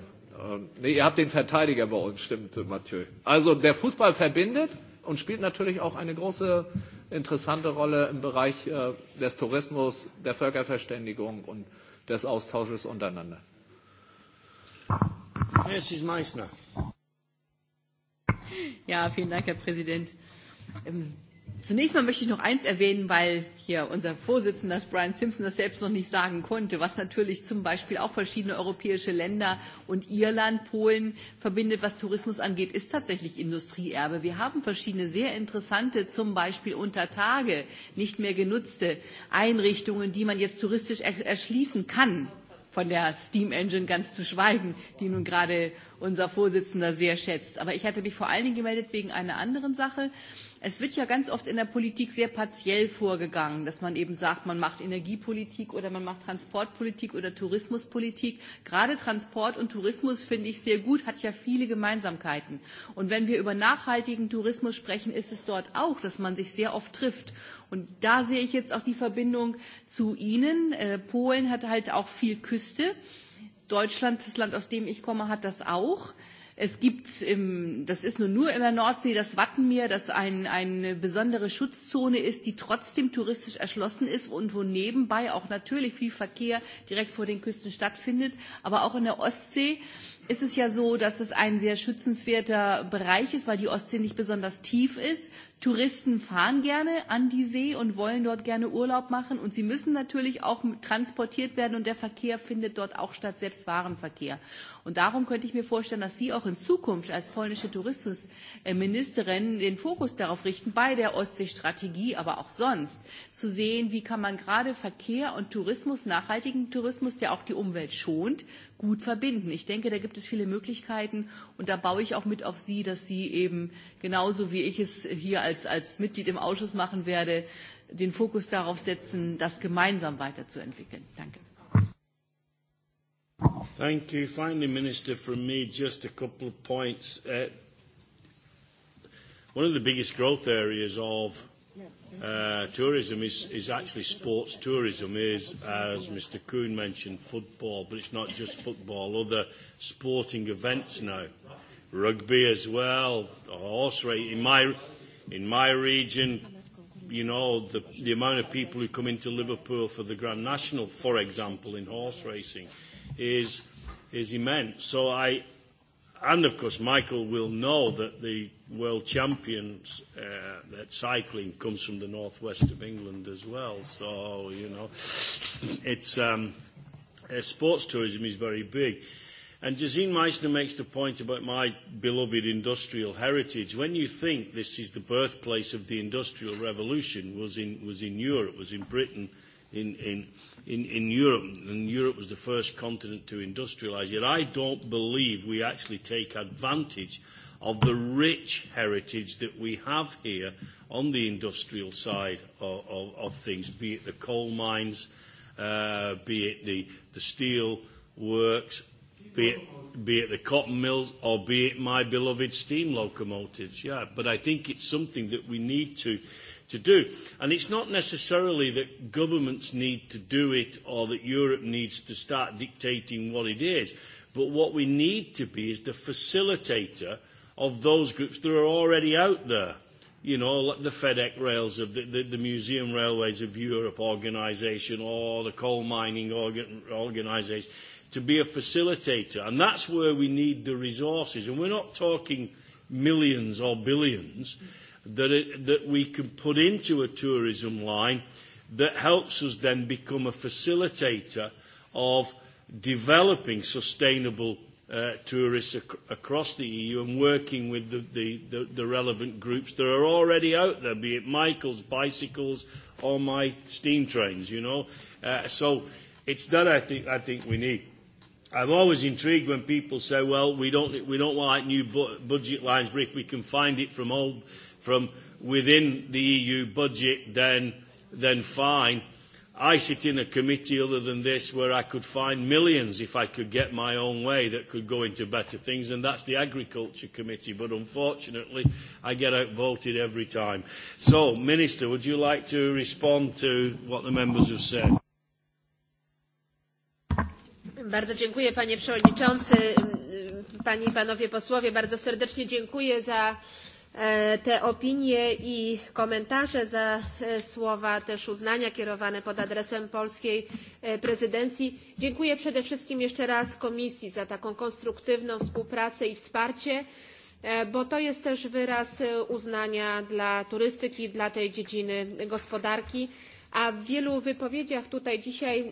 nee, ihr habt den Verteidiger bei uns, stimmt, äh, Mathieu. Also der Fußball verbindet und spielt natürlich auch eine große interessante Rolle im Bereich äh, des Tourismus, der Völkerverständigung und des Austausches untereinander. Mrs. Meissner. Ja, vielen Dank, Herr Präsident. Ähm, zunächst mal möchte ich noch eins erwähnen, weil hier unser Vorsitzender Brian Simpson das selbst noch nicht sagen konnte, was natürlich zum Beispiel auch verschiedene europäische Länder und Irland, Polen verbindet, was Tourismus angeht, ist tatsächlich Industrieerbe. Wir haben verschiedene sehr interessante, zum Beispiel unter Tage nicht mehr genutzte Einrichtungen, die man jetzt touristisch erschließen kann von der Steam Engine ganz zu schweigen, die nun gerade unser Vorsitzender sehr schätzt. Aber ich hatte mich vor allen Dingen gemeldet wegen einer anderen Sache. Äh, Es wird ja ganz oft in der Politik sehr partiell vorgegangen, dass man eben sagt, man macht Energiepolitik oder man macht Transportpolitik oder Tourismuspolitik. Gerade Transport und Tourismus finde ich sehr gut, hat ja viele Gemeinsamkeiten. Und wenn wir über nachhaltigen Tourismus sprechen, ist es dort auch, dass man sich sehr oft trifft. Und da sehe ich jetzt auch die Verbindung zu Ihnen. Äh, Polen hat halt auch viel Küste. Deutschland, das Land, aus dem ich komme, hat das auch. Äh, Es gibt, im, ähm, das ist nur, nur in der Nordsee, das Wattenmeer, das ein, eine besondere Schutzzone ist, die trotzdem touristisch erschlossen ist und wo nebenbei auch natürlich viel Verkehr direkt vor den Küsten stattfindet. Aber auch in der Ostsee ist es ja so, dass es ein sehr schützenswerter Bereich ist, weil die Ostsee nicht besonders tief ist Touristen fahren gerne an die See und wollen dort gerne Urlaub machen und sie müssen natürlich auch transportiert werden und der Verkehr findet dort auch statt, selbst Warenverkehr. Und darum könnte ich mir vorstellen, dass Sie auch in Zukunft als polnische Tourismusministerin den Fokus darauf richten, bei der Ostseestrategie, aber auch sonst, zu sehen, wie kann man gerade Verkehr und Tourismus, nachhaltigen Tourismus, der auch die Umwelt schont, gut verbinden. Ich denke, da gibt es viele Möglichkeiten und da baue ich auch mit auf Sie, dass Sie eben genauso wie ich es hier als, als Mitglied im Ausschuss machen werde, den Fokus darauf setzen, das gemeinsam weiterzuentwickeln. Danke. Thank you. Finally, Minister, from me, just a couple of points. Uh, one of the biggest growth areas of uh, tourism is, is actually sports tourism, is, as Mr Kuhn mentioned, football, but it's not just football, other sporting events now. Rugby as well, horse racing. In my, In my region, you know, the, the amount of people who come into Liverpool for the Grand National, for example, in horse racing, is, is immense. So I, and of course, Michael will know that the world champions uh, at cycling comes from the northwest of England as well. So, you know, it's, um, uh, sports tourism is very big. Uh, And Jazine Meissner makes the point about my beloved industrial heritage. When you think this is the birthplace of the Industrial Revolution, was in, was in Europe, was in Britain, in, in, in, in Europe, and Europe was the first continent to industrialize, yet I don't believe we actually take advantage of the rich heritage that we have here on the industrial side of, of, of things, be it the coal mines, uh, be it the, the steel works, be it, be it the cotton mills or be it my beloved steam locomotives. Yeah, but I think it's something that we need to, to do. And it's not necessarily that governments need to do it or that Europe needs to start dictating what it is. But what we need to be is the facilitator of those groups that are already out there. You know, like the FedEx rails of the, the, the Museum Railways of Europe organisation or the coal mining organ, organisation to be a facilitator. And that's where we need the resources. And we're not talking millions or billions that, it, that we can put into a tourism line that helps us then become a facilitator of developing sustainable uh, tourists ac- across the EU and working with the, the, the, the relevant groups that are already out there, be it Michael's bicycles or my steam trains, you know. Uh, so it's that I think, I think we need. I'm always intrigued when people say, well, we don't, we don't like new bu- budget lines, but if we can find it from, old, from within the EU budget, then, then fine. I sit in a committee other than this where I could find millions if I could get my own way that could go into better things, and that's the Agriculture Committee. But unfortunately, I get outvoted every time. So, Minister, would you like to respond to what the members have said? Bardzo dziękuję panie przewodniczący, panie i panowie posłowie. Bardzo serdecznie dziękuję za e, te opinie i komentarze, za e, słowa też uznania kierowane pod adresem polskiej e, prezydencji. Dziękuję przede wszystkim jeszcze raz Komisji za taką konstruktywną współpracę i wsparcie bo to jest też wyraz uznania dla turystyki, dla tej dziedziny gospodarki. A w wielu wypowiedziach tutaj dzisiaj e,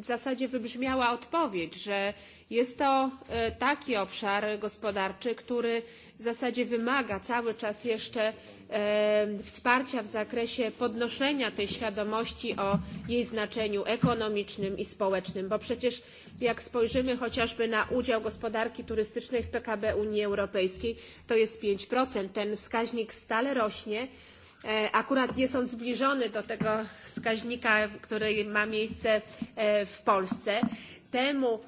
w zasadzie wybrzmiała odpowiedź, że jest to e, taki obszar gospodarczy, który w zasadzie wymaga cały czas jeszcze e, wsparcia w zakresie podnoszenia tej świadomości o jej znaczeniu ekonomicznym i społecznym, bo przecież jak spojrzymy chociażby na udział gospodarki turystycznej w PKB Unii Europejskiej, to jest 5%. Ten wskaźnik stale rośnie E, akurat jest on zbliżony do tego wskaźnika, który ma miejsce e, w Polsce. Temu,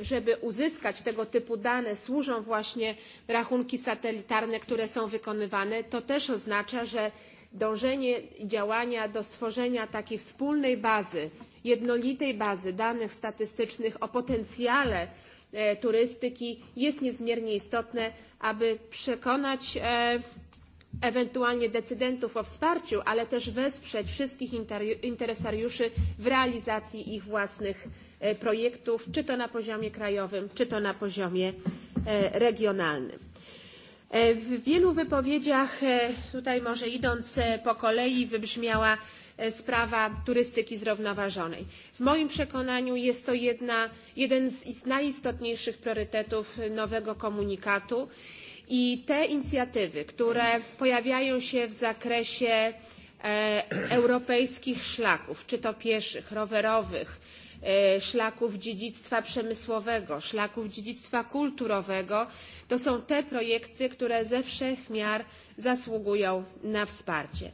żeby uzyskać tego typu dane, służą właśnie rachunki satelitarne, które są wykonywane. To też oznacza, że dążenie i działania do stworzenia takiej wspólnej bazy, jednolitej bazy danych statystycznych o potencjale e, turystyki jest niezmiernie istotne, aby przekonać ewentualnie decydentów o wsparciu, ale też wesprzeć wszystkich interesariuszy w realizacji ich własnych e, projektów, czy to na poziomie krajowym, czy to na poziomie e, regionalnym. E, w wielu wypowiedziach, tutaj może idąc po kolei, wybrzmiała sprawa turystyki zrównoważonej. W moim przekonaniu jest to jedna, jeden z najistotniejszych priorytetów nowego komunikatu. I te inicjatywy, które pojawiają się w zakresie e, europejskich szlaków, czy to pieszych, rowerowych, e, szlaków dziedzictwa przemysłowego, szlaków dziedzictwa kulturowego. To są te projekty, które ze wszech miar zasługują na wsparcie.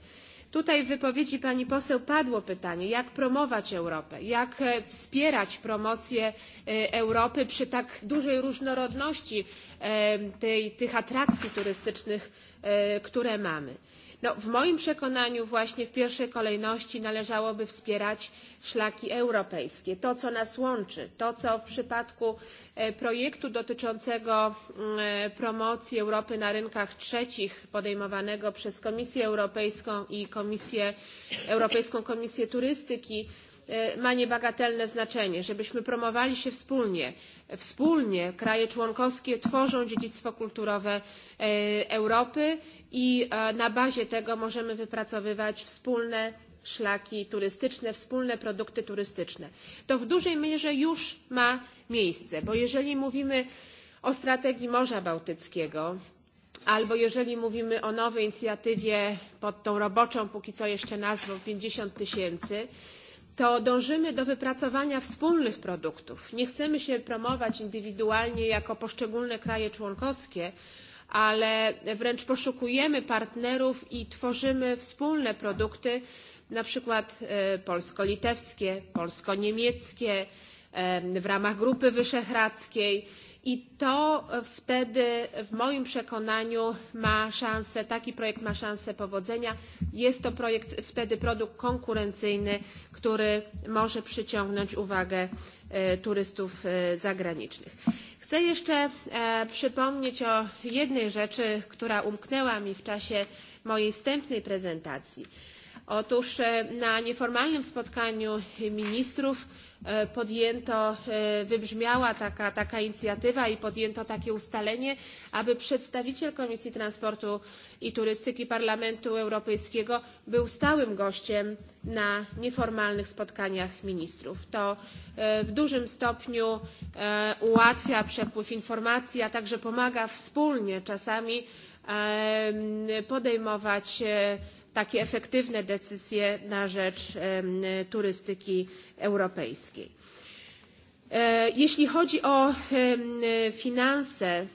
Tutaj w wypowiedzi pani poseł padło pytanie, jak promować Europę, jak e, wspierać promocję Europy przy tak dużej różnorodności tej, tych atrakcji turystycznych, e, które mamy. No, w moim przekonaniu właśnie w pierwszej kolejności należałoby wspierać szlaki europejskie, to co nas łączy, to co w przypadku e, projektu dotyczącego e, promocji Europy na rynkach trzecich podejmowanego przez Komisję Europejską i Komisję, Europejską Komisję Turystyki E, ma niebagatelne znaczenie, żebyśmy promowali się wspólnie. Wspólnie kraje członkowskie tworzą dziedzictwo kulturowe e, Europy i e, na bazie tego możemy wypracowywać wspólne szlaki turystyczne, wspólne produkty turystyczne. To w dużej mierze już ma miejsce, bo jeżeli mówimy o strategii Morza Bałtyckiego, albo jeżeli mówimy o nowej inicjatywie pod tą roboczą póki co jeszcze nazwą 50 tysięcy, 000, to dążymy do wypracowania wspólnych produktów. Nie chcemy się promować indywidualnie jako poszczególne kraje członkowskie, ale wręcz poszukujemy partnerów i tworzymy wspólne produkty, na przykład e, polsko-litewskie, polsko-niemieckie, e, w ramach Grupy Wyszehradzkiej I to wtedy, w moim przekonaniu, ma szansę, taki projekt ma szansę powodzenia. Jest to projekt, wtedy produkt konkurencyjny, który może przyciągnąć uwagę e, turystów e, zagranicznych. Chcę jeszcze e, przypomnieć o jednej rzeczy, która umknęła mi w czasie mojej wstępnej prezentacji. Otóż na nieformalnym spotkaniu ministrów E, podjęto, e, wybrzmiała taka, taka inicjatywa i podjęto takie ustalenie, aby przedstawiciel Komisji Transportu i Turystyki Parlamentu Europejskiego był stałym gościem na nieformalnych spotkaniach ministrów. To e, w dużym stopniu ułatwia przepływ informacji, a także pomaga wspólnie czasami podejmować takie efektywne decyzje na rzecz turystyki europejskiej. E, jeśli chodzi o finanse,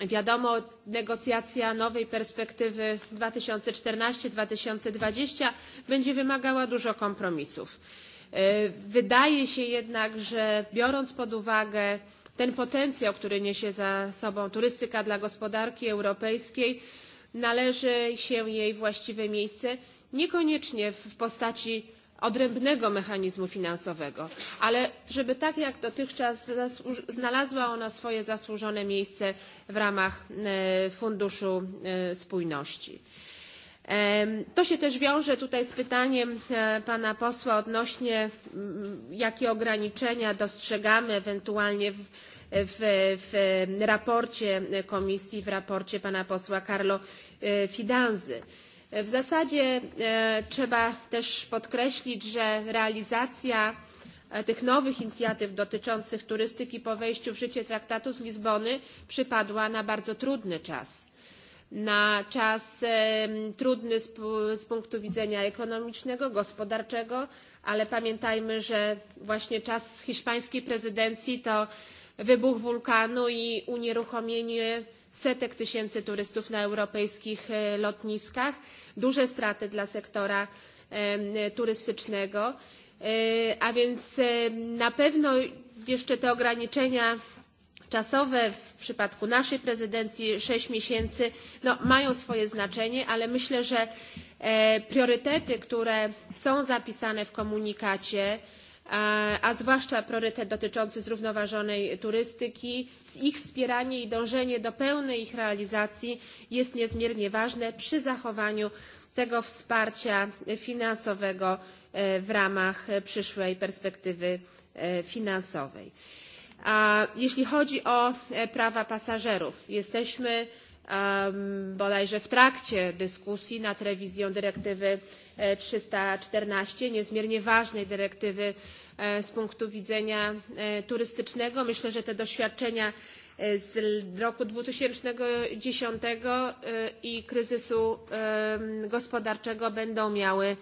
wiadomo, negocjacja nowej perspektywy 2014-2020 będzie wymagała dużo kompromisów. E, wydaje się jednak, że biorąc pod uwagę ten potencjał, który niesie za sobą turystyka dla gospodarki europejskiej, należy się jej właściwe miejsce, niekoniecznie w postaci odrębnego mechanizmu finansowego, ale żeby tak jak dotychczas znalazła ona swoje zasłużone miejsce w ramach e, Funduszu e, Spójności. To się też wiąże tutaj z pytaniem e, pana posła odnośnie jakie ograniczenia dostrzegamy ewentualnie w w, w raporcie komisji, w raporcie pana posła Carlo e, Fidanzy. W zasadzie e, trzeba też podkreślić, że realizacja e, tych nowych inicjatyw dotyczących turystyki po wejściu w życie traktatu z Lizbony przypadła na bardzo trudny czas na czas e, trudny z, z punktu widzenia ekonomicznego, gospodarczego, ale pamiętajmy, że właśnie czas hiszpańskiej prezydencji to wybuch wulkanu i unieruchomienie setek tysięcy turystów na europejskich e, lotniskach, duże straty dla sektora turystycznego. E, a więc e, na pewno jeszcze te ograniczenia czasowe w przypadku naszej prezydencji sześć miesięcy no, mają swoje znaczenie, ale myślę, że priorytety, które są zapisane w komunikacie, a zwłaszcza priorytet dotyczący zrównoważonej turystyki. Ich wspieranie i dążenie do pełnej ich realizacji jest niezmiernie ważne przy zachowaniu tego wsparcia finansowego e, w ramach przyszłej perspektywy e, finansowej. A jeśli chodzi o e, prawa pasażerów, jesteśmy bodajże w trakcie dyskusji nad rewizją dyrektywy 314, e, niezmiernie ważnej dyrektywy e, z punktu widzenia e, turystycznego. Myślę, że te doświadczenia z roku 2010 i kryzysu gospodarczego będą miały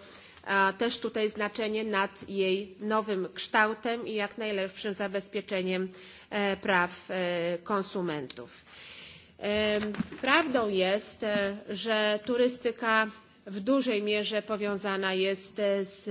też tutaj znaczenie nad jej nowym kształtem i jak najlepszym zabezpieczeniem praw konsumentów. Prawdą jest, e, że turystyka w dużej mierze powiązana jest e, z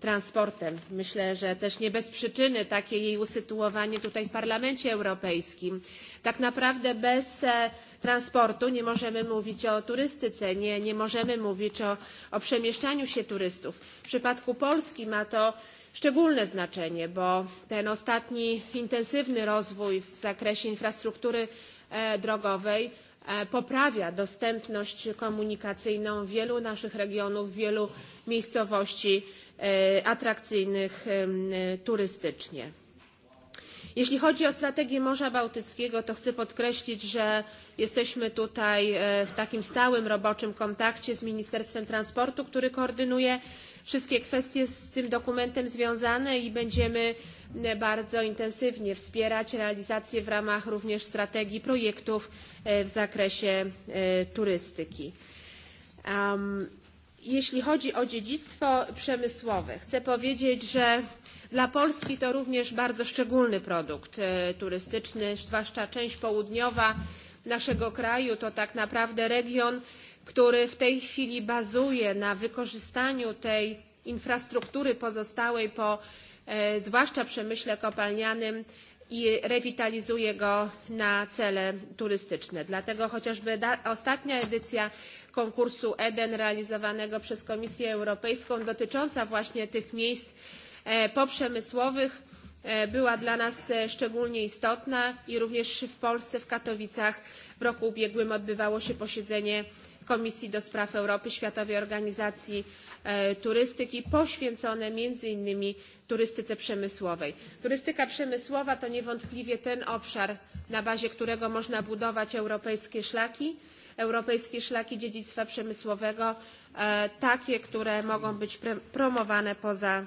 transportem. Myślę, że też nie bez przyczyny takie jej usytuowanie tutaj w Parlamencie Europejskim. Tak naprawdę bez e, transportu nie możemy mówić o turystyce, nie, nie możemy mówić o, o przemieszczaniu się turystów. W przypadku Polski ma to szczególne znaczenie, bo ten ostatni intensywny rozwój w zakresie infrastruktury E, drogowej e, poprawia dostępność komunikacyjną wielu naszych regionów, wielu miejscowości e, atrakcyjnych turystycznie. Jeśli chodzi o strategię Morza Bałtyckiego, to chcę podkreślić, że jesteśmy tutaj w takim stałym roboczym kontakcie z Ministerstwem Transportu, który koordynuje wszystkie kwestie z tym dokumentem związane i będziemy e, bardzo intensywnie wspierać realizację w ramach również strategii projektów e, w zakresie e, turystyki. Jeśli chodzi o dziedzictwo przemysłowe, chcę powiedzieć, że dla Polski to również bardzo szczególny produkt turystyczny, zwłaszcza część południowa naszego kraju to tak naprawdę region, który w tej chwili bazuje na wykorzystaniu tej infrastruktury pozostałej po e, zwłaszcza przemyśle kopalnianym i rewitalizuje go na cele turystyczne. Dlatego chociażby ostatnia edycja konkursu EDEN realizowanego przez Komisję Europejską dotycząca właśnie tych miejsc e, poprzemysłowych e, była dla nas e, szczególnie istotna i również w Polsce w Katowicach w roku ubiegłym odbywało się posiedzenie Komisji do Spraw Europy Światowej Organizacji e, Turystyki poświęcone między innymi turystyce przemysłowej. Turystyka przemysłowa to niewątpliwie ten obszar, na bazie którego można budować europejskie szlaki, europejskie szlaki dziedzictwa przemysłowego, e, takie, które mogą być promowane poza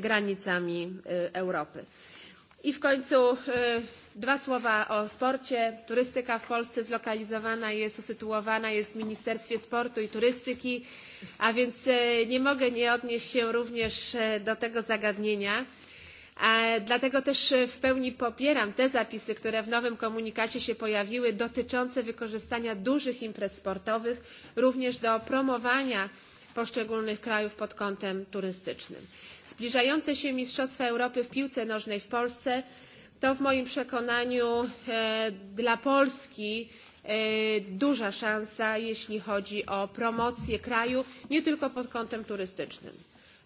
granicami e, Europy. I w końcu e, dwa słowa o sporcie. Turystyka w Polsce zlokalizowana jest, usytuowana jest w Ministerstwie Sportu i Turystyki, a więc e, nie mogę nie odnieść się również e, do tego zagadnienia. A dlatego też w pełni popieram te zapisy, które w nowym komunikacie się pojawiły, dotyczące wykorzystania dużych imprez sportowych również do promowania poszczególnych krajów pod kątem turystycznym. Zbliżające się Mistrzostwa Europy w piłce nożnej w Polsce to w moim przekonaniu e, dla Polski e, duża szansa, jeśli chodzi o promocję kraju, nie tylko pod kątem turystycznym,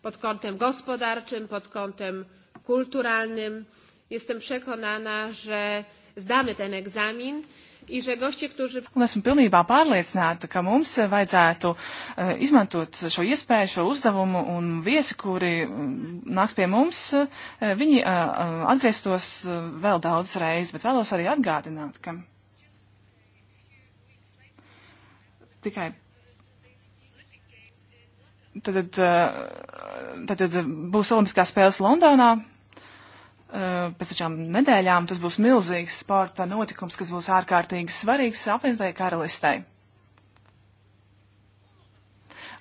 pod kątem gospodarczym, pod kątem kulturalnym. Jestem przekonana, że zdamy ten egzamin. E, Un esmu pilnībā pārliecināta, ka mums vajadzētu uh, izmantot šo iespēju, šo uzdevumu un viesi, kuri mm, nāks pie mums, uh, viņi uh, atgrieztos vēl daudz reizes, bet vēlos arī atgādināt, ka tikai. Tad, tad, tad būs Olimpiskās spēles Londonā Eh, pēc dažām nedēļām tas būs milzīgs sporta notikums, kas būs ārkārtīgi svarīgs apvienotajai karalistei.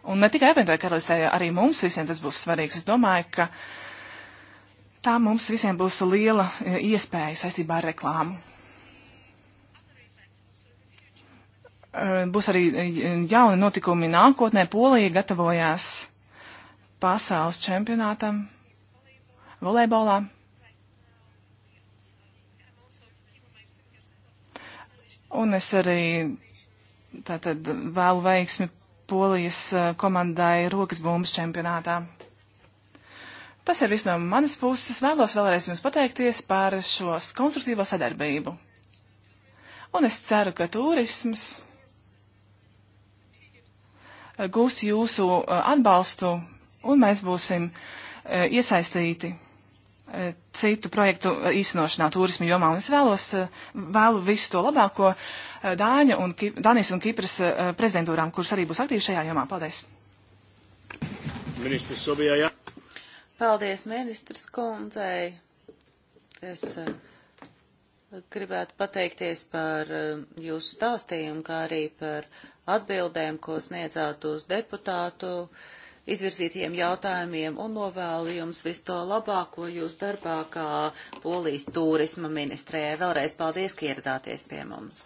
Un ne tikai apvienotajai karalistei, arī mums visiem tas būs svarīgs. Es domāju, ka tā mums visiem būs liela eh, iespēja saistībā ar reklāmu. Eh, būs arī jauni notikumi nākotnē. Polija gatavojās pasaules čempionātam volejbolā. Un es arī tātad vēlu veiksmi Polijas komandai rokas bumbas čempionātā. Tas ir viss no manas puses. Vēlos vēlreiz jums pateikties par šo konstruktīvo sadarbību. Un es ceru, ka turisms gūs jūsu atbalstu un mēs būsim iesaistīti E, citu projektu e, īstenošanā turismu jomā, un es vēlos, e, vēlu visu to labāko Dāņu un, Dānijas un Kipras prezidentūrām, kuras arī būs aktīvi šajā jomā. Paldies! Ministrs Sobijā, jā. Paldies, ministrs kundzei. Es gribētu pateikties par jūsu stāstījumu, kā arī par atbildēm, ko sniedzāt uz deputātu uh, izvirzītiem jautājumiem un novēlu jums visu to labāko jūs darbā kā Polijas turisma ministrē. Vēlreiz paldies, ka ieradāties pie mums.